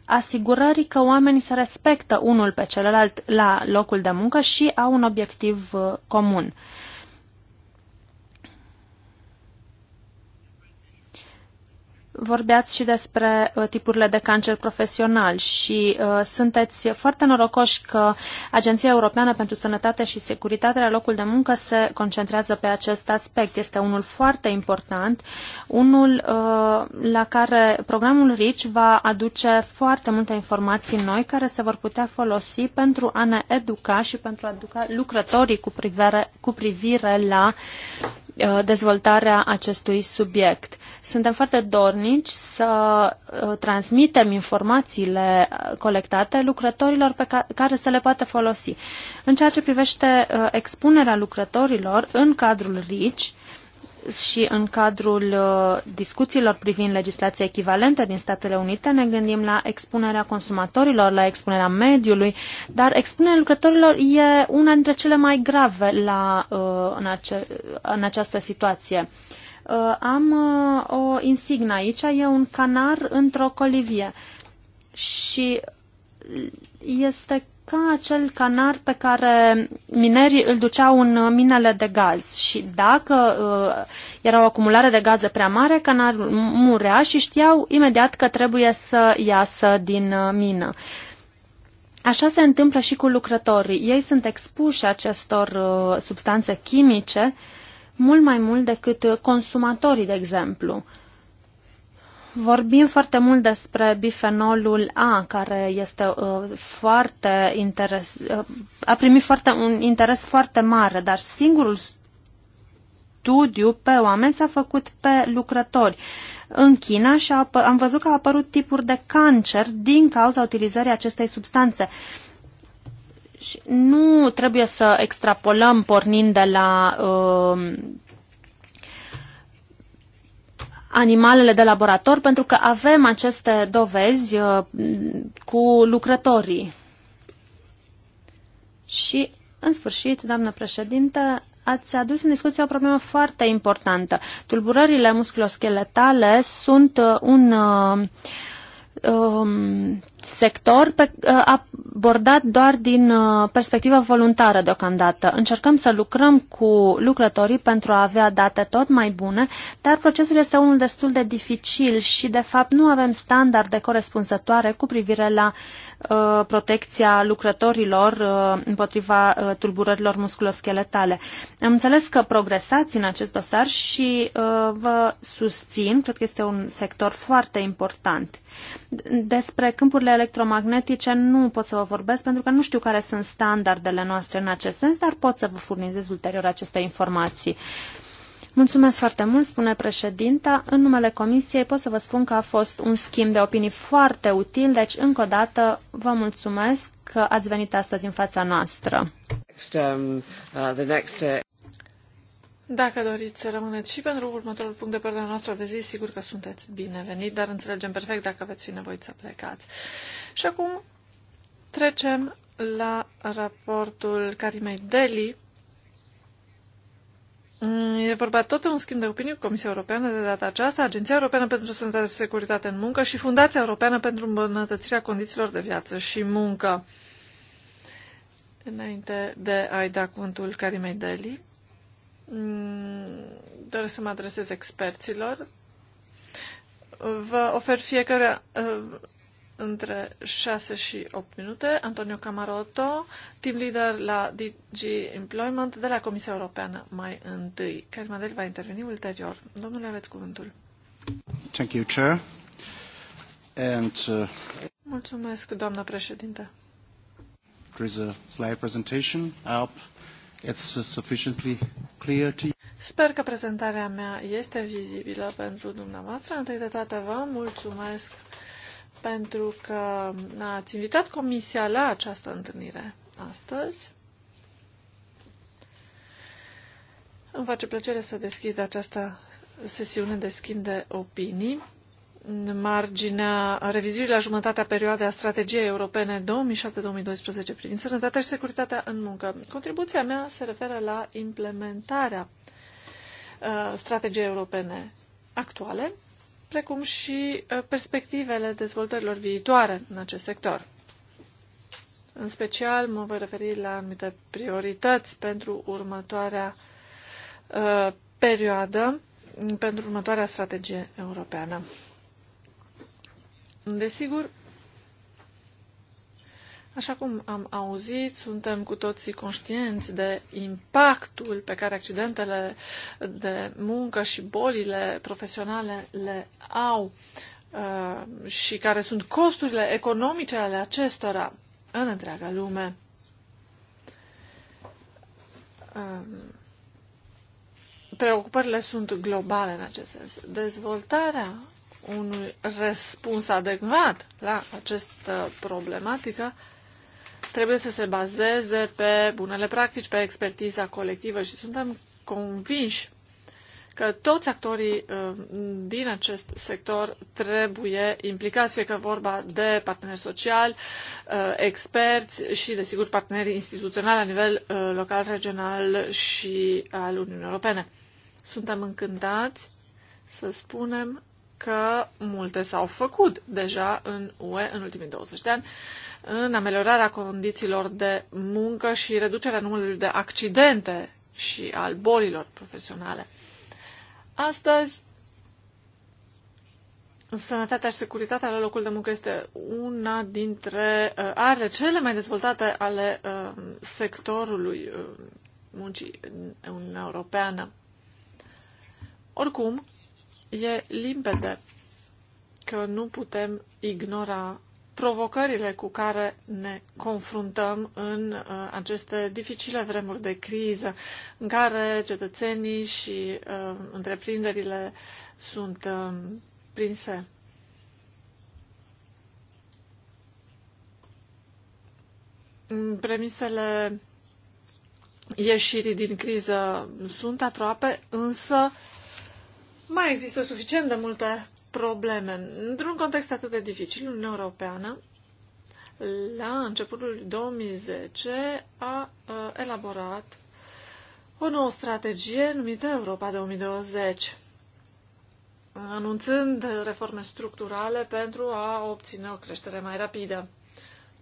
asigurării că oamenii se respectă unul pe celălalt la locul de muncă și au un obiectiv uh, comun. Vorbeați și despre uh, tipurile de cancer profesional și uh, sunteți foarte norocoși că Agenția Europeană pentru Sănătate și Securitate la locul de muncă se concentrează pe acest aspect. Este unul foarte important, unul uh, la care programul RICI va aduce foarte multe informații noi care se vor putea folosi pentru a ne educa și pentru a educa lucrătorii cu privire, cu privire la Uh, dezvoltarea acestui subiect. Suntem foarte dornici să uh, transmitem informațiile colectate lucrătorilor pe care să le poate folosi. În ceea ce privește uh, expunerea lucrătorilor în cadrul RICI, și în cadrul uh, discuțiilor privind legislația echivalentă din Statele Unite ne gândim la expunerea consumatorilor, la expunerea mediului, dar expunerea lucrătorilor e una dintre cele mai grave la, uh, în, ace, în această situație. Uh, am o insignă aici, e un canar într-o colivie și este ca acel canar pe care minerii îl duceau în minele de gaz și dacă uh, era o acumulare de gaze prea mare, canarul murea și știau imediat că trebuie să iasă din uh, mină. Așa se întâmplă și cu lucrătorii. Ei sunt expuși acestor uh, substanțe chimice mult mai mult decât consumatorii, de exemplu. Uh, Vorbim foarte mult despre bifenolul A, care este uh, foarte interes, uh, a primit foarte, un interes foarte mare, dar singurul studiu pe oameni s-a făcut pe lucrători. În China și am văzut că au apărut tipuri de cancer din cauza utilizării acestei substanțe. Și nu trebuie să extrapolăm pornind de la uh, animalele de laborator, pentru că avem aceste dovezi uh, cu lucrătorii. Și, în sfârșit, doamnă președinte, ați adus în discuție o problemă foarte importantă. Tulburările musculoscheletale sunt uh, un uh, um, sector pe, uh, abordat doar din uh, perspectivă voluntară deocamdată. Încercăm să lucrăm cu lucrătorii pentru a avea date tot mai bune, dar procesul este unul destul de dificil și, de fapt, nu avem standarde corespunzătoare cu privire la Uh, protecția lucrătorilor uh, împotriva uh, tulburărilor musculoscheletale. Am înțeles că progresați în acest dosar și vă susțin, cred că este un sector foarte important. Despre câmpurile electromagnetice nu pot să vă vorbesc pentru că nu știu care sunt standardele noastre în acest sens, dar pot să vă furnizez ulterior aceste informații. Mulțumesc foarte mult, spune președinta. În numele Comisiei pot să vă spun că a fost un schimb de opinii foarte util, deci încă o dată vă mulțumesc că ați venit astăzi în fața noastră. Um, uh, uh, dacă doriți să rămâneți și pentru următorul punct de pe ordinea noastră de zi, sigur că sunteți binevenit, dar înțelegem perfect dacă veți fi nevoiți să plecați. Și acum trecem la raportul Carimei Deli Mm, e vorba tot de un schimb de opinii cu Comisia Europeană de data aceasta, Agenția Europeană pentru Sănătate și Securitate în Muncă și Fundația Europeană pentru îmbunătățirea condițiilor de viață și muncă. Înainte de a-i da cuvântul Carimei Deli, mm, doresc să mă adresez experților. Vă ofer fiecare uh, între 6 și 8 minute. Antonio Camarotto, team leader la DG Employment de la Comisia Europeană mai întâi. Carmadel va interveni ulterior. Domnule, aveți cuvântul. Thank you, Chair. And, uh, Mulțumesc, doamnă președinte. There is a slide presentation up. It's uh, sufficiently clear to you. Sper că prezentarea mea este vizibilă pentru dumneavoastră. Întâi de toate vă mulțumesc pentru că ați invitat Comisia la această întâlnire astăzi. Îmi face plăcere să deschid această sesiune de schimb de opinii în marginea revizuirii la jumătatea perioadei a strategiei europene 2007-2012 privind sănătatea și securitatea în muncă. Contribuția mea se referă la implementarea uh, strategiei europene actuale precum și uh, perspectivele dezvoltărilor viitoare în acest sector. În special, mă voi referi la anumite priorități pentru următoarea uh, perioadă, pentru următoarea strategie europeană. Desigur, Așa cum am auzit, suntem cu toții conștienți de impactul pe care accidentele de muncă și bolile profesionale le au uh, și care sunt costurile economice ale acestora în întreaga lume. Uh, preocupările sunt globale în acest sens. Dezvoltarea unui răspuns adecvat la această problematică trebuie să se bazeze pe bunele practici, pe expertiza colectivă și suntem convinși că toți actorii uh, din acest sector trebuie implicați, fie că vorba de parteneri sociali, uh, experți și, desigur, partenerii instituționali la nivel uh, local, regional și al Uniunii Europene. Suntem încântați să spunem că multe s-au făcut deja în UE în ultimii 20 de ani în ameliorarea condițiilor de muncă și reducerea numărului de accidente și al bolilor profesionale. Astăzi, Sănătatea și securitatea la locul de muncă este una dintre uh, are cele mai dezvoltate ale uh, sectorului uh, muncii în Uniunea Europeană. Oricum, E limpede că nu putem ignora provocările cu care ne confruntăm în uh, aceste dificile vremuri de criză, în care cetățenii și uh, întreprinderile sunt uh, prinse. Premisele ieșirii din criză sunt aproape, însă mai există suficient de multe probleme. Într-un context atât de dificil, Uniunea Europeană, la începutul 2010, a elaborat o nouă strategie numită Europa 2020, anunțând reforme structurale pentru a obține o creștere mai rapidă.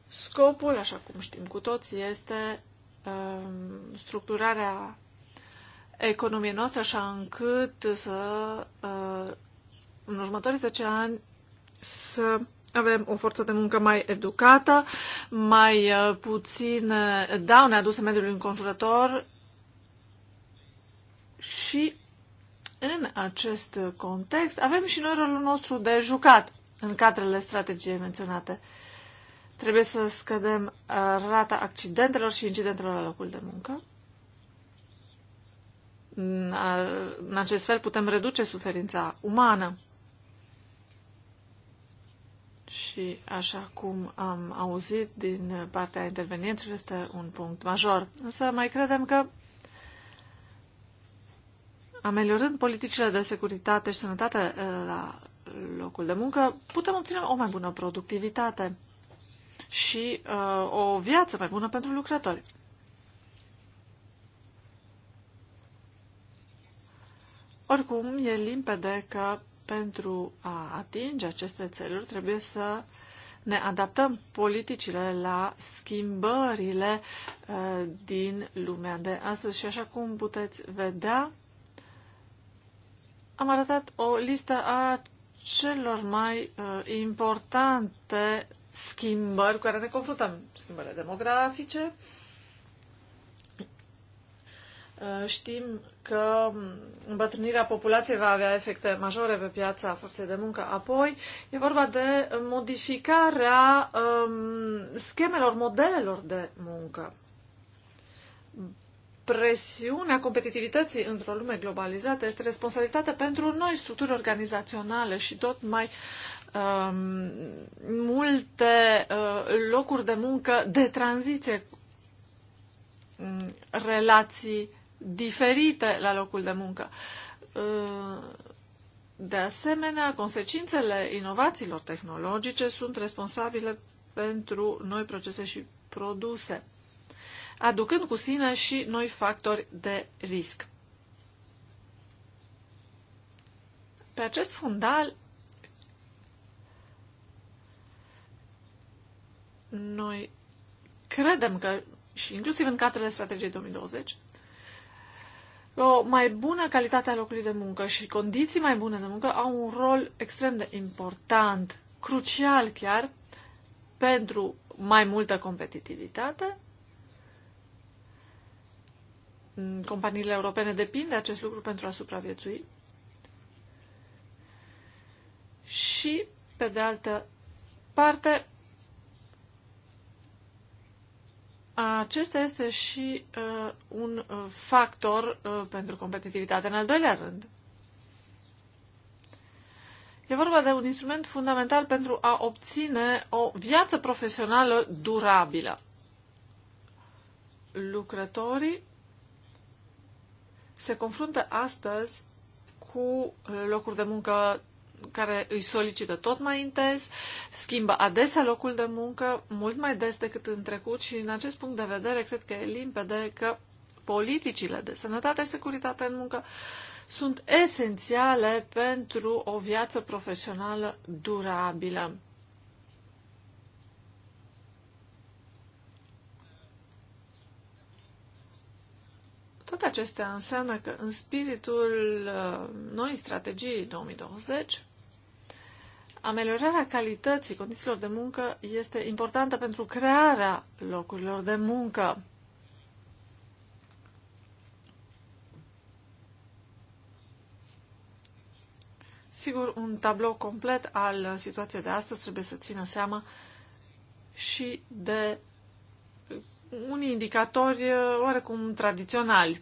Scopul, așa cum știm cu toți, este um, structurarea economie noastră așa încât să uh, în următorii 10 ani să avem o forță de muncă mai educată, mai uh, puțin daune aduse mediului înconjurător și în acest context avem și noi rolul nostru de jucat în cadrele strategiei menționate. Trebuie să scădem uh, rata accidentelor și incidentelor la locul de muncă în acest fel putem reduce suferința umană. Și așa cum am auzit din partea intervenienților, este un punct major. Însă mai credem că ameliorând politicile de securitate și sănătate eh, la locul de muncă, putem obține o mai bună productivitate și uh, o viață mai bună pentru lucrători. Oricum, e limpede că pentru a atinge aceste țeluri trebuie să ne adaptăm politicile la schimbările uh, din lumea de astăzi și așa cum puteți vedea, am arătat o listă a celor mai uh, importante schimbări cu care ne confruntăm. Schimbările demografice, uh, Uh, știm că îmbătrânirea populației va avea efecte majore pe piața forței de muncă. Apoi, e vorba de modificarea um, schemelor, modelelor de muncă. Presiunea competitivității într-o lume globalizată este responsabilitate pentru noi structuri organizaționale și tot mai um, multe uh, locuri de muncă de tranziție, um, relații diferite la locul de muncă. Uh, de asemenea, consecințele inovațiilor tehnologice sunt responsabile pentru noi procese și produse, aducând cu sine și noi factori de risc. Pe acest fundal, noi credem că, și inclusiv în cadrele strategiei 2020, o mai bună calitate a locului de muncă și condiții mai bune de muncă au un rol extrem de important, crucial chiar, pentru mai multă competitivitate. Companiile europene depind de acest lucru pentru a supraviețui. Și, pe de altă parte, Acesta este și uh, un uh, factor uh, pentru competitivitate în al doilea rând. E vorba de un instrument fundamental pentru a obține o viață profesională durabilă. Lucrătorii se confruntă astăzi cu locuri de muncă care îi solicită tot mai intens, schimbă adesea locul de muncă, mult mai des decât în trecut și în acest punct de vedere cred că e limpede că politicile de sănătate și securitate în muncă sunt esențiale pentru o viață profesională durabilă. Toate acestea înseamnă că în spiritul uh, noi strategii 2020 Ameliorarea calității condițiilor de muncă este importantă pentru crearea locurilor de muncă. Sigur, un tablou complet al situației de astăzi trebuie să țină seama și de unii indicatori oarecum tradiționali.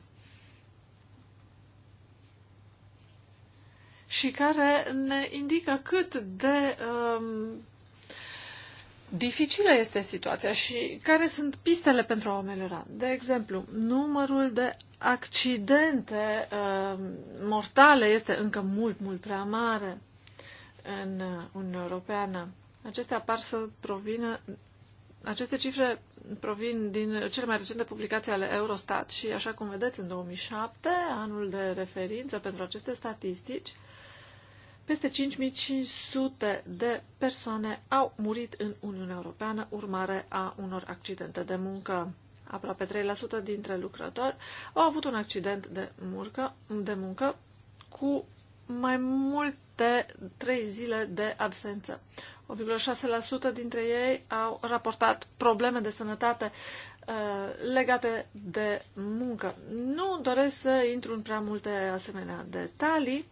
și care ne indică cât de um, dificilă este situația și care sunt pistele pentru a o ameliora. De exemplu, numărul de accidente uh, mortale este încă mult, mult prea mare în Uniunea Europeană. Acestea par să provină, aceste cifre provin din cele mai recente publicații ale Eurostat și, așa cum vedeți, în 2007, anul de referință pentru aceste statistici, peste 5500 de persoane au murit în Uniunea Europeană urmare a unor accidente de muncă. Aproape 3% dintre lucrători au avut un accident de, murcă, de muncă cu mai multe 3 zile de absență. 1,6% dintre ei au raportat probleme de sănătate uh, legate de muncă. Nu doresc să intru în prea multe asemenea detalii,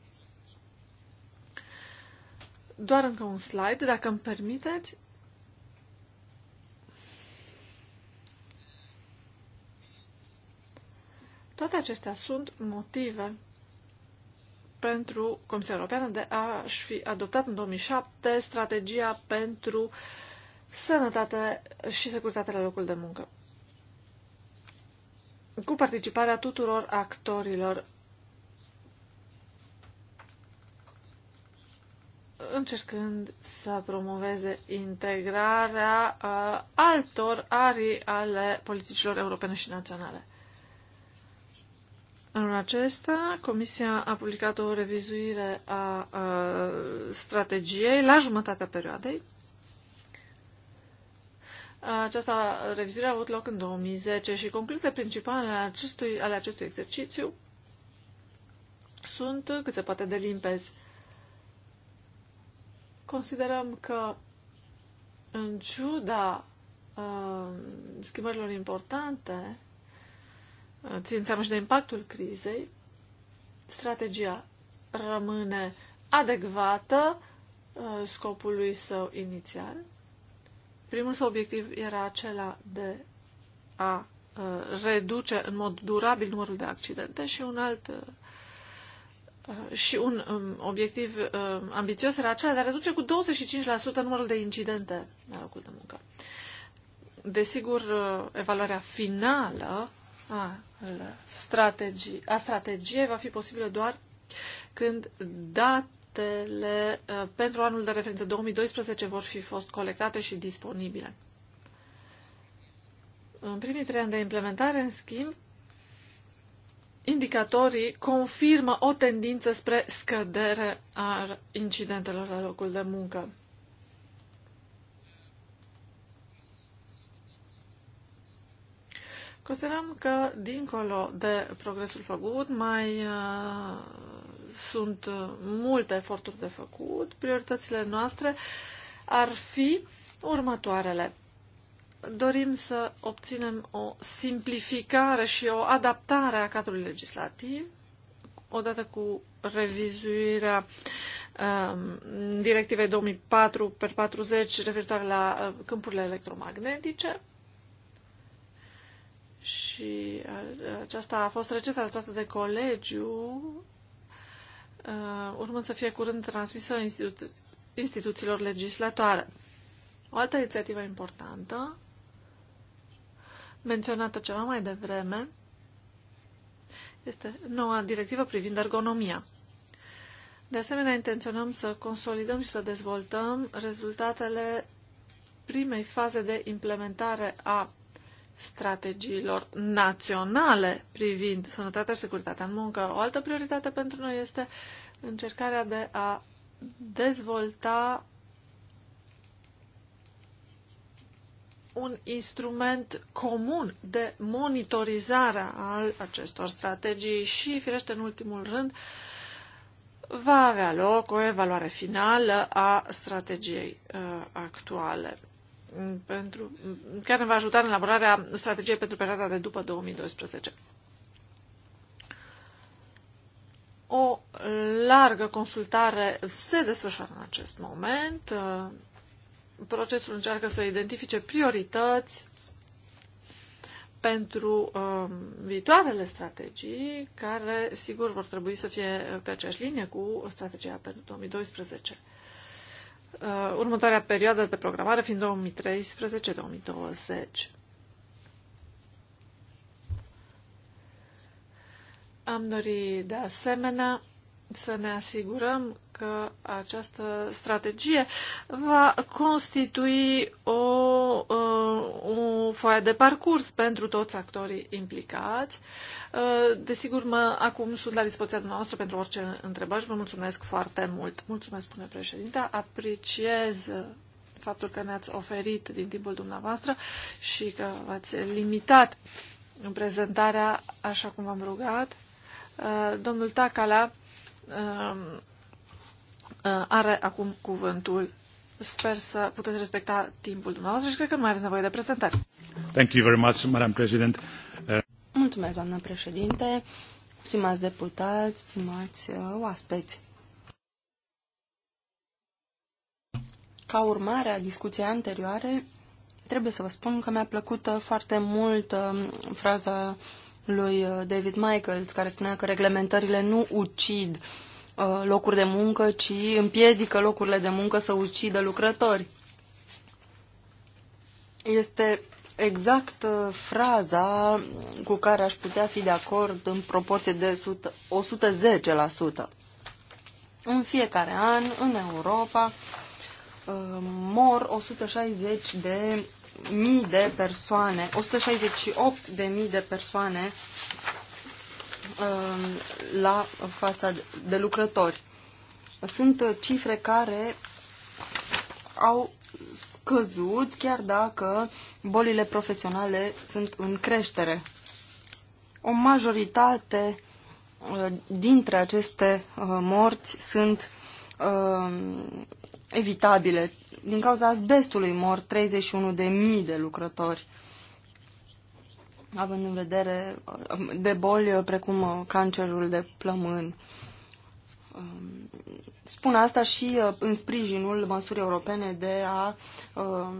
doar încă un slide, dacă îmi permiteți. Toate acestea sunt motive pentru Comisia Europeană de a-și fi adoptat în 2007 strategia pentru sănătate și securitate la locul de muncă, cu participarea tuturor actorilor încercând să promoveze integrarea uh, altor arii ale politicilor europene și naționale. În acesta, Comisia a publicat o revizuire a, a uh, strategiei la jumătatea perioadei. Această revizuire a avut loc în 2010 și concluziile principale ale acestui, ale acestui exercițiu sunt cât se poate de limpezi. Considerăm că, în ciuda uh, schimbărilor importante, uh, țin seama și de impactul crizei, strategia rămâne adecvată uh, scopului său inițial. Primul său obiectiv era acela de a uh, reduce în mod durabil numărul de accidente și un alt uh, Uh, și un um, obiectiv um, ambițios era acela de a reduce cu 25% numărul de incidente la locul de muncă. Desigur, uh, evaluarea finală a, strategii, a strategiei va fi posibilă doar când datele uh, pentru anul de referință 2012 vor fi fost colectate și disponibile. În primii trei ani de implementare, în schimb, indicatorii confirmă o tendință spre scădere a incidentelor la locul de muncă. Considerăm că, dincolo de progresul făcut, mai uh, sunt uh, multe eforturi de făcut. Prioritățile noastre ar fi următoarele dorim să obținem o simplificare și o adaptare a cadrului legislativ, odată cu revizuirea um, directivei 2004 per 40 referitoare la uh, câmpurile electromagnetice. Și uh, aceasta a fost de toată de colegiu, uh, urmând să fie curând transmisă institu instituțiilor legislatoare. O altă inițiativă importantă menționată ceva mai devreme este noua directivă privind ergonomia. De asemenea, intenționăm să consolidăm și să dezvoltăm rezultatele primei faze de implementare a strategiilor naționale privind sănătatea și securitatea în muncă. O altă prioritate pentru noi este încercarea de a dezvolta un instrument comun de monitorizare al acestor strategii și, firește, în ultimul rând, va avea loc o evaluare finală a strategiei uh, actuale, pentru, care ne va ajuta în elaborarea strategiei pentru perioada de după 2012. O largă consultare se desfășoară în acest moment. Uh, procesul încearcă să identifice priorități pentru um, viitoarele strategii, care sigur vor trebui să fie pe aceeași linie cu strategia pentru 2012. Uh, următoarea perioadă de programare fiind 2013-2020. Am dorit de asemenea să ne asigurăm că această strategie va constitui o, o foaie de parcurs pentru toți actorii implicați. Uh, desigur, mă, acum sunt la dispoziția noastră pentru orice întrebări. Vă mulțumesc foarte mult. Mulțumesc, spune președinte. Apreciez faptul că ne-ați oferit din timpul dumneavoastră și că v-ați limitat în prezentarea așa cum v-am rugat. Uh, domnul Tacala, Um, uh, are acum cuvântul. Sper să puteți respecta timpul dumneavoastră și cred că nu mai aveți nevoie de prezentări. Thank you very much, Madam President. Uh, Mulțumesc, doamnă președinte, stimați deputați, stimați uh, oaspeți. Ca urmare a discuției anterioare, trebuie să vă spun că mi-a plăcut foarte mult fraza lui uh, David Michael, care spunea că reglementările nu ucid uh, locuri de muncă, ci împiedică locurile de muncă să ucidă lucrători. Este exact uh, fraza cu care aș putea fi de acord în proporție de 100, 110%. În fiecare an, în Europa, mor 160 de mii de persoane, 168 de mii de persoane um, la fața de lucrători. Sunt uh, cifre care au scăzut, chiar dacă bolile profesionale sunt în creștere. O majoritate uh, dintre aceste uh, morți sunt um, evitabile, din cauza asbestului mor 31.000 de lucrători, având în vedere uh, de boli uh, precum uh, cancerul de plămân. Um, spun asta și în sprijinul măsurii europene de a um,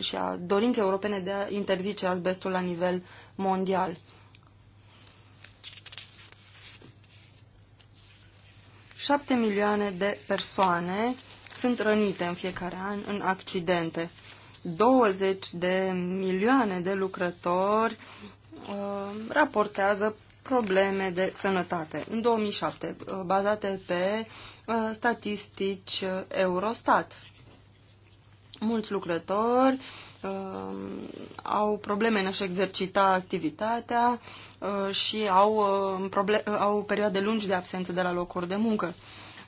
și a dorinței europene de a interzice asbestul la nivel mondial. Șapte milioane de persoane sunt rănite în fiecare an în accidente. 20 de milioane de lucrători uh, raportează probleme de sănătate în 2007, uh, bazate pe uh, statistici uh, Eurostat. Mulți lucrători uh, au probleme în a-și exercita activitatea uh, și au, au perioade lungi de absență de la locuri de muncă.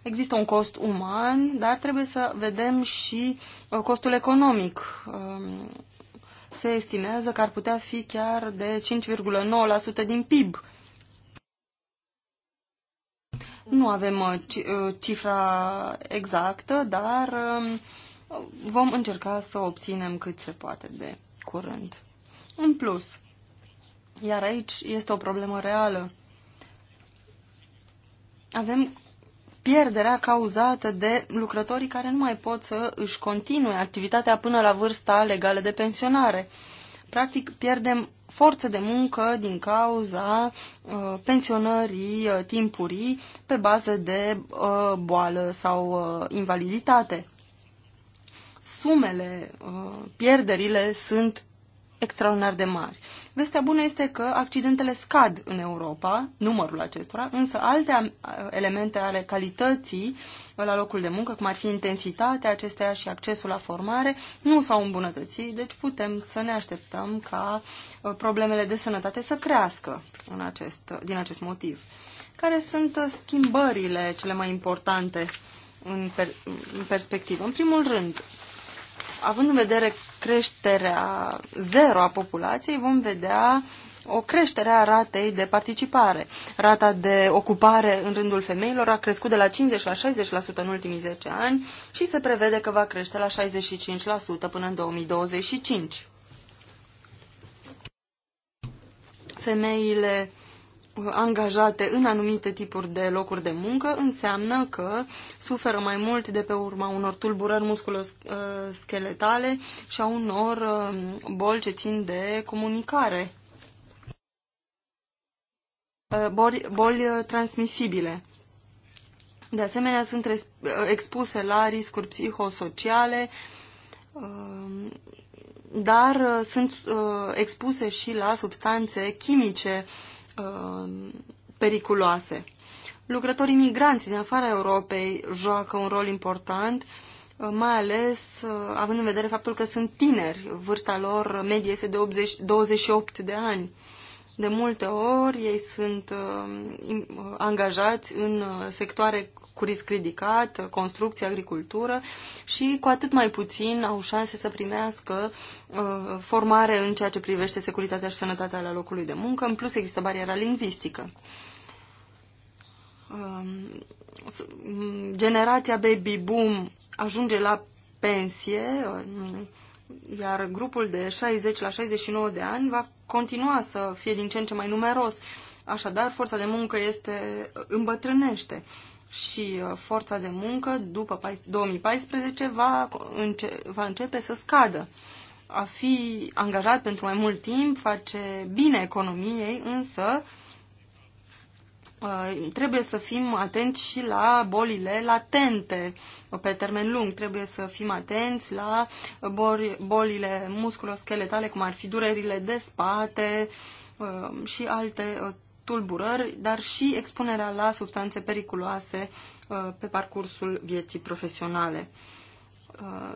Există un cost uman, dar trebuie să vedem și uh, costul economic. Um, se estimează că ar putea fi chiar de 5,9% din PIB. Nu avem uh, uh, cifra exactă, dar um, vom încerca să obținem cât se poate de curând. În plus, iar aici este o problemă reală. Avem pierderea cauzată de lucrătorii care nu mai pot să își continue activitatea până la vârsta legală de pensionare. Practic, pierdem forță de muncă din cauza uh, pensionării uh, timpurii pe bază de uh, boală sau uh, invaliditate. Sumele, uh, pierderile sunt extraordinar de mari. Vestea bună este că accidentele scad în Europa, numărul acestora, însă alte elemente ale calității la locul de muncă, cum ar fi intensitatea acesteia și accesul la formare, nu s-au îmbunătățit, deci putem să ne așteptăm ca problemele de sănătate să crească în acest, din acest motiv. Care sunt schimbările cele mai importante în, per, în perspectivă? În primul rând, având în vedere creșterea zero a populației, vom vedea o creștere a ratei de participare. Rata de ocupare în rândul femeilor a crescut de la 50 la 60% în ultimii 10 ani și se prevede că va crește la 65% până în 2025. Femeile angajate în anumite tipuri de locuri de muncă înseamnă că suferă mai mult de pe urma unor tulburări musculoscheletale și a unor um, boli ce țin de comunicare, uh, boli, boli uh, transmisibile. De asemenea, sunt uh, expuse la riscuri psihosociale, um, dar sunt expuse și la substanțe chimice Uh, periculoase. Lucrătorii migranți din afara Europei joacă un rol important, uh, mai ales uh, având în vedere faptul că sunt tineri. Vârsta lor medie este de 80, 28 de ani. De multe ori ei sunt uh, uh angajați în uh, sectoare cu risc ridicat, uh, construcție, agricultură și cu atât mai puțin au șanse să primească uh, formare în ceea ce privește securitatea și sănătatea la locului de muncă. În plus există bariera lingvistică. Uh, generația baby boom ajunge la pensie, iar grupul de 60 la 69 de ani va continua să fie din ce în ce mai numeros. Așadar, forța de muncă este îmbătrânește și uh, forța de muncă după 2014 va, înce- va începe să scadă. A fi angajat pentru mai mult timp face bine economiei, însă Uh, trebuie să fim atenți și la bolile latente uh, pe termen lung. Trebuie să fim atenți la uh, bolile musculoscheletale, cum ar fi durerile de spate și alte tulburări, dar și expunerea la substanțe periculoase pe parcursul vieții profesionale.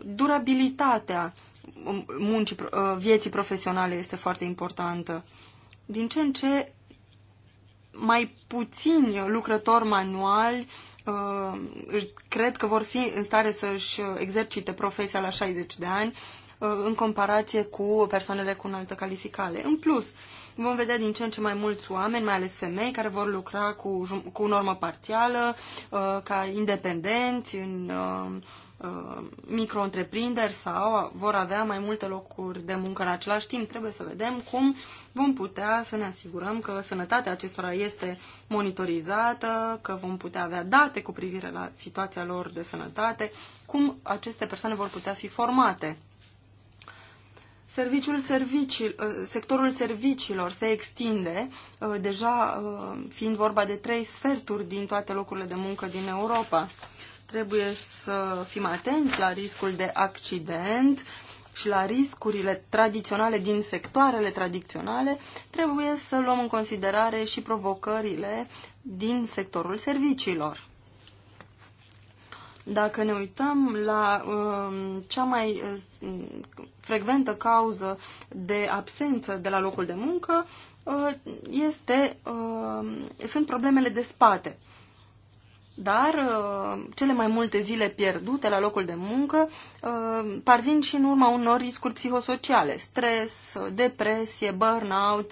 Durabilitatea um, muncii, vieții profesionale este foarte importantă. Din ce în ce mai puțini lucrători manuali uh, cred că vor fi în stare să-și exercite profesia la 60 de ani uh, în comparație cu persoanele cu înaltă calificare. În plus, vom vedea din ce în ce mai mulți oameni, mai ales femei, care vor lucra cu, cu normă parțială, uh, ca independenți, în micro-întreprinderi sau vor avea mai multe locuri de muncă în același timp. Trebuie să vedem cum uh, vom putea să ne asigurăm că sănătatea acestora este monitorizată, că vom putea avea date cu privire la situația lor de sănătate, cum aceste persoane vor putea fi formate. Serviciul servicii, uh, sectorul serviciilor se extinde, uh, deja uh, fiind vorba de trei sferturi din toate locurile de muncă din Europa. Trebuie să fim atenți la riscul de accident, și la riscurile tradiționale din sectoarele tradiționale, trebuie să luăm în considerare și provocările din sectorul serviciilor. Dacă ne uităm la um, cea mai uh, frecventă cauză de absență de la locul de muncă, uh, este, uh, sunt problemele de spate. Dar uh, cele mai multe zile pierdute la locul de muncă uh, parvin și în urma unor riscuri psihosociale, stres, depresie, burnout,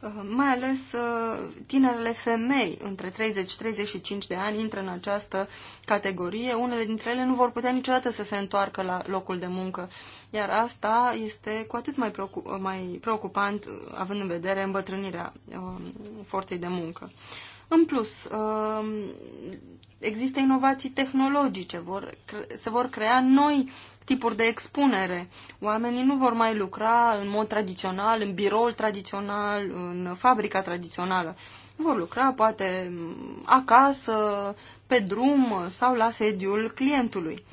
uh, mai ales tinerele femei între 30-35 de ani intră în această categorie. Unele dintre ele nu vor putea niciodată să se întoarcă la locul de muncă, iar asta este cu atât mai, preocup- mai preocupant având în vedere îmbătrânirea forței de muncă. În plus, um, există inovații tehnologice, vor, se vor crea noi tipuri de expunere. Oamenii nu vor mai lucra în mod tradițional, în biroul tradițional, în fabrica tradițională. Vor lucra poate acasă, pe drum sau la sediul clientului.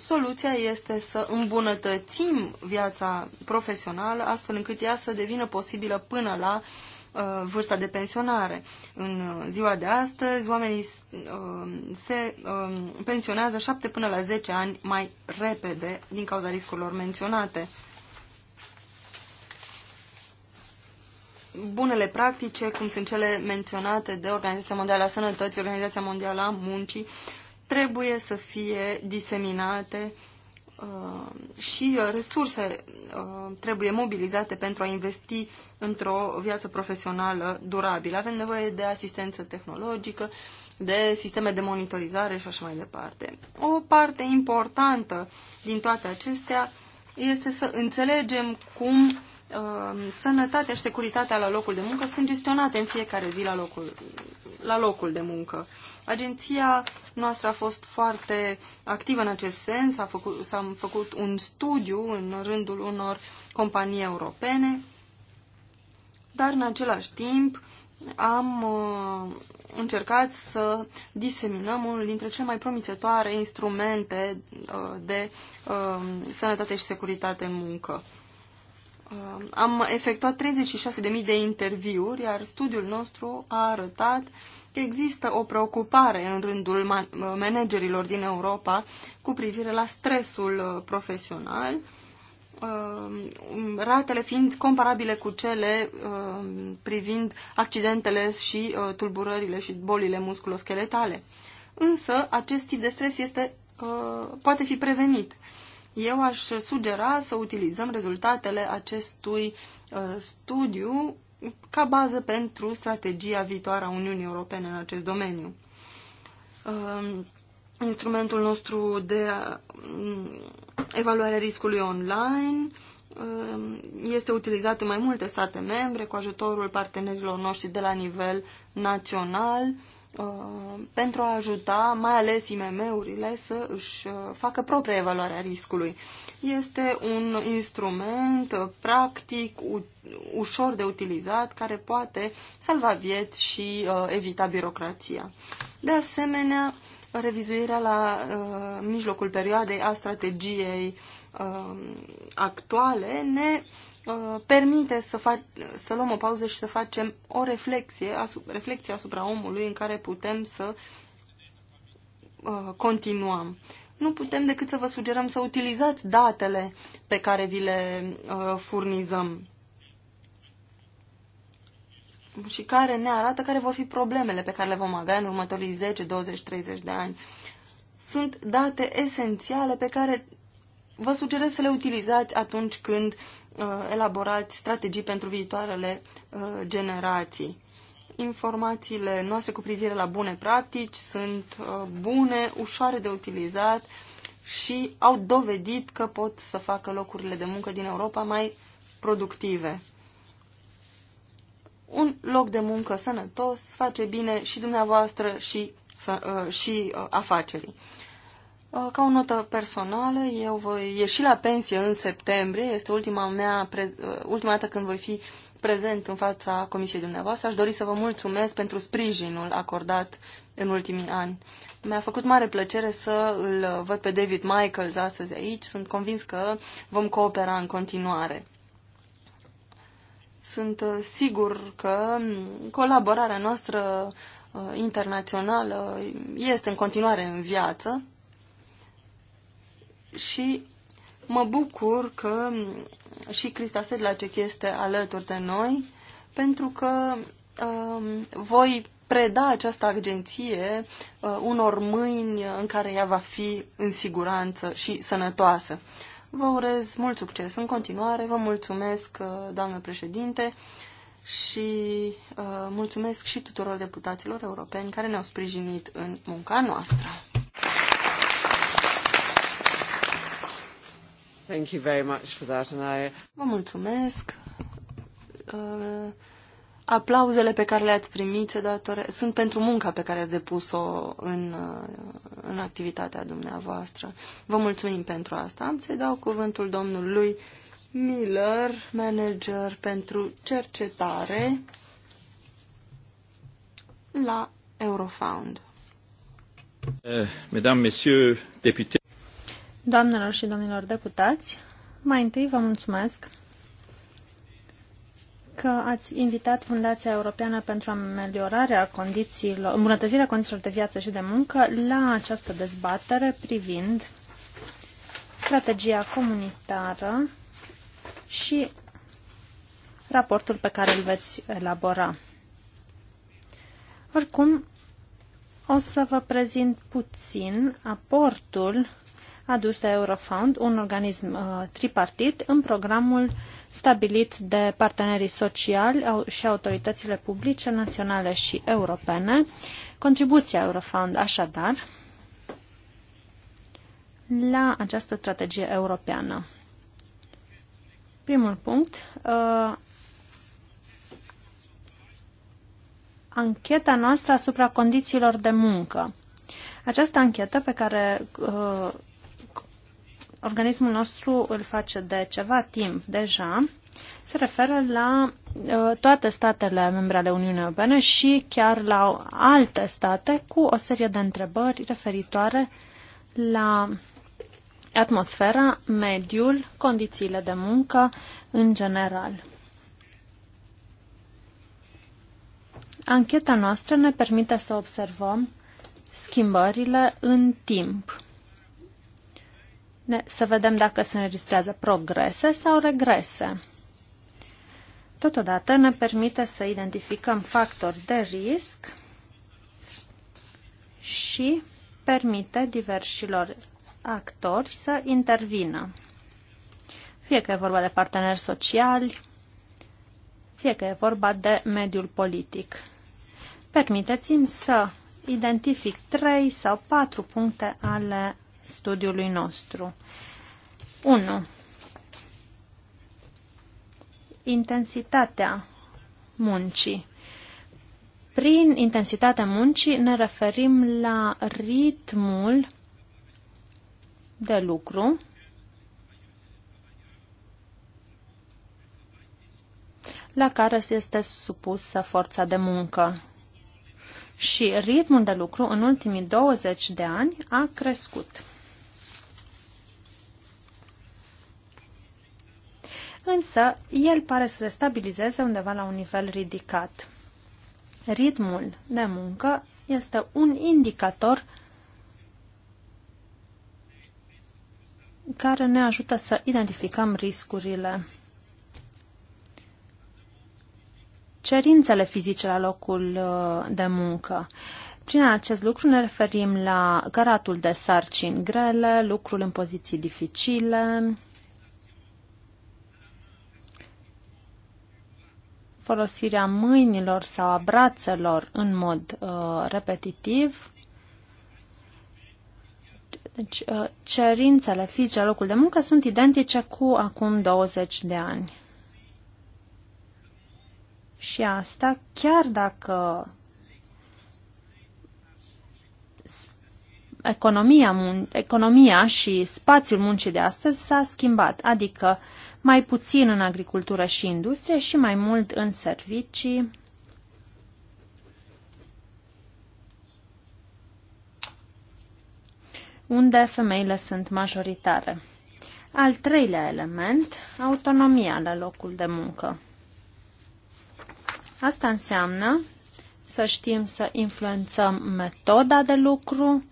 Soluția este să îmbunătățim viața profesională astfel încât ea să devină posibilă până la uh, Uh, vârsta de pensionare. În uh, ziua de astăzi, oamenii uh, se pensionează 7 până la 10 ani mai repede din cauza riscurilor menționate. Bunele practice, cum sunt cele menționate de Organizația Mondială a Sănătății, Organizația Mondială a Muncii, trebuie să fie diseminate Uh, și uh, resurse uh, trebuie mobilizate pentru a investi într-o viață profesională durabilă. Avem nevoie de asistență tehnologică, de sisteme de monitorizare și așa mai departe. O parte importantă din toate acestea este să înțelegem cum sănătatea și securitatea la locul de muncă sunt gestionate în fiecare zi la locul, la locul de muncă. Agenția noastră a fost foarte activă în acest sens, a făcut, s-a făcut un studiu în rândul unor companii europene, dar în același timp am uh, încercat să diseminăm unul dintre cele mai promițătoare instrumente uh, de uh, sănătate și securitate în muncă. Uh, am efectuat 36.000 de interviuri, iar studiul nostru a arătat uh, există o preocupare în rândul managerilor din Europa cu privire la stresul uh, profesional, um, um, ratele fiind comparabile cu cele um, privind accidentele și uh, tulburările și bolile musculoscheletale. Însă, acest tip de stres este, uh, poate fi prevenit. Eu aș sugera să utilizăm rezultatele acestui studiu ca bază pentru strategia viitoare a Uniunii Europene în acest domeniu. Um, instrumentul nostru de um, evaluare a riscului online um, este utilizat în mai multe state membre cu ajutorul partenerilor noștri de la nivel național Uh, pentru a ajuta mai ales IMM-urile să își uh, facă propria evaluare a riscului. Este un instrument uh, practic, ușor de utilizat, care poate salva vieți și uh, evita birocrația. De asemenea, revizuirea la uh, mijlocul perioadei a strategiei uh, actuale ne Uh, permite să, fac, să luăm o pauză și să facem o reflexie, asupra, reflexie asupra omului în care putem să uh, continuăm. Nu putem decât să vă sugerăm să utilizați datele pe care vi le uh, furnizăm și care ne arată care vor fi problemele pe care le vom avea în următorii 10, 20, 30 de ani. Sunt date esențiale pe care vă sugerez să le utilizați atunci când uh, elaborați strategii pentru viitoarele uh, generații. Informațiile noastre cu privire la bune practici sunt uh, bune, ușoare de utilizat și au dovedit că pot să facă locurile de muncă din Europa mai productive. Un loc de muncă sănătos face bine și dumneavoastră și, uh, și uh, afacerii. Uh, ca o notă personală, eu voi ieși la pensie în septembrie, este ultima, mea, uh, ultima dată când voi fi prezent în fața comisiei dumneavoastră. Aș dori să vă mulțumesc pentru sprijinul acordat în ultimii ani. Mi-a făcut mare plăcere să îl văd pe David Michaels astăzi aici. Sunt convins că vom coopera în continuare. Sunt uh, sigur că colaborarea noastră internațională este în continuare în viață și mă bucur că și Crista Sedlacek este alături de noi, pentru că um, voi preda această agenție uh, unor mâini în care ea va fi în siguranță și sănătoasă. Vă urez mult succes în continuare, vă mulțumesc, uh, doamnă președinte, și uh, mulțumesc și tuturor deputaților europeni care ne-au sprijinit în munca noastră. Thank you very much for that and I... Vă mulțumesc. Uh, aplauzele pe care le-ați primit datore, sunt pentru munca pe care ați depus-o în, uh, în activitatea dumneavoastră. Vă mulțumim pentru asta. Am să-i dau cuvântul domnului Miller, manager pentru cercetare la Eurofound. Uh, mesdames, messieurs, députés. Doamnelor și domnilor deputați, mai întâi vă mulțumesc că ați invitat Fundația Europeană pentru ameliorarea condițiilor, îmbunătățirea condițiilor de viață și de muncă la această dezbatere privind strategia comunitară și raportul pe care îl veți elabora. Oricum, o să vă prezint puțin aportul adus de Eurofound, un organism uh, tripartit, în programul stabilit de partenerii sociali și autoritățile publice naționale și europene. Contribuția Eurofound, așadar, la această strategie europeană. Primul punct, uh, ancheta noastră asupra condițiilor de muncă. Această anchetă pe care uh, organismul nostru îl face de ceva timp deja, se referă la uh, toate statele membre ale Uniunii Europene și chiar la alte state cu o serie de întrebări referitoare la atmosfera, mediul, condițiile de muncă în general. Ancheta noastră ne permite să observăm schimbările în timp ne, să vedem dacă se înregistrează progrese sau regrese. Totodată ne permite să identificăm factori de risc și permite diversilor actori să intervină. Fie că e vorba de parteneri sociali, fie că e vorba de mediul politic. Permiteți-mi să identific trei sau patru puncte ale studiului nostru. 1. Intensitatea muncii. Prin intensitatea muncii ne referim la ritmul de lucru la care este supusă forța de muncă. Și ritmul de lucru în ultimii 20 de ani a crescut. însă el pare să se stabilizeze undeva la un nivel ridicat. Ritmul de muncă este un indicator care ne ajută să identificăm riscurile. Cerințele fizice la locul uh, de muncă. Prin acest lucru ne referim la căratul de sarcini grele, lucrul în poziții dificile, folosirea mâinilor sau a brațelor în mod uh, repetitiv. Deci, uh, cerințele fizice la locul de muncă sunt identice cu acum 20 de ani. Și asta chiar dacă economia, economia și spațiul muncii de astăzi s-a schimbat, adică uh, mai puțin în agricultură și industrie și mai mult în servicii. unde femeile sunt majoritare. Al treilea element, autonomia la locul de muncă. Asta înseamnă să știm să influențăm metoda de lucru,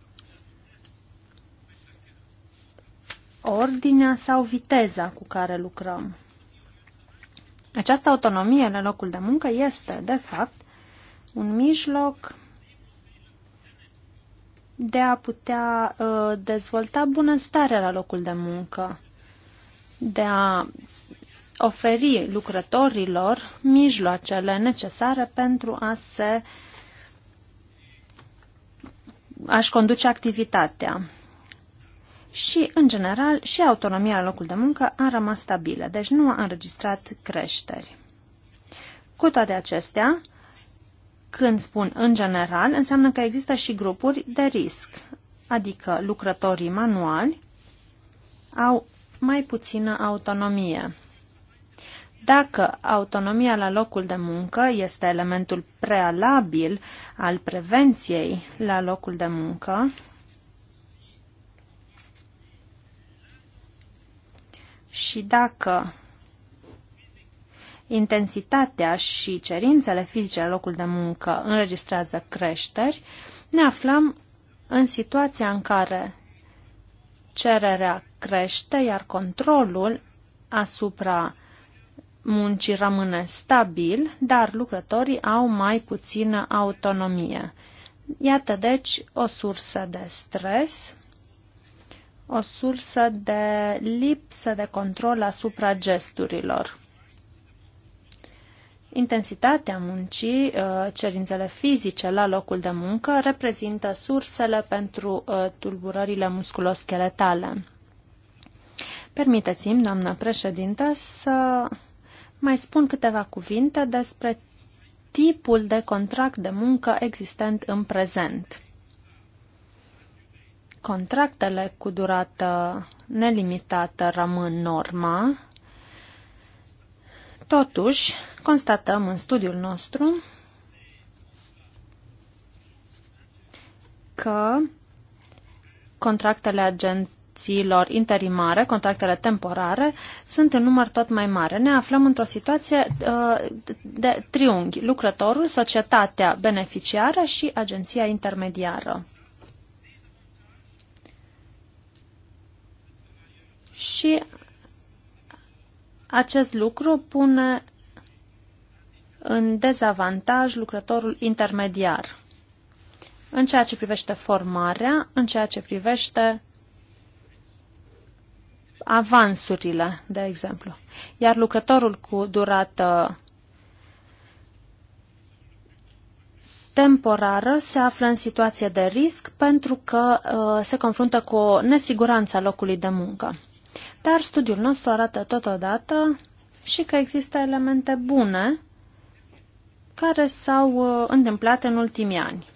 ordinea sau viteza cu care lucrăm. Această autonomie la locul de muncă este, de fapt, un mijloc de a putea uh, dezvolta bunăstarea la locul de muncă, de a oferi lucrătorilor mijloacele necesare pentru a se a-și conduce activitatea și, în general, și autonomia la locul de muncă a rămas stabilă, deci nu a înregistrat creșteri. Cu toate acestea, când spun în general, înseamnă că există și grupuri de risc, adică lucrătorii manuali au mai puțină autonomie. Dacă autonomia la locul de muncă este elementul prealabil al prevenției la locul de muncă, și dacă intensitatea și cerințele fizice la locul de muncă înregistrează creșteri, ne aflăm în situația în care cererea crește, iar controlul asupra muncii rămâne stabil, dar lucrătorii au mai puțină autonomie. Iată deci o sursă de stres o sursă de lipsă de control asupra gesturilor. Intensitatea muncii, uh, cerințele fizice la locul de muncă reprezintă sursele pentru uh, tulburările musculoscheletale. Permiteți-mi, doamnă președintă, să mai spun câteva cuvinte despre tipul de contract de muncă existent în prezent contractele cu durată nelimitată rămân norma, totuși constatăm în studiul nostru că contractele agențiilor interimare, contractele temporare, sunt în număr tot mai mare. Ne aflăm într-o situație uh, de triunghi, lucrătorul, societatea beneficiară și agenția intermediară. și acest lucru pune în dezavantaj lucrătorul intermediar în ceea ce privește formarea, în ceea ce privește avansurile, de exemplu. Iar lucrătorul cu durată temporară se află în situație de risc pentru că uh, se confruntă cu o nesiguranță a locului de muncă dar studiul nostru arată totodată și că există elemente bune care s-au uh, întâmplat în ultimii ani.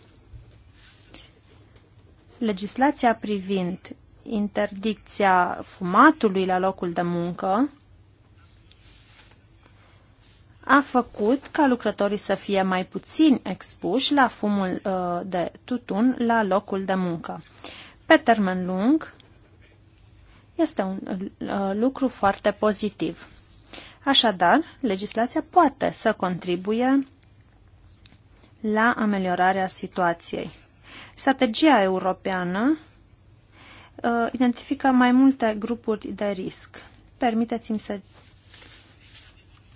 Legislația privind interdicția fumatului la locul de muncă a făcut ca lucrătorii să fie mai puțin expuși la fumul uh, de tutun la locul de muncă. Pe termen lung, este un uh, lucru foarte pozitiv. Așadar, legislația poate să contribuie la ameliorarea situației. Strategia europeană uh, identifică mai multe grupuri de risc. Permiteți-mi să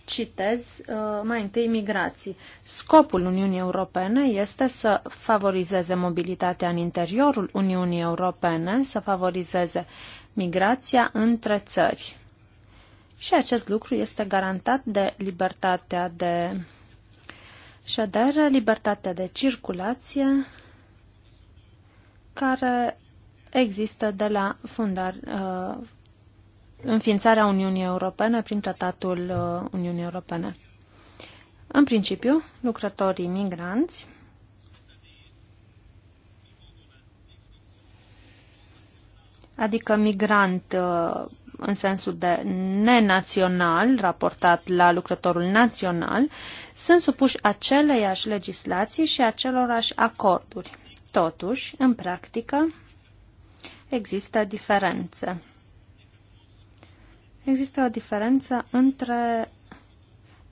citez uh, mai întâi migrații. Scopul Uniunii Europene este să favorizeze mobilitatea în interiorul Uniunii Europene, să favorizeze migrația între țări. Și acest lucru este garantat de libertatea de ședere, libertatea de circulație, care există de la fundar, uh, înființarea Uniunii Europene prin Tratatul uh, Uniunii Europene. În principiu, lucrătorii migranți adică migrant uh, în sensul de nenațional, raportat la lucrătorul național, sunt supuși aceleiași legislații și acelorași acorduri. Totuși, în practică, există diferențe. Există o diferență între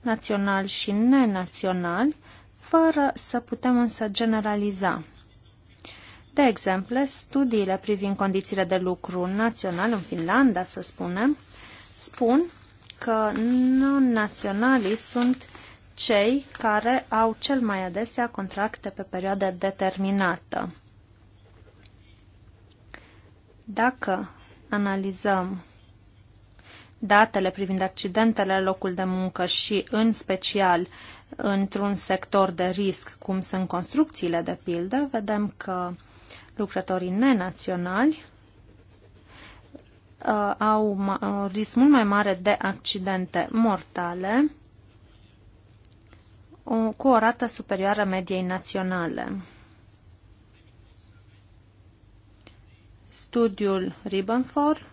naționali și nenaționali, fără să putem însă generaliza. De exemplu, studiile privind condițiile de lucru național în Finlanda, să spunem, spun că non-naționalii sunt cei care au cel mai adesea contracte pe perioadă determinată. Dacă analizăm datele privind accidentele la locul de muncă și, în special, într-un sector de risc, cum sunt construcțiile, de pildă, vedem că lucrătorii nenaționali uh, au un risc mult mai mare de accidente mortale cu o rată superioară mediei naționale. Studiul Ribbenfor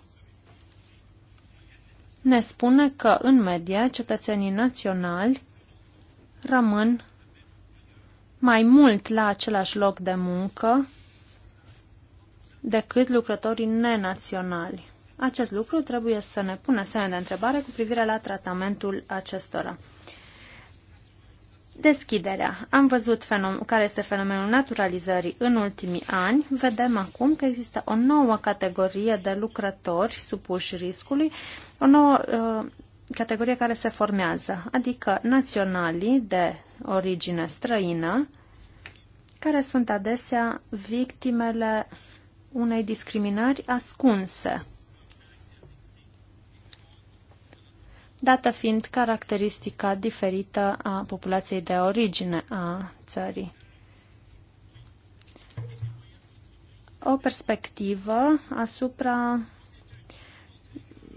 ne spune că, în medie, cetățenii naționali rămân mai mult la același loc de muncă decât lucrătorii nenaționali. Acest lucru trebuie să ne pună semne de întrebare cu privire la tratamentul acestora. Deschiderea. Am văzut fenomen, care este fenomenul naturalizării în ultimii ani. Vedem acum că există o nouă categorie de lucrători supuși riscului, o nouă uh, categorie care se formează, adică naționalii de origine străină, care sunt adesea victimele unei discriminări ascunse. dată fiind caracteristica diferită a populației de origine a țării. O perspectivă asupra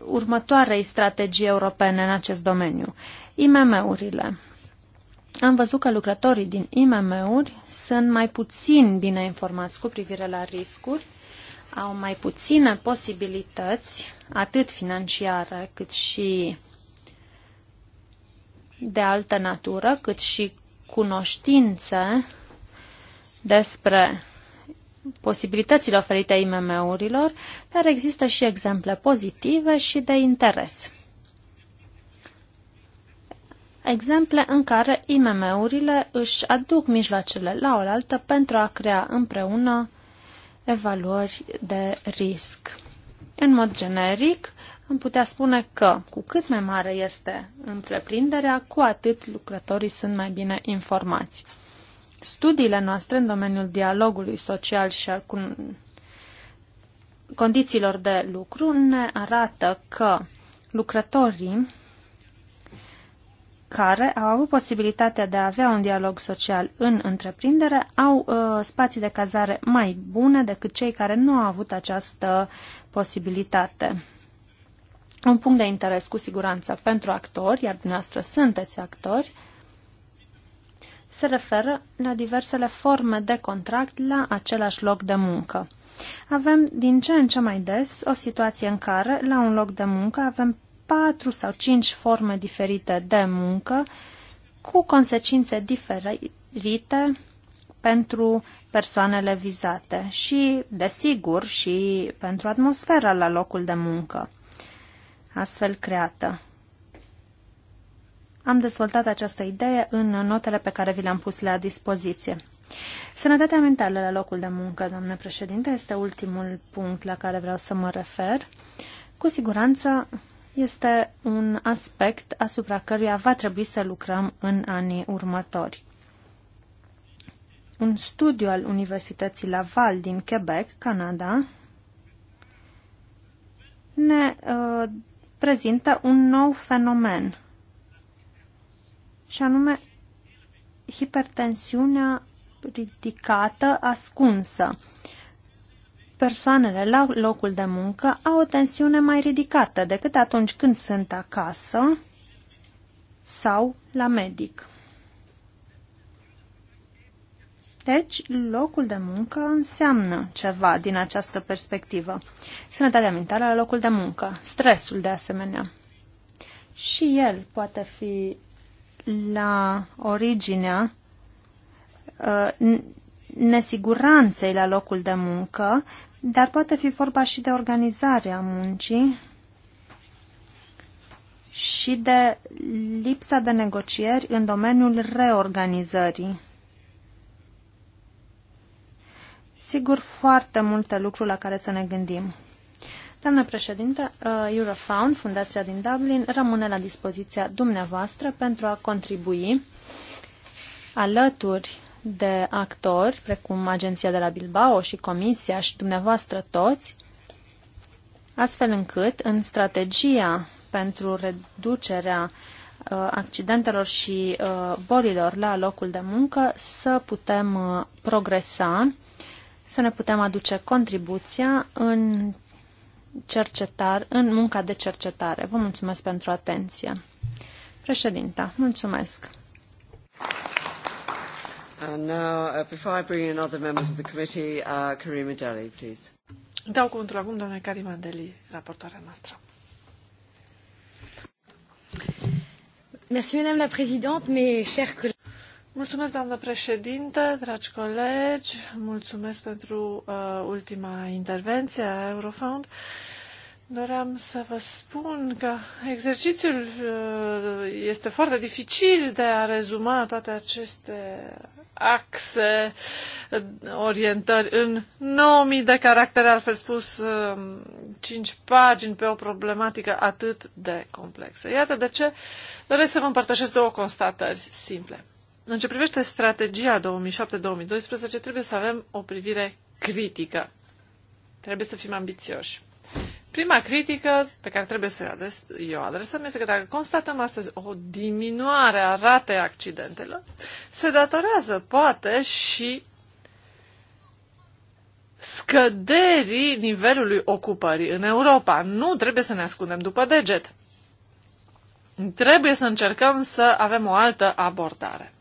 următoarei strategii europene în acest domeniu. IMM-urile. Am văzut că lucrătorii din IMM-uri sunt mai puțin bine informați cu privire la riscuri, au mai puține posibilități, atât financiare cât și de altă natură, cât și cunoștințe despre posibilitățile oferite IMM-urilor, dar există și exemple pozitive și de interes. Exemple în care IMM-urile își aduc mijloacele la oaltă pentru a crea împreună evaluări de risc. În mod generic, am putea spune că cu cât mai mare este întreprinderea, cu atât lucrătorii sunt mai bine informați. Studiile noastre în domeniul dialogului social și al condițiilor de lucru ne arată că lucrătorii care au avut posibilitatea de a avea un dialog social în întreprindere au uh, spații de cazare mai bune decât cei care nu au avut această posibilitate un punct de interes cu siguranță pentru actori, iar dumneavoastră sunteți actori, se referă la diversele forme de contract la același loc de muncă. Avem din ce în ce mai des o situație în care, la un loc de muncă, avem patru sau cinci forme diferite de muncă cu consecințe diferite pentru persoanele vizate și, desigur, și pentru atmosfera la locul de muncă astfel creată. Am dezvoltat această idee în notele pe care vi le-am pus la dispoziție. Sănătatea mentală la locul de muncă, doamnă președinte, este ultimul punct la care vreau să mă refer. Cu siguranță este un aspect asupra căruia va trebui să lucrăm în anii următori. Un studiu al Universității Laval din Quebec, Canada, ne uh, prezintă un nou fenomen, și anume hipertensiunea ridicată, ascunsă. Persoanele la locul de muncă au o tensiune mai ridicată decât atunci când sunt acasă sau la medic. Deci, locul de muncă înseamnă ceva din această perspectivă. Sănătatea mentală la locul de muncă, stresul de asemenea. Și el poate fi la originea uh, nesiguranței la locul de muncă, dar poate fi vorba și de organizarea muncii și de lipsa de negocieri în domeniul reorganizării sigur, foarte multe lucruri la care să ne gândim. Doamnă președinte, uh, Eurofound, Fundația din Dublin, rămâne la dispoziția dumneavoastră pentru a contribui alături de actori, precum Agenția de la Bilbao și Comisia și dumneavoastră toți, astfel încât în strategia pentru reducerea uh, accidentelor și uh, bolilor la locul de muncă să putem progresa să ne putem aduce contribuția în, cercetar, în munca de cercetare. Vă mulțumesc pentru atenție. Președinta, mulțumesc. And uh, now, uh, before I bring in other members of the committee, uh, Karima Deli, please. Dau cuvântul acum doamnei Karima Deli, raportoarea noastră. Merci, Madame la Présidente, mes chers collègues. Mulțumesc, doamnă președinte, dragi colegi, mulțumesc pentru uh, ultima intervenție a Eurofound. Doream să vă spun că exercițiul uh, este foarte dificil de a rezuma toate aceste axe, uh, orientări în 9000 de caractere, altfel spus, 5 uh, pagini pe o problematică atât de complexă. Iată de ce doresc să vă împărtășesc două constatări simple. În ce privește strategia 2007-2012, trebuie să avem o privire critică. Trebuie să fim ambițioși. Prima critică pe care trebuie să o adresăm este că dacă constatăm astăzi o diminuare a ratei accidentelor, se datorează poate și scăderii nivelului ocupării în Europa. Nu trebuie să ne ascundem după deget. Trebuie să încercăm să avem o altă abordare.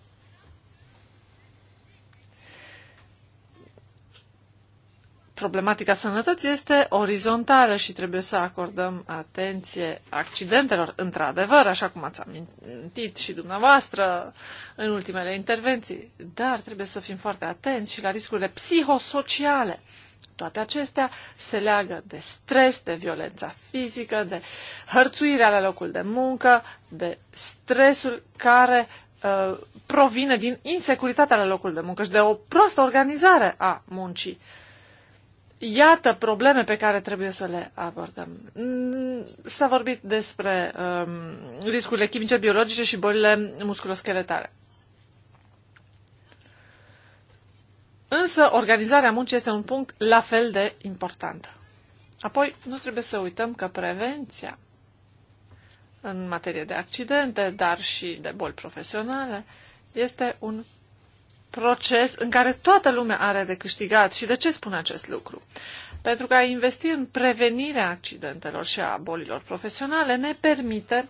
problematica sănătății este orizontală și trebuie să acordăm atenție accidentelor. Într-adevăr, așa cum ați amintit și dumneavoastră în ultimele intervenții, dar trebuie să fim foarte atenți și la riscurile psihosociale. Toate acestea se leagă de stres, de violența fizică, de hărțuirea la locul de muncă, de stresul care uh, provine din insecuritatea la locul de muncă și de o proastă organizare a muncii. Iată probleme pe care trebuie să le abordăm. Mm, S-a vorbit despre um, riscurile chimice, biologice și bolile musculoscheletale. Însă, organizarea muncii este un punct la fel de important. Apoi, nu trebuie să uităm că prevenția în materie de accidente, dar și de boli profesionale, este un proces în care toată lumea are de câștigat. Și de ce spun acest lucru? Pentru că a investi în prevenirea accidentelor și a bolilor profesionale ne permite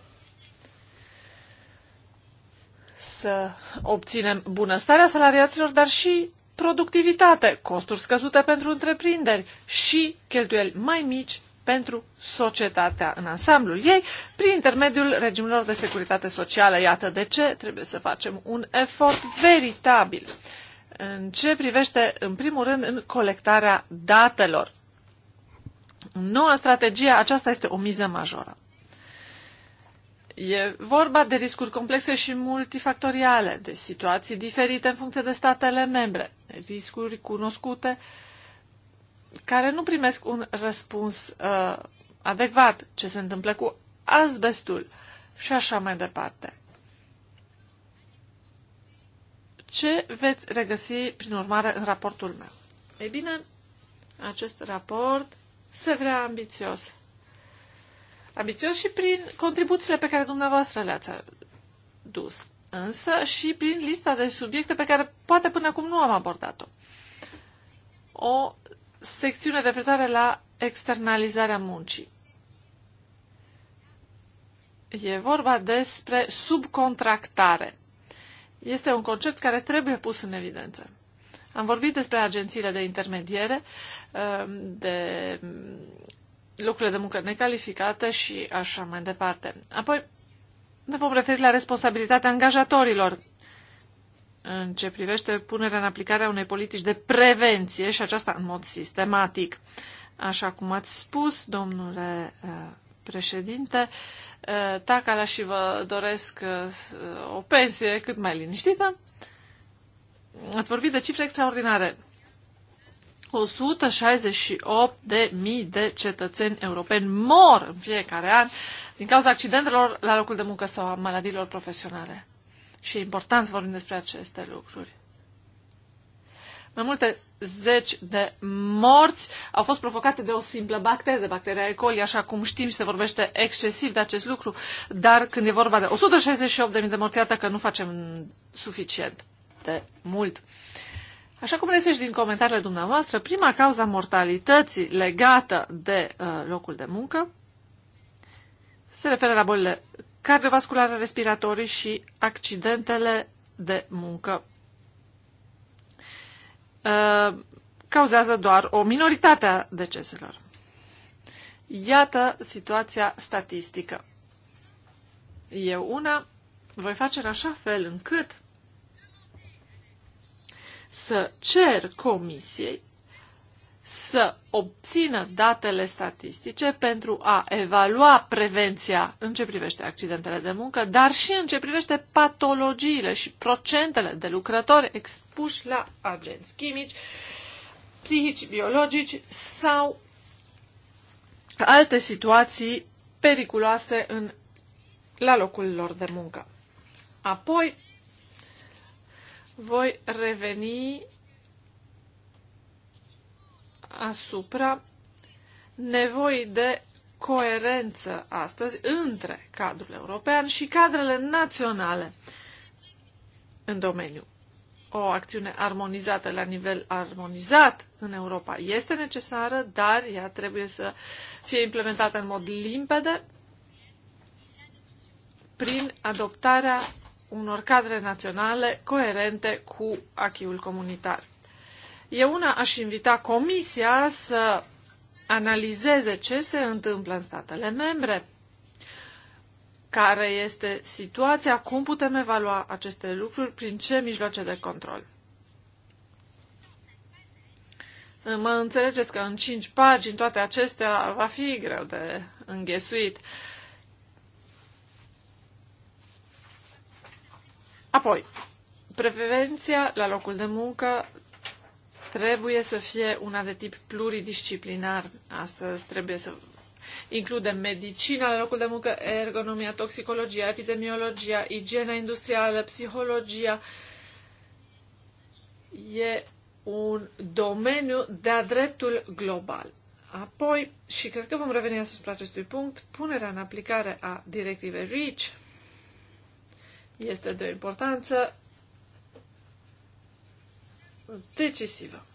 să obținem bunăstarea salariaților, dar și productivitate, costuri scăzute pentru întreprinderi și cheltuieli mai mici pentru societatea în ansamblul ei, prin intermediul regimurilor de securitate socială. Iată de ce trebuie să facem un efort veritabil în ce privește, în primul rând, în colectarea datelor. Noua strategie, aceasta este o miză majoră. E vorba de riscuri complexe și multifactoriale, de situații diferite în funcție de statele membre, riscuri cunoscute uh, care nu primesc un răspuns uh, adecvat, ce se întâmplă cu azbestul și așa mai departe. Ce veți regăsi, prin urmare, în raportul meu? Ei bine, acest raport se vrea ambițios. Ambițios și prin contribuțiile pe care dumneavoastră le-ați dus, însă și prin lista de subiecte pe care poate până acum nu am abordat-o. O secțiune referitoare la externalizarea muncii. E vorba despre subcontractare. Este un concept care trebuie pus în evidență. Am vorbit despre agențiile de intermediere, um, de lucrurile de muncă necalificate și așa mai departe. Apoi ne vom referi la responsabilitatea angajatorilor în ce privește punerea în aplicare a unei politici de prevenție și aceasta în mod sistematic. Așa cum ați spus, domnule uh, președinte, uh, Tacala și vă doresc uh, o pensie cât mai liniștită. Ați vorbit de cifre extraordinare. 168 de mii de cetățeni europeni mor în fiecare an din cauza accidentelor la locul de muncă sau a maladiilor profesionale și e important să vorbim despre aceste lucruri. Mai multe zeci de morți au fost provocate de o simplă bacterie, de bacteria E. coli, așa cum știm și se vorbește excesiv de acest lucru, dar când e vorba de 168.000 de morți, iată că nu facem suficient de mult. Așa cum resești din comentariile dumneavoastră, prima cauza mortalității legată de uh, locul de muncă se referă la bolile cardiovasculare respiratorii și accidentele de muncă. Uh, cauzează doar o minoritate a deceselor. Iată situația statistică. Eu una voi face în așa fel încât să cer comisiei să obțină datele statistice pentru a evalua prevenția în ce privește accidentele de muncă, dar și în ce privește patologiile și procentele de lucrători expuși la agenți chimici, psihici, biologici sau alte situații periculoase în, la locul lor de muncă. Apoi voi reveni asupra nevoii de coerență astăzi între cadrul european și cadrele naționale în domeniu. O acțiune armonizată la nivel armonizat în Europa este necesară, dar ea trebuie să fie implementată în mod limpede prin adoptarea unor cadre naționale coerente cu achiul comunitar. Eu una aș invita Comisia să analizeze ce se întâmplă în statele membre, care este situația, cum putem evalua aceste lucruri, prin ce mijloace de control. Mă înțelegeți că în cinci pagini toate acestea va fi greu de înghesuit. Apoi, prevenția la locul de muncă trebuie să fie una de tip pluridisciplinar. Astăzi trebuie să includem medicina la locul de muncă, ergonomia, toxicologia, epidemiologia, igiena industrială, psihologia. E un domeniu de-a dreptul global. Apoi, și cred că vom reveni asupra acestui punct, punerea în aplicare a directivei REACH este de o importanță decisivă.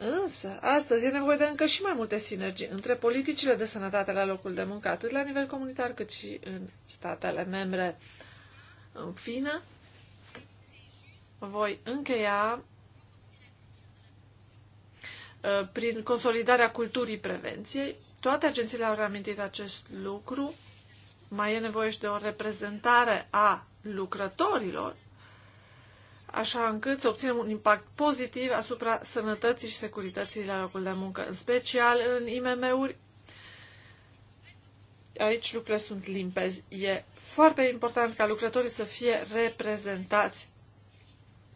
Însă, astăzi e nevoie de încă și mai multe sinergii între politicile de sănătate la locul de muncă, atât la nivel comunitar cât și în statele membre. În fine, voi încheia uh, prin consolidarea culturii prevenției. Toate agențiile au reamintit acest lucru. Mai e nevoie și de o reprezentare a lucrătorilor așa încât să obținem un impact pozitiv asupra sănătății și securității la locul de muncă, în special în IMM-uri. Aici lucrurile sunt limpezi. E foarte important ca lucrătorii să fie reprezentați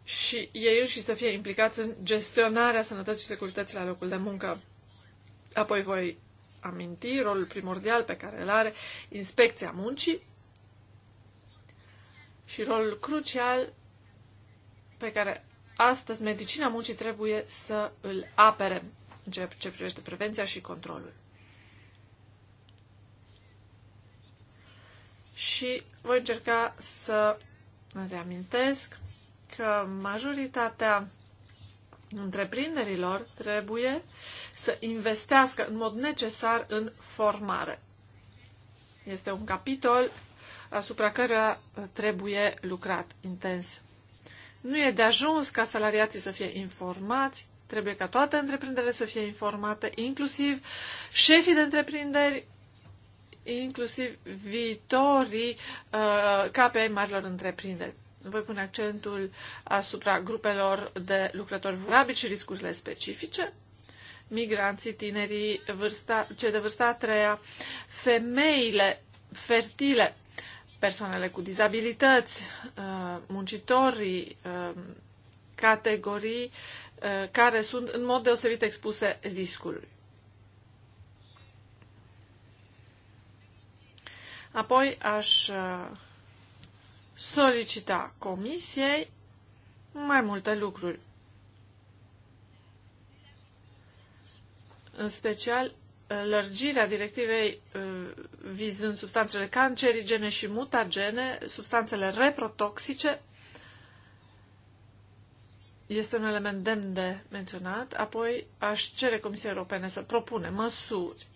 și ei și să fie implicați în gestionarea sănătății și securității la locul de muncă. Apoi voi aminti rolul primordial pe care îl are inspecția muncii și rolul crucial pe care astăzi medicina muncii trebuie să îl apere în ceea ce privește prevenția și controlul. Și voi încerca să reamintesc că majoritatea întreprinderilor trebuie să investească în mod necesar în formare. Este un capitol asupra căruia trebuie lucrat intens. Nu e de ajuns ca salariații să fie informați, trebuie ca toată întreprinderile să fie informată, inclusiv șefii de întreprinderi, inclusiv viitorii uh, KPI marilor întreprinderi. Voi pune accentul asupra grupelor de lucrători vulnerabili și riscurile specifice, migranții, tinerii, vârsta, cei de vârsta a treia, femeile fertile, persoanele cu dizabilități, uh, muncitorii, uh, categorii uh, care sunt în mod deosebit expuse riscului. Apoi aș solicita comisiei mai multe lucruri. În special lărgirea directivei uh, vizând substanțele cancerigene și mutagene, substanțele reprotoxice, este un element demn de menționat. Apoi aș cere Comisiei Europene să propune măsuri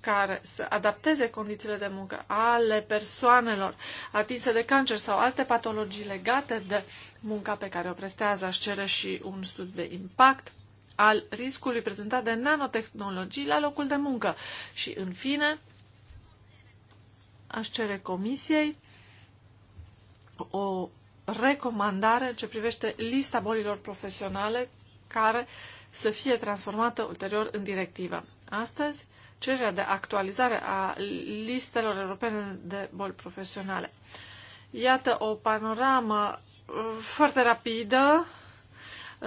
care să adapteze condițiile de muncă ale persoanelor atinse de cancer sau alte patologii legate de munca pe care o prestează. Aș cere și un studiu de impact al riscului prezentat de nanotehnologii la locul de muncă. Și, în fine, aș cere Comisiei o recomandare ce privește lista bolilor profesionale care să fie transformată ulterior în directivă. Astăzi, cererea de actualizare a listelor europene de boli profesionale. Iată o panoramă uh, foarte rapidă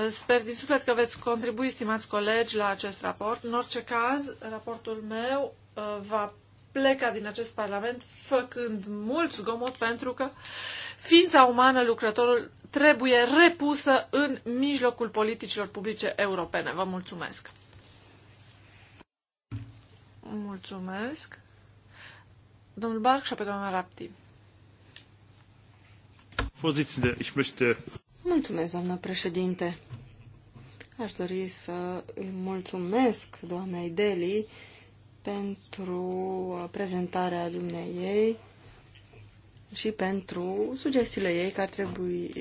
Sper din suflet că veți contribui, stimați colegi, la acest raport. În orice caz, raportul meu uh, va pleca din acest Parlament făcând mult zgomot pentru că ființa umană, lucrătorul, trebuie repusă în mijlocul politicilor publice europene. Vă mulțumesc! Mulțumesc! Domnul Barc și pe doamna Rapti. Vorsitzende, ich möchte Mulțumesc, doamnă președinte. Aș dori să îi mulțumesc doamnei Deli pentru prezentarea dumnei ei și pentru sugestiile ei că ar trebui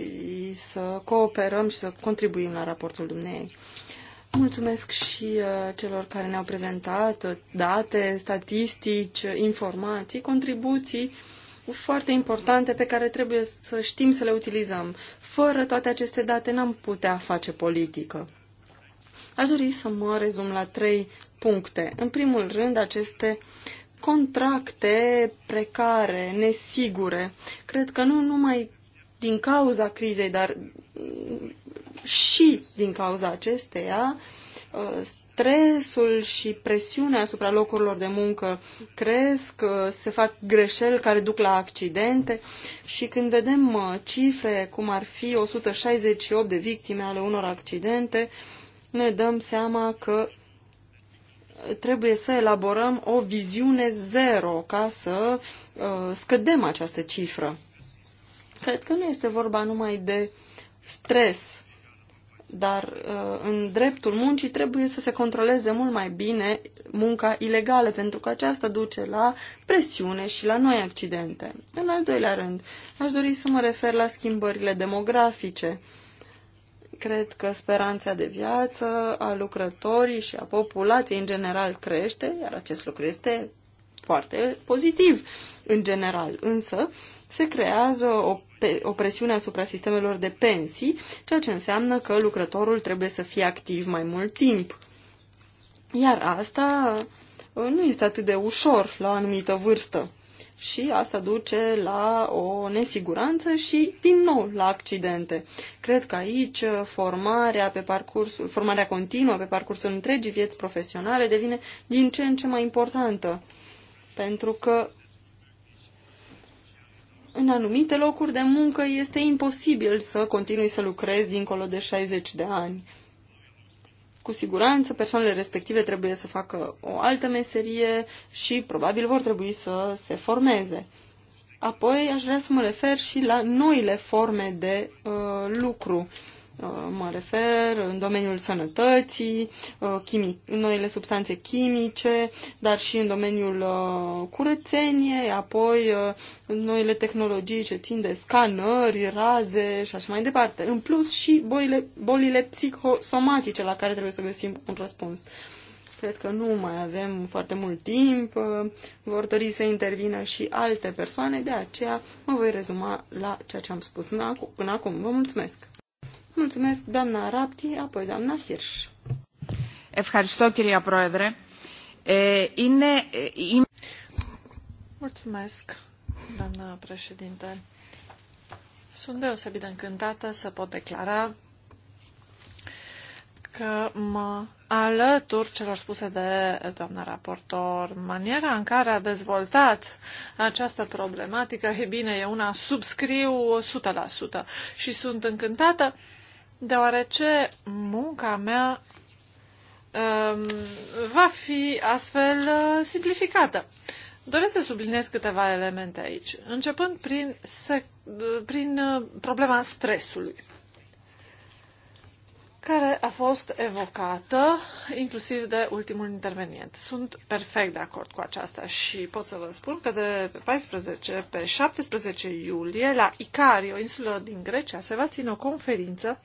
să cooperăm și să contribuim la raportul dumnei. Mulțumesc și uh, celor care ne-au prezentat date, statistici, informații, contribuții foarte importante pe care trebuie să știm să le utilizăm. Fără toate aceste date n-am putea face politică. Aș dori să mă rezum la trei puncte. În primul rând, aceste contracte precare, nesigure. Cred că nu numai din cauza crizei, dar și din cauza acesteia, uh, Uh, stresul și presiunea asupra locurilor de muncă cresc, uh, se fac greșeli care duc la accidente și când vedem uh, cifre cum ar fi 168 de victime ale unor accidente, ne dăm seama că trebuie să elaborăm o viziune zero ca să scădem această cifră. Cred că nu este vorba numai de stres dar uh, în dreptul muncii trebuie să se controleze mult mai bine munca ilegală, pentru că aceasta duce la presiune și la noi accidente. În al doilea rând, aș dori să mă refer la schimbările demografice. Cred că speranța de viață a lucrătorii și a populației în general crește, iar acest lucru este foarte pozitiv în general, însă se creează o pe, o presiune asupra sistemelor de pensii, ceea ce înseamnă că lucrătorul trebuie să fie activ mai mult timp. Iar asta uh, nu este atât de ușor la o anumită vârstă. Și asta duce la o nesiguranță și, din nou, la accidente. Cred că aici uh, formarea, pe parcurs, formarea continuă pe parcursul întregii vieți profesionale devine din ce în ce mai importantă. Pentru că în anumite locuri de muncă este imposibil să continui să lucrezi dincolo de 60 de ani. Cu siguranță, persoanele respective trebuie să facă o altă meserie și probabil vor trebui să se formeze. Apoi aș vrea să mă refer și la noile forme de uh, lucru. Uh, Uh, mă refer în domeniul sănătății, uh, chimic, noile substanțe chimice, dar și în domeniul uh, curățeniei, apoi noile tehnologii ce țin de scanări, raze și așa mai departe. În plus și bolile, bolile psihosomatice la care trebuie să găsim un răspuns. Cred că nu mai avem foarte mult timp, vor dori să intervină și alte persoane, de aceea mă voi rezuma la ceea ce am spus până acum. Vă mulțumesc! Mulțumesc, doamna Rapti, apoi doamna Hirsch. Ευχαριστώ, κυρία Πρόεδρε. Ε, είναι... Ε, Mulțumesc, doamna președinte. Sunt deosebit încântată să pot declara că mă alătur celor spuse de doamna raportor. Maniera în care a dezvoltat această problematică, e bine, e una subscriu 100% și sunt încântată deoarece munca mea um, va fi astfel uh, simplificată. Doresc să subliniez câteva elemente aici, începând prin, prin uh, problema stresului, care a fost evocată inclusiv de ultimul intervenient. Sunt perfect de acord cu aceasta și pot să vă spun că de pe 14 pe 17 iulie la Icario, o insulă din Grecia, se va ține o conferință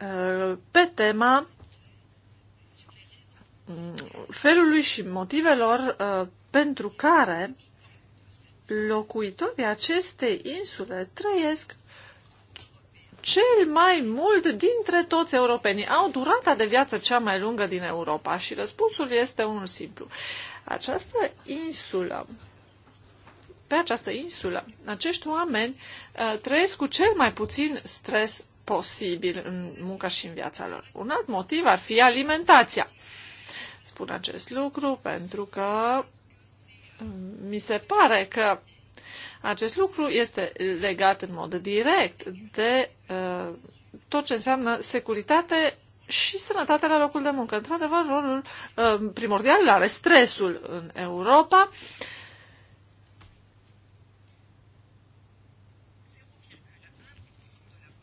Uh, pe tema mm, felului și motivelor uh, pentru care locuitorii acestei insule trăiesc cel mai mult dintre toți europenii. Au durata de viață cea mai lungă din Europa și răspunsul este unul simplu. Această insulă, pe această insulă, acești oameni uh, trăiesc cu cel mai puțin stres posibil în munca și în viața lor. Un alt motiv ar fi alimentația. Spun acest lucru pentru că mm, mi se pare că acest lucru este legat în mod direct de uh, tot ce înseamnă securitate și sănătatea la locul de muncă. Într-adevăr, rolul uh, primordial are stresul în Europa. Uh,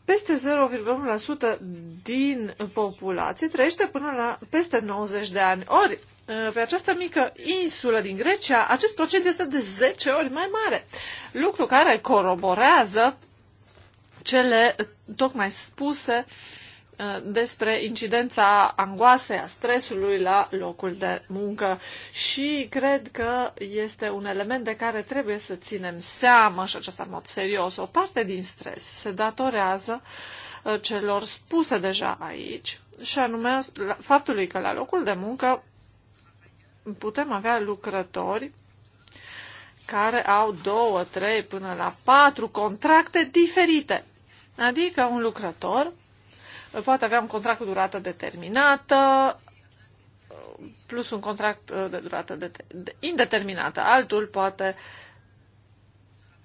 Peste 0,1% din populație trăiește până la peste 90 de ani. Ori, ă, pe această mică insulă din Grecia, acest procent este de 10 ori mai mare, lucru care coroborează cele tocmai spuse uh, Uh, despre incidența angoasei, a stresului la locul de muncă și cred că este un element de care trebuie să ținem seamă și acesta în mod serios. O parte din stres se datorează uh, celor spuse deja aici și anume faptului că la locul de muncă putem avea lucrători care au două, trei până la patru contracte diferite. Adică un lucrător poate avea un contract cu durată determinată, plus un contract uh, de durată de, de, indeterminată. Altul poate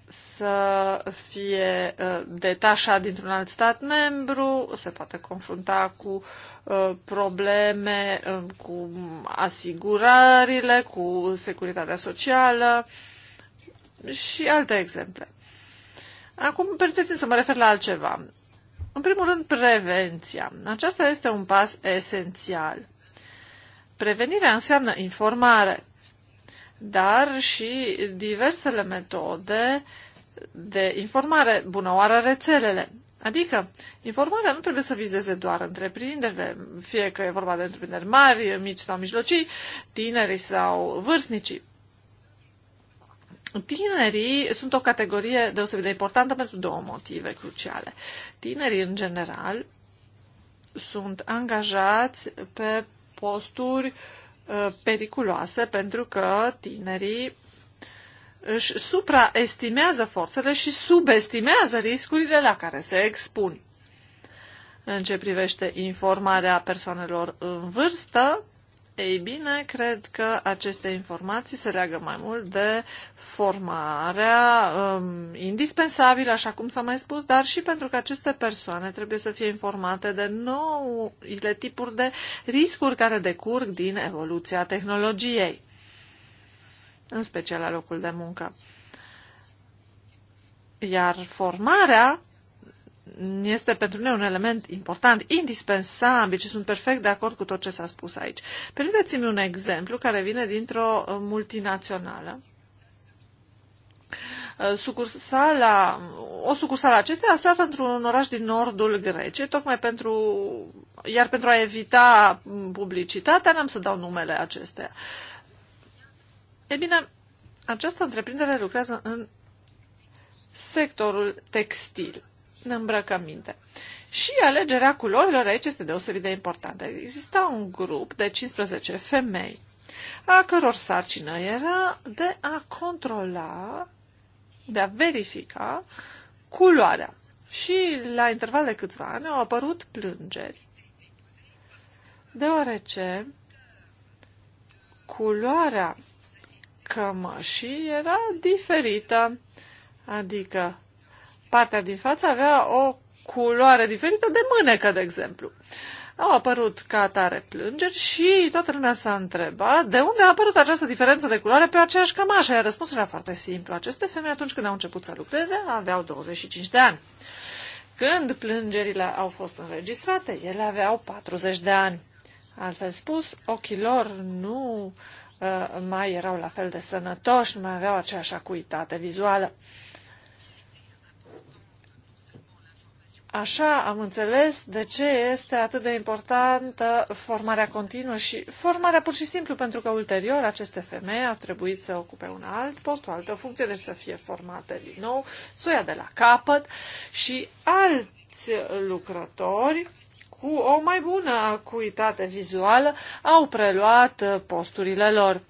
să fie uh, detașat dintr-un alt stat membru, se poate confrunta cu uh, probleme um, cu asigurările, cu securitatea socială și alte exemple. Acum, permiteți-mi să mă refer la altceva. În primul rând, prevenția. Aceasta este un pas esențial. Prevenirea înseamnă informare, dar și diversele metode de informare, bună oară rețelele. Adică, informarea nu trebuie să vizeze doar întreprinderile, fie că e vorba de întreprinderi mari, mici sau mijlocii, tinerii sau vârstnicii. Tinerii sunt o categorie deosebit de importantă pentru două motive cruciale. Tinerii, în general, sunt angajați pe posturi uh, periculoase pentru că tinerii își supraestimează forțele și subestimează riscurile la care se expun. În ce privește informarea persoanelor în vârstă, ei bine, cred că aceste informații se leagă mai mult de formarea um, indispensabilă, așa cum s-a mai spus, dar și pentru că aceste persoane trebuie să fie informate de noile tipuri de riscuri care decurg din evoluția tehnologiei, în special la locul de muncă. Iar formarea este pentru noi un element important, indispensabil și sunt perfect de acord cu tot ce s-a spus aici. Permiteți-mi un exemplu care vine dintr-o uh, multinațională. Uh, sucursala, o sucursală Acestea se află într-un oraș din nordul Greciei, tocmai pentru, iar pentru a evita mm, publicitatea, n-am să dau numele acestea. E bine, această întreprindere lucrează în sectorul textil de îmbrăcăminte. Și alegerea culorilor aici este deosebit de importantă. Exista un grup de 15 femei a căror sarcină era de a controla, de a verifica culoarea. Și la interval de câțiva ani au apărut plângeri, deoarece culoarea cămășii era diferită, adică partea din față avea o culoare diferită de mânecă, de exemplu. Au apărut ca atare plângeri și toată lumea s-a întrebat de unde a apărut această diferență de culoare pe aceeași cămașă. Iar răspunsul era foarte simplu. Aceste femei, atunci când au început să lucreze, aveau 25 de ani. Când plângerile au fost înregistrate, ele aveau 40 de ani. Altfel spus, ochii lor nu uh, mai erau la fel de sănătoși, nu mai aveau aceeași acuitate vizuală. Așa am înțeles de ce este atât de importantă formarea continuă și formarea pur și simplu, pentru că ulterior aceste femei au trebuit să ocupe un alt post, o altă funcție, deci să fie formate din nou, ia de la capăt și alți lucrători cu o mai bună acuitate vizuală au preluat posturile lor.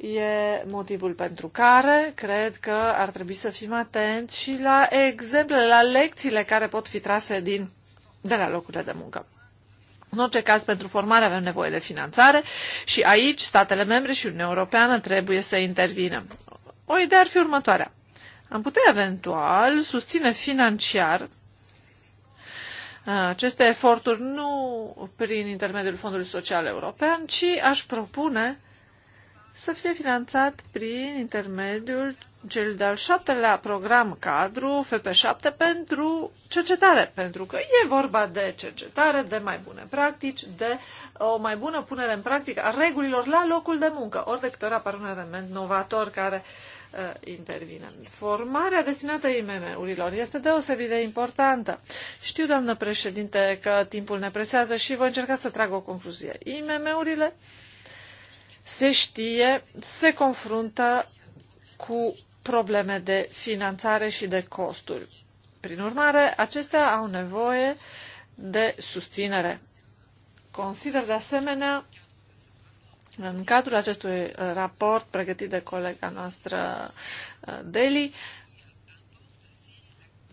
E motivul pentru care cred că ar trebui să fim atenți și la exemplele, la lecțiile care pot fi trase din, de la locurile de muncă. În orice caz, pentru formare avem nevoie de finanțare și aici statele membre și Uniunea Europeană trebuie să intervină. O idee ar fi următoarea. Am putea eventual susține financiar uh, aceste eforturi nu prin intermediul Fondului Social European, ci aș propune să fie finanțat prin intermediul cel de-al șaptelea program cadru FP7 pentru cercetare, pentru că e vorba de cercetare, de mai bune practici, de o mai bună punere în practică a regulilor la locul de muncă. Ori de câte ori un element novator care uh, intervine. Formarea destinată IMM-urilor este deosebit de importantă. Știu, doamnă președinte, că timpul ne presează și voi încerca să trag o concluzie. IMM-urile uh, se știe, se confruntă cu probleme de finanțare și de costuri. Prin urmare, acestea au nevoie de susținere. Consider de asemenea, în cadrul acestui uh, raport pregătit de colega noastră uh, Deli,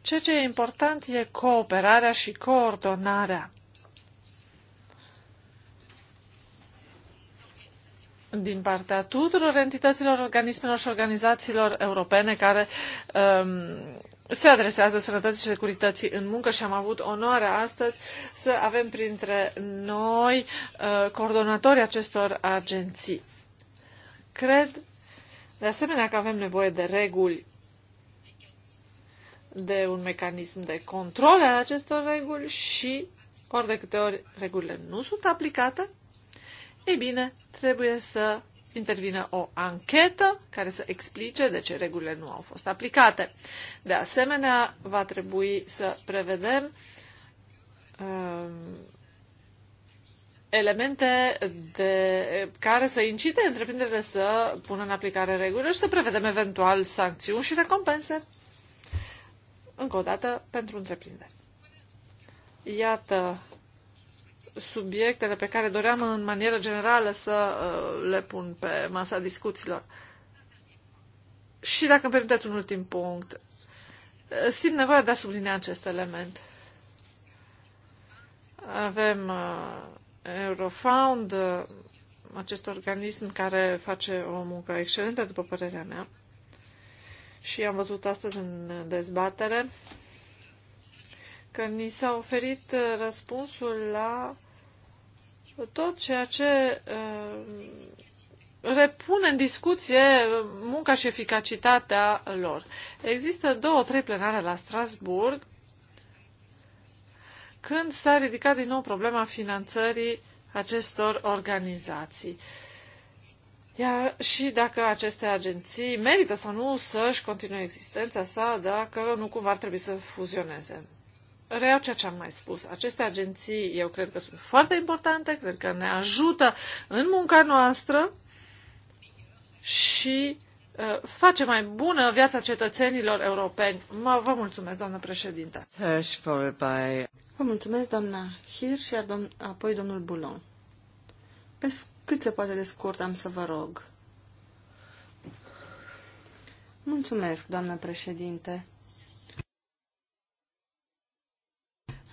ceea ce e important e cooperarea și coordonarea din partea tuturor entităților, organismelor și organizațiilor europene care um, se adresează sănătății și securității în muncă și am avut onoarea astăzi să avem printre noi uh, coordonatorii acestor agenții. Cred de asemenea că avem nevoie de reguli, de un mecanism de control al acestor reguli și ori de câte ori regulile nu sunt aplicate, ei bine, trebuie să intervină o anchetă care să explice de ce regulile nu au fost aplicate. De asemenea, va trebui să prevedem um, elemente de care să incite întreprinderile să pună în aplicare regulile și să prevedem eventual sancțiuni și recompense. Încă o dată, pentru întreprinderi. Iată subiectele pe care doream în manieră generală să uh, le pun pe masa discuțiilor. Și dacă îmi permiteți un ultim punct, uh, simt nevoia de a sublinia acest element. Avem uh, Eurofound, acest organism care face o muncă excelentă, după părerea mea, și am văzut astăzi în dezbatere că ni s-a oferit uh, răspunsul la tot ceea ce uh, repune în discuție munca și eficacitatea lor. Există două, trei plenare la Strasburg când s-a ridicat din nou problema finanțării acestor organizații. Iar și dacă aceste agenții merită sau nu să-și continue existența sa, dacă nu cumva ar trebui să fuzioneze reiau ceea ce am mai spus. Aceste agenții, eu cred că sunt foarte importante, cred că ne ajută în munca noastră și uh, face mai bună viața cetățenilor europeni. Mă, vă mulțumesc, doamnă președinte. Vă mulțumesc, doamna Hirsch, și domn, apoi domnul Bulon. Pe cât se poate de scurt am să vă rog. Mulțumesc, doamnă președinte.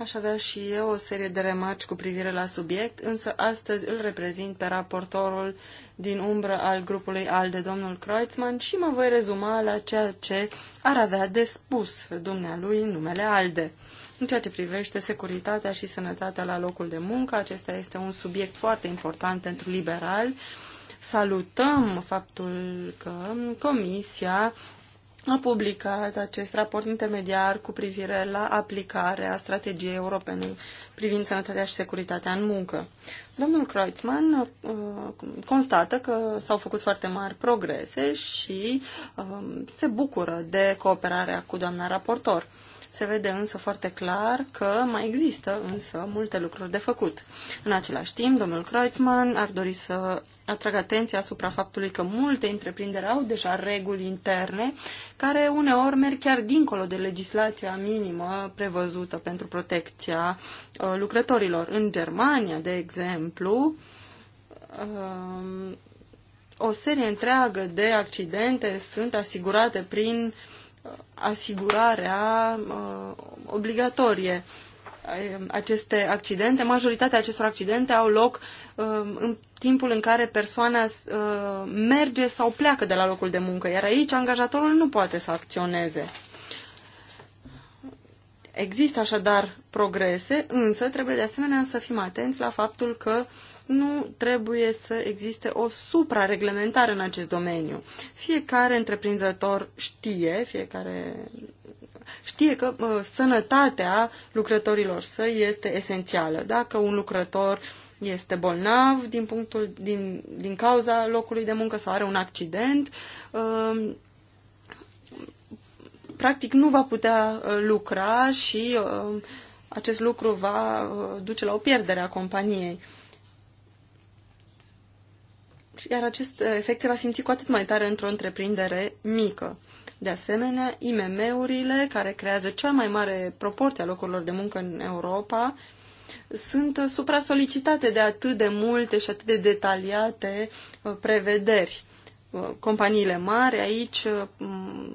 Aș avea și eu o serie de remarci cu privire la subiect, însă astăzi îl reprezint pe raportorul din umbră al grupului ALDE, domnul Kreutzmann, și mă voi rezuma la ceea ce ar avea de spus dumnealui în numele ALDE. În ceea ce privește securitatea și sănătatea la locul de muncă, acesta este un subiect foarte important pentru liberali. Salutăm faptul că Comisia a publicat acest raport intermediar cu privire la aplicarea strategiei europene privind sănătatea și securitatea în muncă. Domnul Kreutzmann uh, constată că s-au făcut foarte mari progrese și uh, se bucură de cooperarea cu doamna raportor. Uh, se vede însă foarte clar că mai există însă multe lucruri de făcut. În același timp, domnul Kreutzmann ar dori să atragă atenția asupra faptului că multe întreprinderi au deja reguli interne care uneori merg chiar dincolo de legislația minimă prevăzută pentru protecția uh, lucrătorilor. În Germania, de exemplu, um, o serie întreagă de accidente sunt asigurate prin uh, asigurarea uh, obligatorie. Aceste accidente, majoritatea acestor accidente au loc uh, în timpul în care persoana uh, merge sau pleacă de la locul de muncă, iar aici angajatorul nu poate să acționeze. Există așadar progrese, însă trebuie de asemenea să fim atenți la faptul că nu trebuie să existe o suprareglementare în acest domeniu. Fiecare întreprinzător știe, fiecare știe că uh, sănătatea lucrătorilor săi este esențială. Dacă un lucrător este bolnav din, punctul, din, din cauza locului de muncă sau are un accident, uh, practic nu va putea uh, lucra și uh, acest lucru va uh, duce la o pierdere a companiei iar acest efect se va simți cu atât mai tare într-o întreprindere mică. De asemenea, IMM-urile, care creează cea mai mare proporție a locurilor de muncă în Europa, sunt supra-solicitate de atât de multe și atât de detaliate uh, prevederi. Uh, companiile mari aici uh,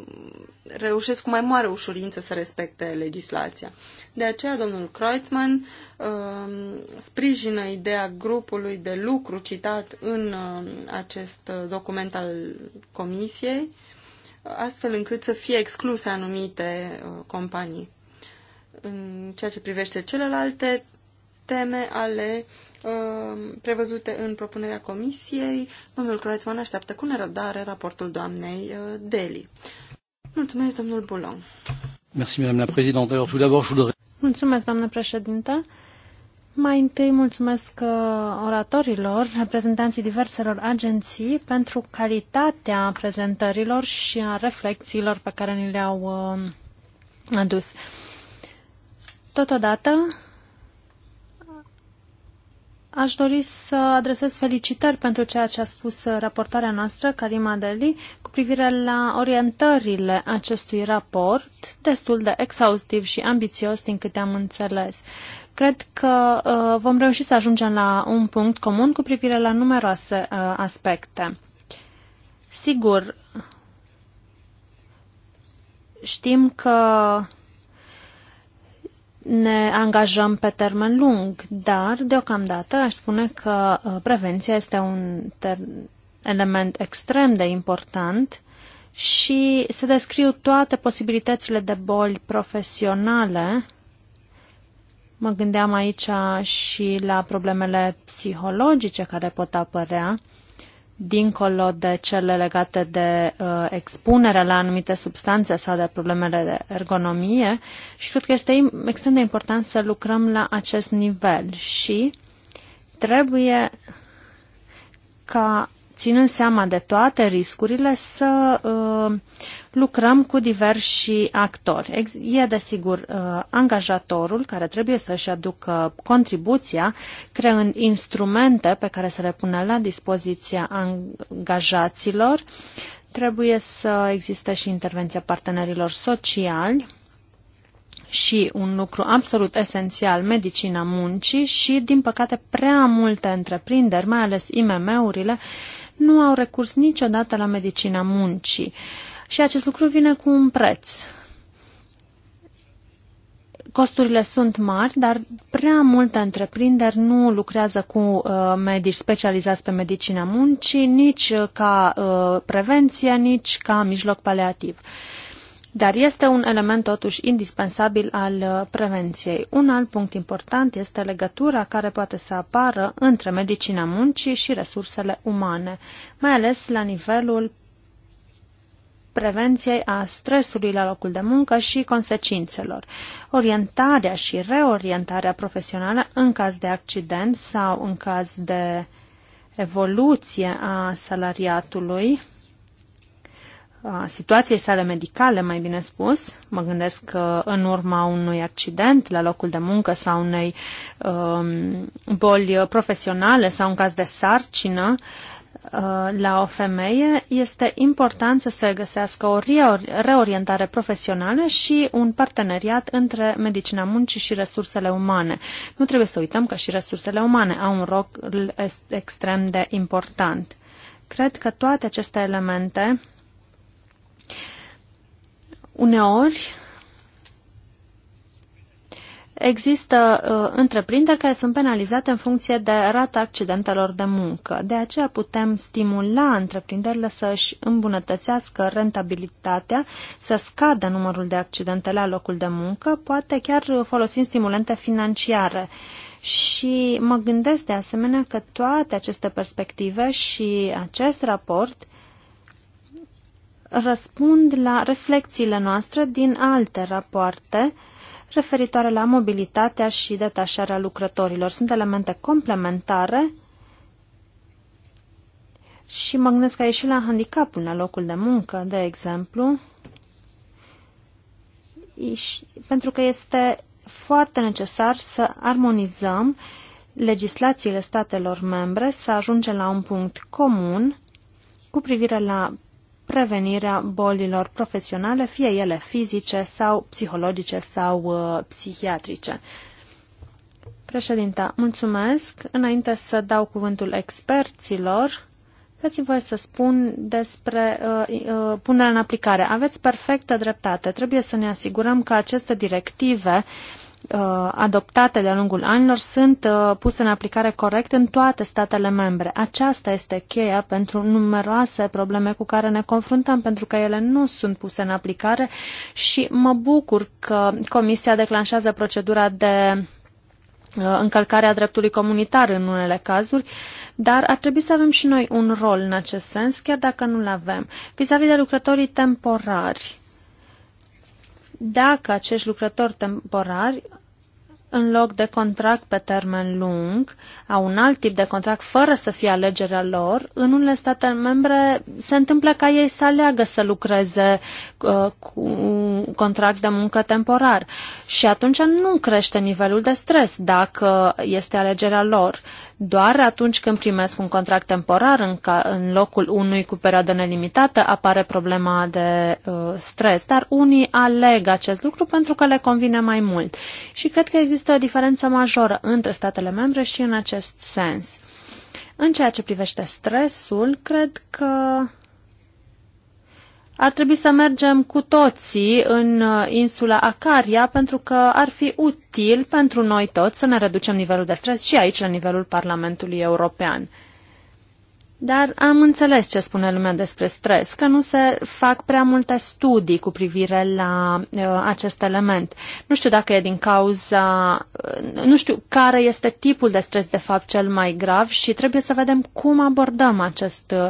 reușesc cu mai mare ușurință să respecte legislația. De aceea, domnul Kreutzmann um, sprijină ideea grupului de lucru citat în um, acest uh, document al Comisiei, astfel încât să fie excluse anumite uh, companii. În ceea ce privește celelalte teme ale um, prevăzute în propunerea Comisiei, domnul Kreutzmann așteaptă cu nerăbdare raportul doamnei uh, Deli. Mulțumesc, domnul Boulon. Merci, madame la présidente. Alors, tout d'abord, je voudrais... Mulțumesc, doamnă președintă. Mai întâi mulțumesc uh, oratorilor, reprezentanții diverselor agenții, pentru calitatea prezentărilor și a reflexiilor pe care ni le-au uh, adus. Totodată, Aș dori să adresez felicitări pentru ceea ce a spus raportoarea noastră, Karima Deli, cu privire la orientările acestui raport, destul de exhaustiv și ambițios din câte am înțeles. Cred că uh, vom reuși să ajungem la un punct comun cu privire la numeroase uh, aspecte. Sigur, știm că ne angajăm pe termen lung, dar deocamdată aș spune că uh, prevenția este un element extrem de important și se descriu toate posibilitățile de boli profesionale. Mă gândeam aici și la problemele psihologice care pot apărea dincolo de cele legate de uh, expunere la anumite substanțe sau de problemele de ergonomie și cred că este extrem de important să lucrăm la acest nivel și trebuie ca ținând seama de toate riscurile, să uh, lucrăm cu diversi actori. E, desigur, uh, angajatorul care trebuie să-și aducă contribuția, creând instrumente pe care să le pună la dispoziția angajaților. Trebuie să existe și intervenția partenerilor sociali, și un lucru absolut esențial, medicina muncii și, din păcate, prea multe întreprinderi, mai ales IMM-urile, nu au recurs niciodată la medicina muncii. Și acest lucru vine cu un preț. Costurile sunt mari, dar prea multe întreprinderi nu lucrează cu uh, medici specializați pe medicina muncii, nici ca uh, prevenție, nici ca mijloc paliativ. Uh, dar este un element totuși indispensabil al uh, prevenției. Un alt punct important este legătura care poate să apară între medicina muncii și resursele umane, mai ales la nivelul prevenției a stresului la locul de muncă și consecințelor. Orientarea și reorientarea profesională în caz de accident sau în caz de evoluție a salariatului situației sale medicale, mai bine spus. Mă gândesc că în urma unui accident la locul de muncă sau unei um, boli profesionale sau în caz de sarcină, uh, la o femeie este important să se găsească o reorientare profesională și un parteneriat între medicina muncii și resursele umane. Nu trebuie să uităm că și resursele umane au un rol extrem de important. Cred că toate aceste elemente Uneori există uh, întreprinderi care sunt penalizate în funcție de rata accidentelor de muncă. De aceea putem stimula întreprinderile să își îmbunătățească rentabilitatea, să scadă numărul de accidente la locul de muncă, poate chiar folosind stimulente financiare. Și mă gândesc de asemenea că toate aceste perspective și acest raport răspund la reflexiile noastre din alte rapoarte referitoare la mobilitatea și detașarea lucrătorilor. Sunt elemente complementare și mă gândesc că și la handicapul la locul de muncă, de exemplu, pentru că este foarte necesar să armonizăm legislațiile statelor membre, să ajungem la un punct comun cu privire la prevenirea bolilor profesionale, fie ele fizice sau psihologice sau uh, psihiatrice. Președinta, mulțumesc. Înainte să dau cuvântul experților, dați voi să spun despre uh, uh, punerea în aplicare. Aveți perfectă dreptate. Trebuie să ne asigurăm că aceste directive uh, Uh, adoptate de-a lungul anilor sunt uh, puse în aplicare corect în toate statele membre. Aceasta este cheia pentru numeroase probleme cu care ne confruntăm, pentru că ele nu sunt puse în aplicare și mă bucur că Comisia declanșează procedura de uh, încălcarea dreptului comunitar în unele cazuri, dar ar trebui să avem și noi un rol în acest sens, chiar dacă nu-l avem. Vis-a-vis -vis de lucrătorii temporari, dacă acești lucrători temporari în loc de contract pe termen lung, a un alt tip de contract fără să fie alegerea lor, în unele state membre se întâmplă ca ei să aleagă să lucreze uh, cu un contract de muncă temporar. Și atunci nu crește nivelul de stres dacă este alegerea lor. Doar atunci când primesc un contract temporar în, ca, în locul unui cu perioadă nelimitată apare problema de uh, stres, dar unii aleg acest lucru pentru că le convine mai mult. Și cred că există Există o diferență majoră între statele membre și în acest sens. În ceea ce privește stresul, cred că ar trebui să mergem cu toții în uh, insula Acaria pentru că ar fi util pentru noi toți să ne reducem nivelul de stres și aici, la nivelul Parlamentului European. Dar am înțeles ce spune lumea despre stres, că nu se fac prea multe studii cu privire la uh, acest element. Nu știu dacă e din cauza, uh, nu știu care este tipul de stres de fapt cel mai grav și trebuie să vedem cum abordăm acest uh,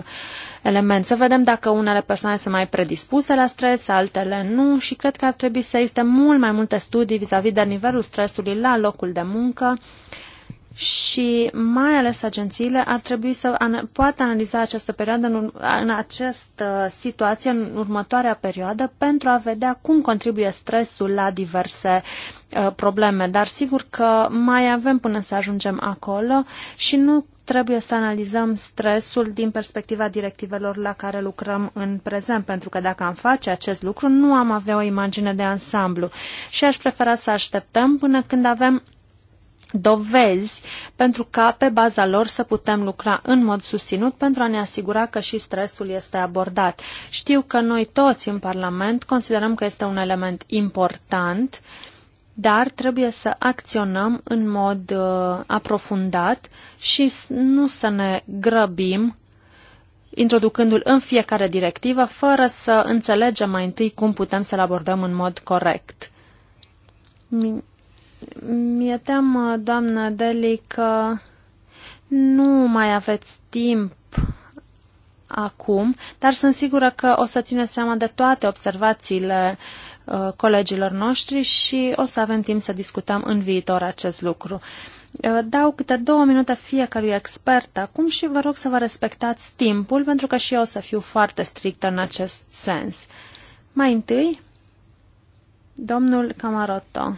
element, să vedem dacă unele persoane sunt mai predispuse la stres, altele nu și cred că ar trebui să existe mult mai multe studii vis-a-vis -vis de nivelul stresului la locul de muncă. Uh, și mai ales agențiile ar trebui să an- poată analiza această perioadă în, în această situație, în următoarea perioadă, pentru a vedea cum contribuie stresul la diverse uh, probleme. Dar sigur că mai avem până să ajungem acolo și nu trebuie să analizăm stresul din perspectiva directivelor la care lucrăm în prezent, pentru că dacă am face acest lucru, nu am avea o imagine de ansamblu și aș prefera să așteptăm până când avem dovezi pentru ca pe baza lor să putem lucra în mod susținut pentru a ne asigura că și stresul este abordat. Știu că noi toți în Parlament considerăm că este un element important, dar trebuie să acționăm în mod uh, aprofundat și nu să ne grăbim introducându-l în fiecare directivă, fără să înțelegem mai întâi cum putem să-l abordăm în mod corect. Mi-e teamă, doamnă Deli, că nu mai aveți timp acum, dar sunt sigură că o să țineți seama de toate observațiile uh, colegilor noștri și o să avem timp să discutăm în viitor acest lucru. Uh, dau câte două minute fiecărui expert acum și vă rog să vă respectați timpul, pentru că și eu o să fiu foarte strictă în acest sens. Mai întâi, domnul Camarotto.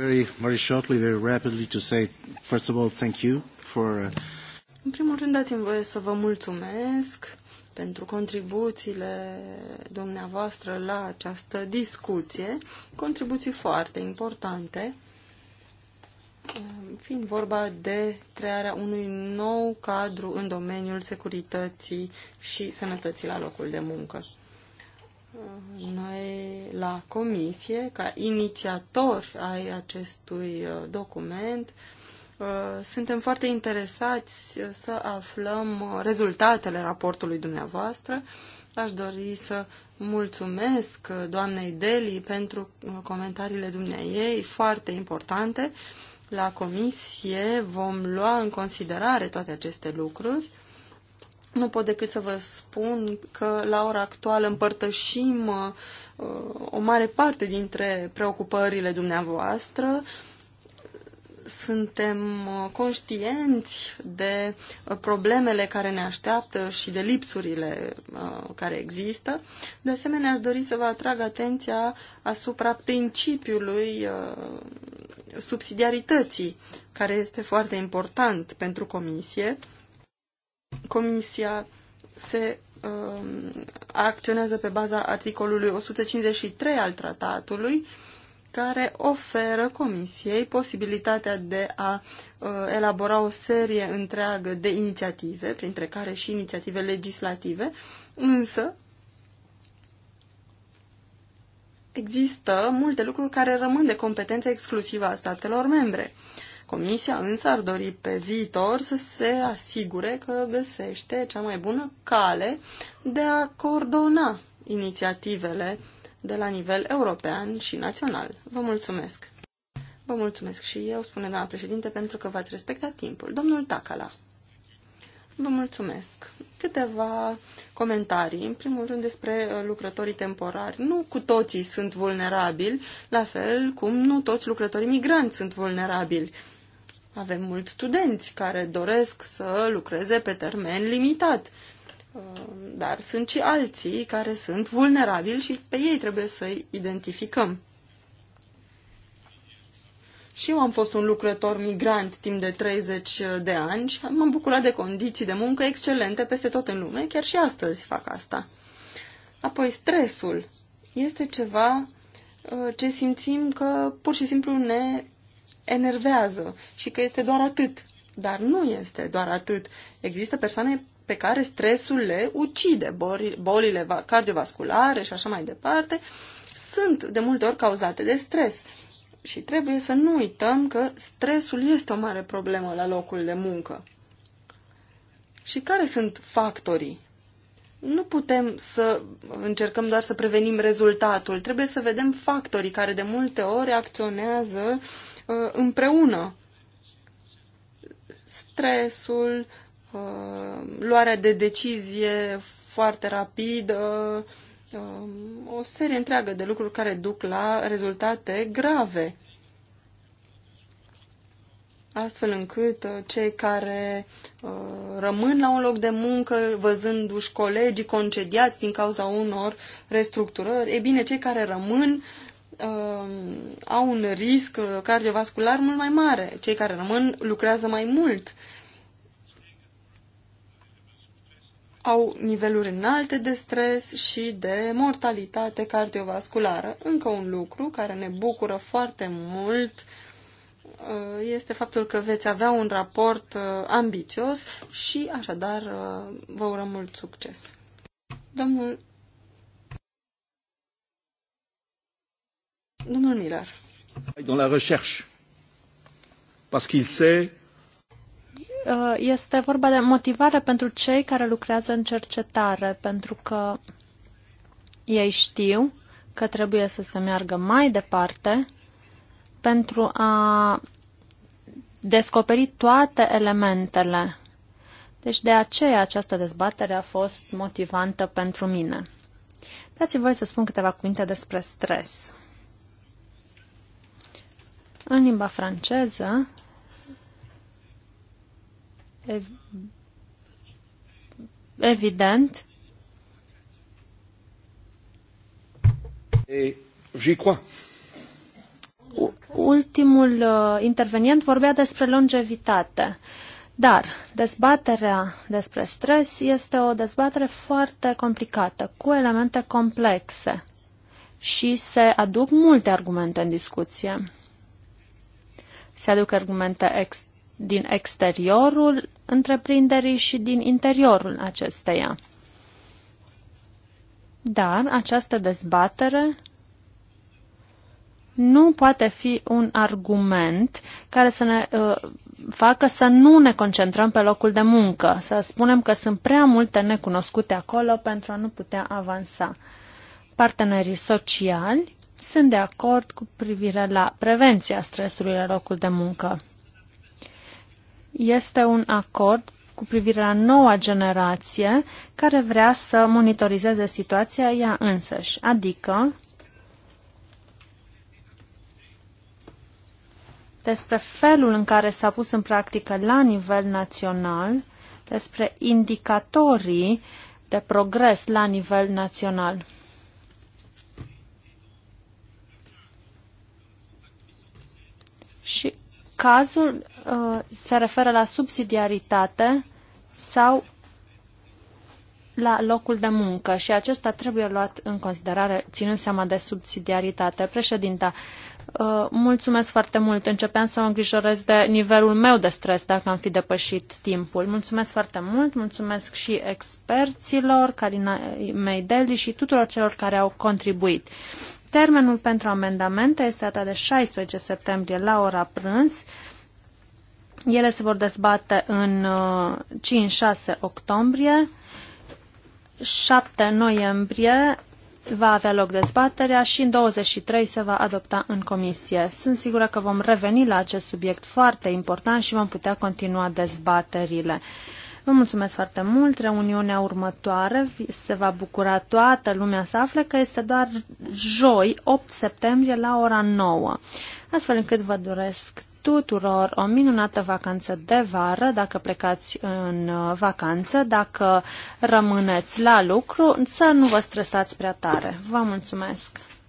Very, very shortly, very rapidly to say, first of all, thank you for... Uh, în primul rând, dați-mi voie să vă mulțumesc pentru contribuțiile dumneavoastră la această discuție, contribuții foarte importante, fiind vorba de crearea unui nou cadru în domeniul securității și sănătății la locul de muncă noi la comisie, ca inițiator ai acestui uh, document, uh, suntem foarte interesați uh, să aflăm rezultatele raportului dumneavoastră. Aș dori să mulțumesc doamnei Deli pentru comentariile ei foarte importante. La comisie vom lua în considerare toate aceste lucruri nu pot decât să vă spun că la ora actuală împărtășim uh, o mare parte dintre preocupările dumneavoastră. Suntem uh, conștienți de uh, problemele care ne așteaptă și de lipsurile uh, care există. De asemenea, aș dori să vă atrag atenția asupra principiului subsidiarității, care este foarte important pentru Comisie. Comisia se uh, acționează pe baza articolului 153 al tratatului, care oferă Comisiei posibilitatea de a uh, elabora o serie întreagă de inițiative, printre care și inițiative legislative, însă există multe lucruri care rămân de competență exclusivă a statelor membre. Uh, Comisia însă ar dori pe viitor să se asigure că găsește cea mai bună cale de a coordona inițiativele de la nivel european și național. Vă mulțumesc! Vă mulțumesc și eu, spune doamna președinte, pentru că v-ați respectat timpul. Domnul Tacala. Vă mulțumesc. Câteva comentarii. În primul rând despre uh, lucrătorii temporari. Nu cu toții sunt vulnerabili, la fel cum nu toți lucrătorii migranți sunt vulnerabili. Avem mulți studenți care doresc să lucreze pe termen limitat, uh, dar sunt și alții care sunt vulnerabili și pe ei trebuie să-i identificăm. Și eu am fost un lucrător migrant timp de 30 de ani și m-am bucurat de condiții de muncă excelente peste tot în lume, chiar și astăzi fac asta. Apoi stresul este ceva uh, ce simțim că pur și simplu ne enervează și că este doar atât. Dar nu este doar atât. Există persoane pe care stresul le ucide. Bolile cardiovasculare și așa mai departe sunt de multe ori cauzate de stres. Și trebuie să nu uităm că stresul este o mare problemă la locul de muncă. Și care sunt factorii? Nu putem să încercăm doar să prevenim rezultatul. Trebuie să vedem factorii care de multe ori acționează Uh, împreună. Stresul, uh, luarea de decizie foarte rapidă, uh, o serie întreagă de lucruri care duc la rezultate grave. Astfel încât cei care rămân la un loc de muncă, văzându-și colegii concediați din cauza unor restructurări, e bine, cei care rămân uh, au un risc uh, cardiovascular mult mai mare. Cei care rămân lucrează mai mult, au niveluri înalte de stres și de mortalitate cardiovasculară. Încă un lucru care ne bucură foarte mult uh, este faptul că veți avea un raport uh, ambițios și așadar vă urăm mult succes. Domnul Domnul Miller. Dans la recherche. Parce qu'il sait uh, este vorba de motivare pentru cei care lucrează în cercetare, pentru că ei știu că trebuie să se meargă mai departe pentru a descoperi toate elementele. Deci de aceea această dezbatere a fost motivantă pentru mine. Dați-mi voi să spun câteva cuvinte despre stres. În limba franceză, evident. J'y crois. Ultimul uh, intervenient vorbea despre longevitate. Dar dezbaterea despre stres este o dezbatere foarte complicată, cu elemente complexe și se aduc multe argumente în discuție. Se aduc argumente ex- din exteriorul întreprinderii și din interiorul acesteia. Dar această dezbatere nu poate fi un argument care să ne uh, facă să nu ne concentrăm pe locul de muncă, să spunem că sunt prea multe necunoscute acolo pentru a nu putea avansa. Partenerii sociali sunt de acord cu privire la prevenția stresului la locul de muncă. Este un acord cu privire la noua generație care vrea să monitorizeze situația ea însăși, adică despre felul în care s-a pus în practică la nivel național, despre indicatorii de progres la nivel național. Și cazul uh, se referă la subsidiaritate sau la locul de muncă și acesta trebuie luat în considerare ținând seama de subsidiaritate. Președinta, uh, mulțumesc foarte mult. Începeam să mă îngrijorez de nivelul meu de stres dacă am fi depășit timpul. Mulțumesc foarte mult, mulțumesc și experților, Carina Meideli și tuturor celor care au contribuit. Termenul pentru amendamente este data de 16 septembrie la ora prânz. Ele se vor dezbate în 5-6 uh, octombrie. 7 noiembrie va avea loc dezbaterea și în 23 se va adopta în comisie. Sunt sigură că vom reveni la acest subiect foarte important și vom putea continua dezbaterile. Vă mulțumesc foarte mult. Reuniunea următoare se va bucura toată lumea să afle că este doar joi, 8 septembrie, la ora 9. Astfel încât vă doresc tuturor o minunată vacanță de vară, dacă plecați în uh, vacanță, dacă rămâneți la lucru, să nu vă stresați prea tare. Vă mulțumesc!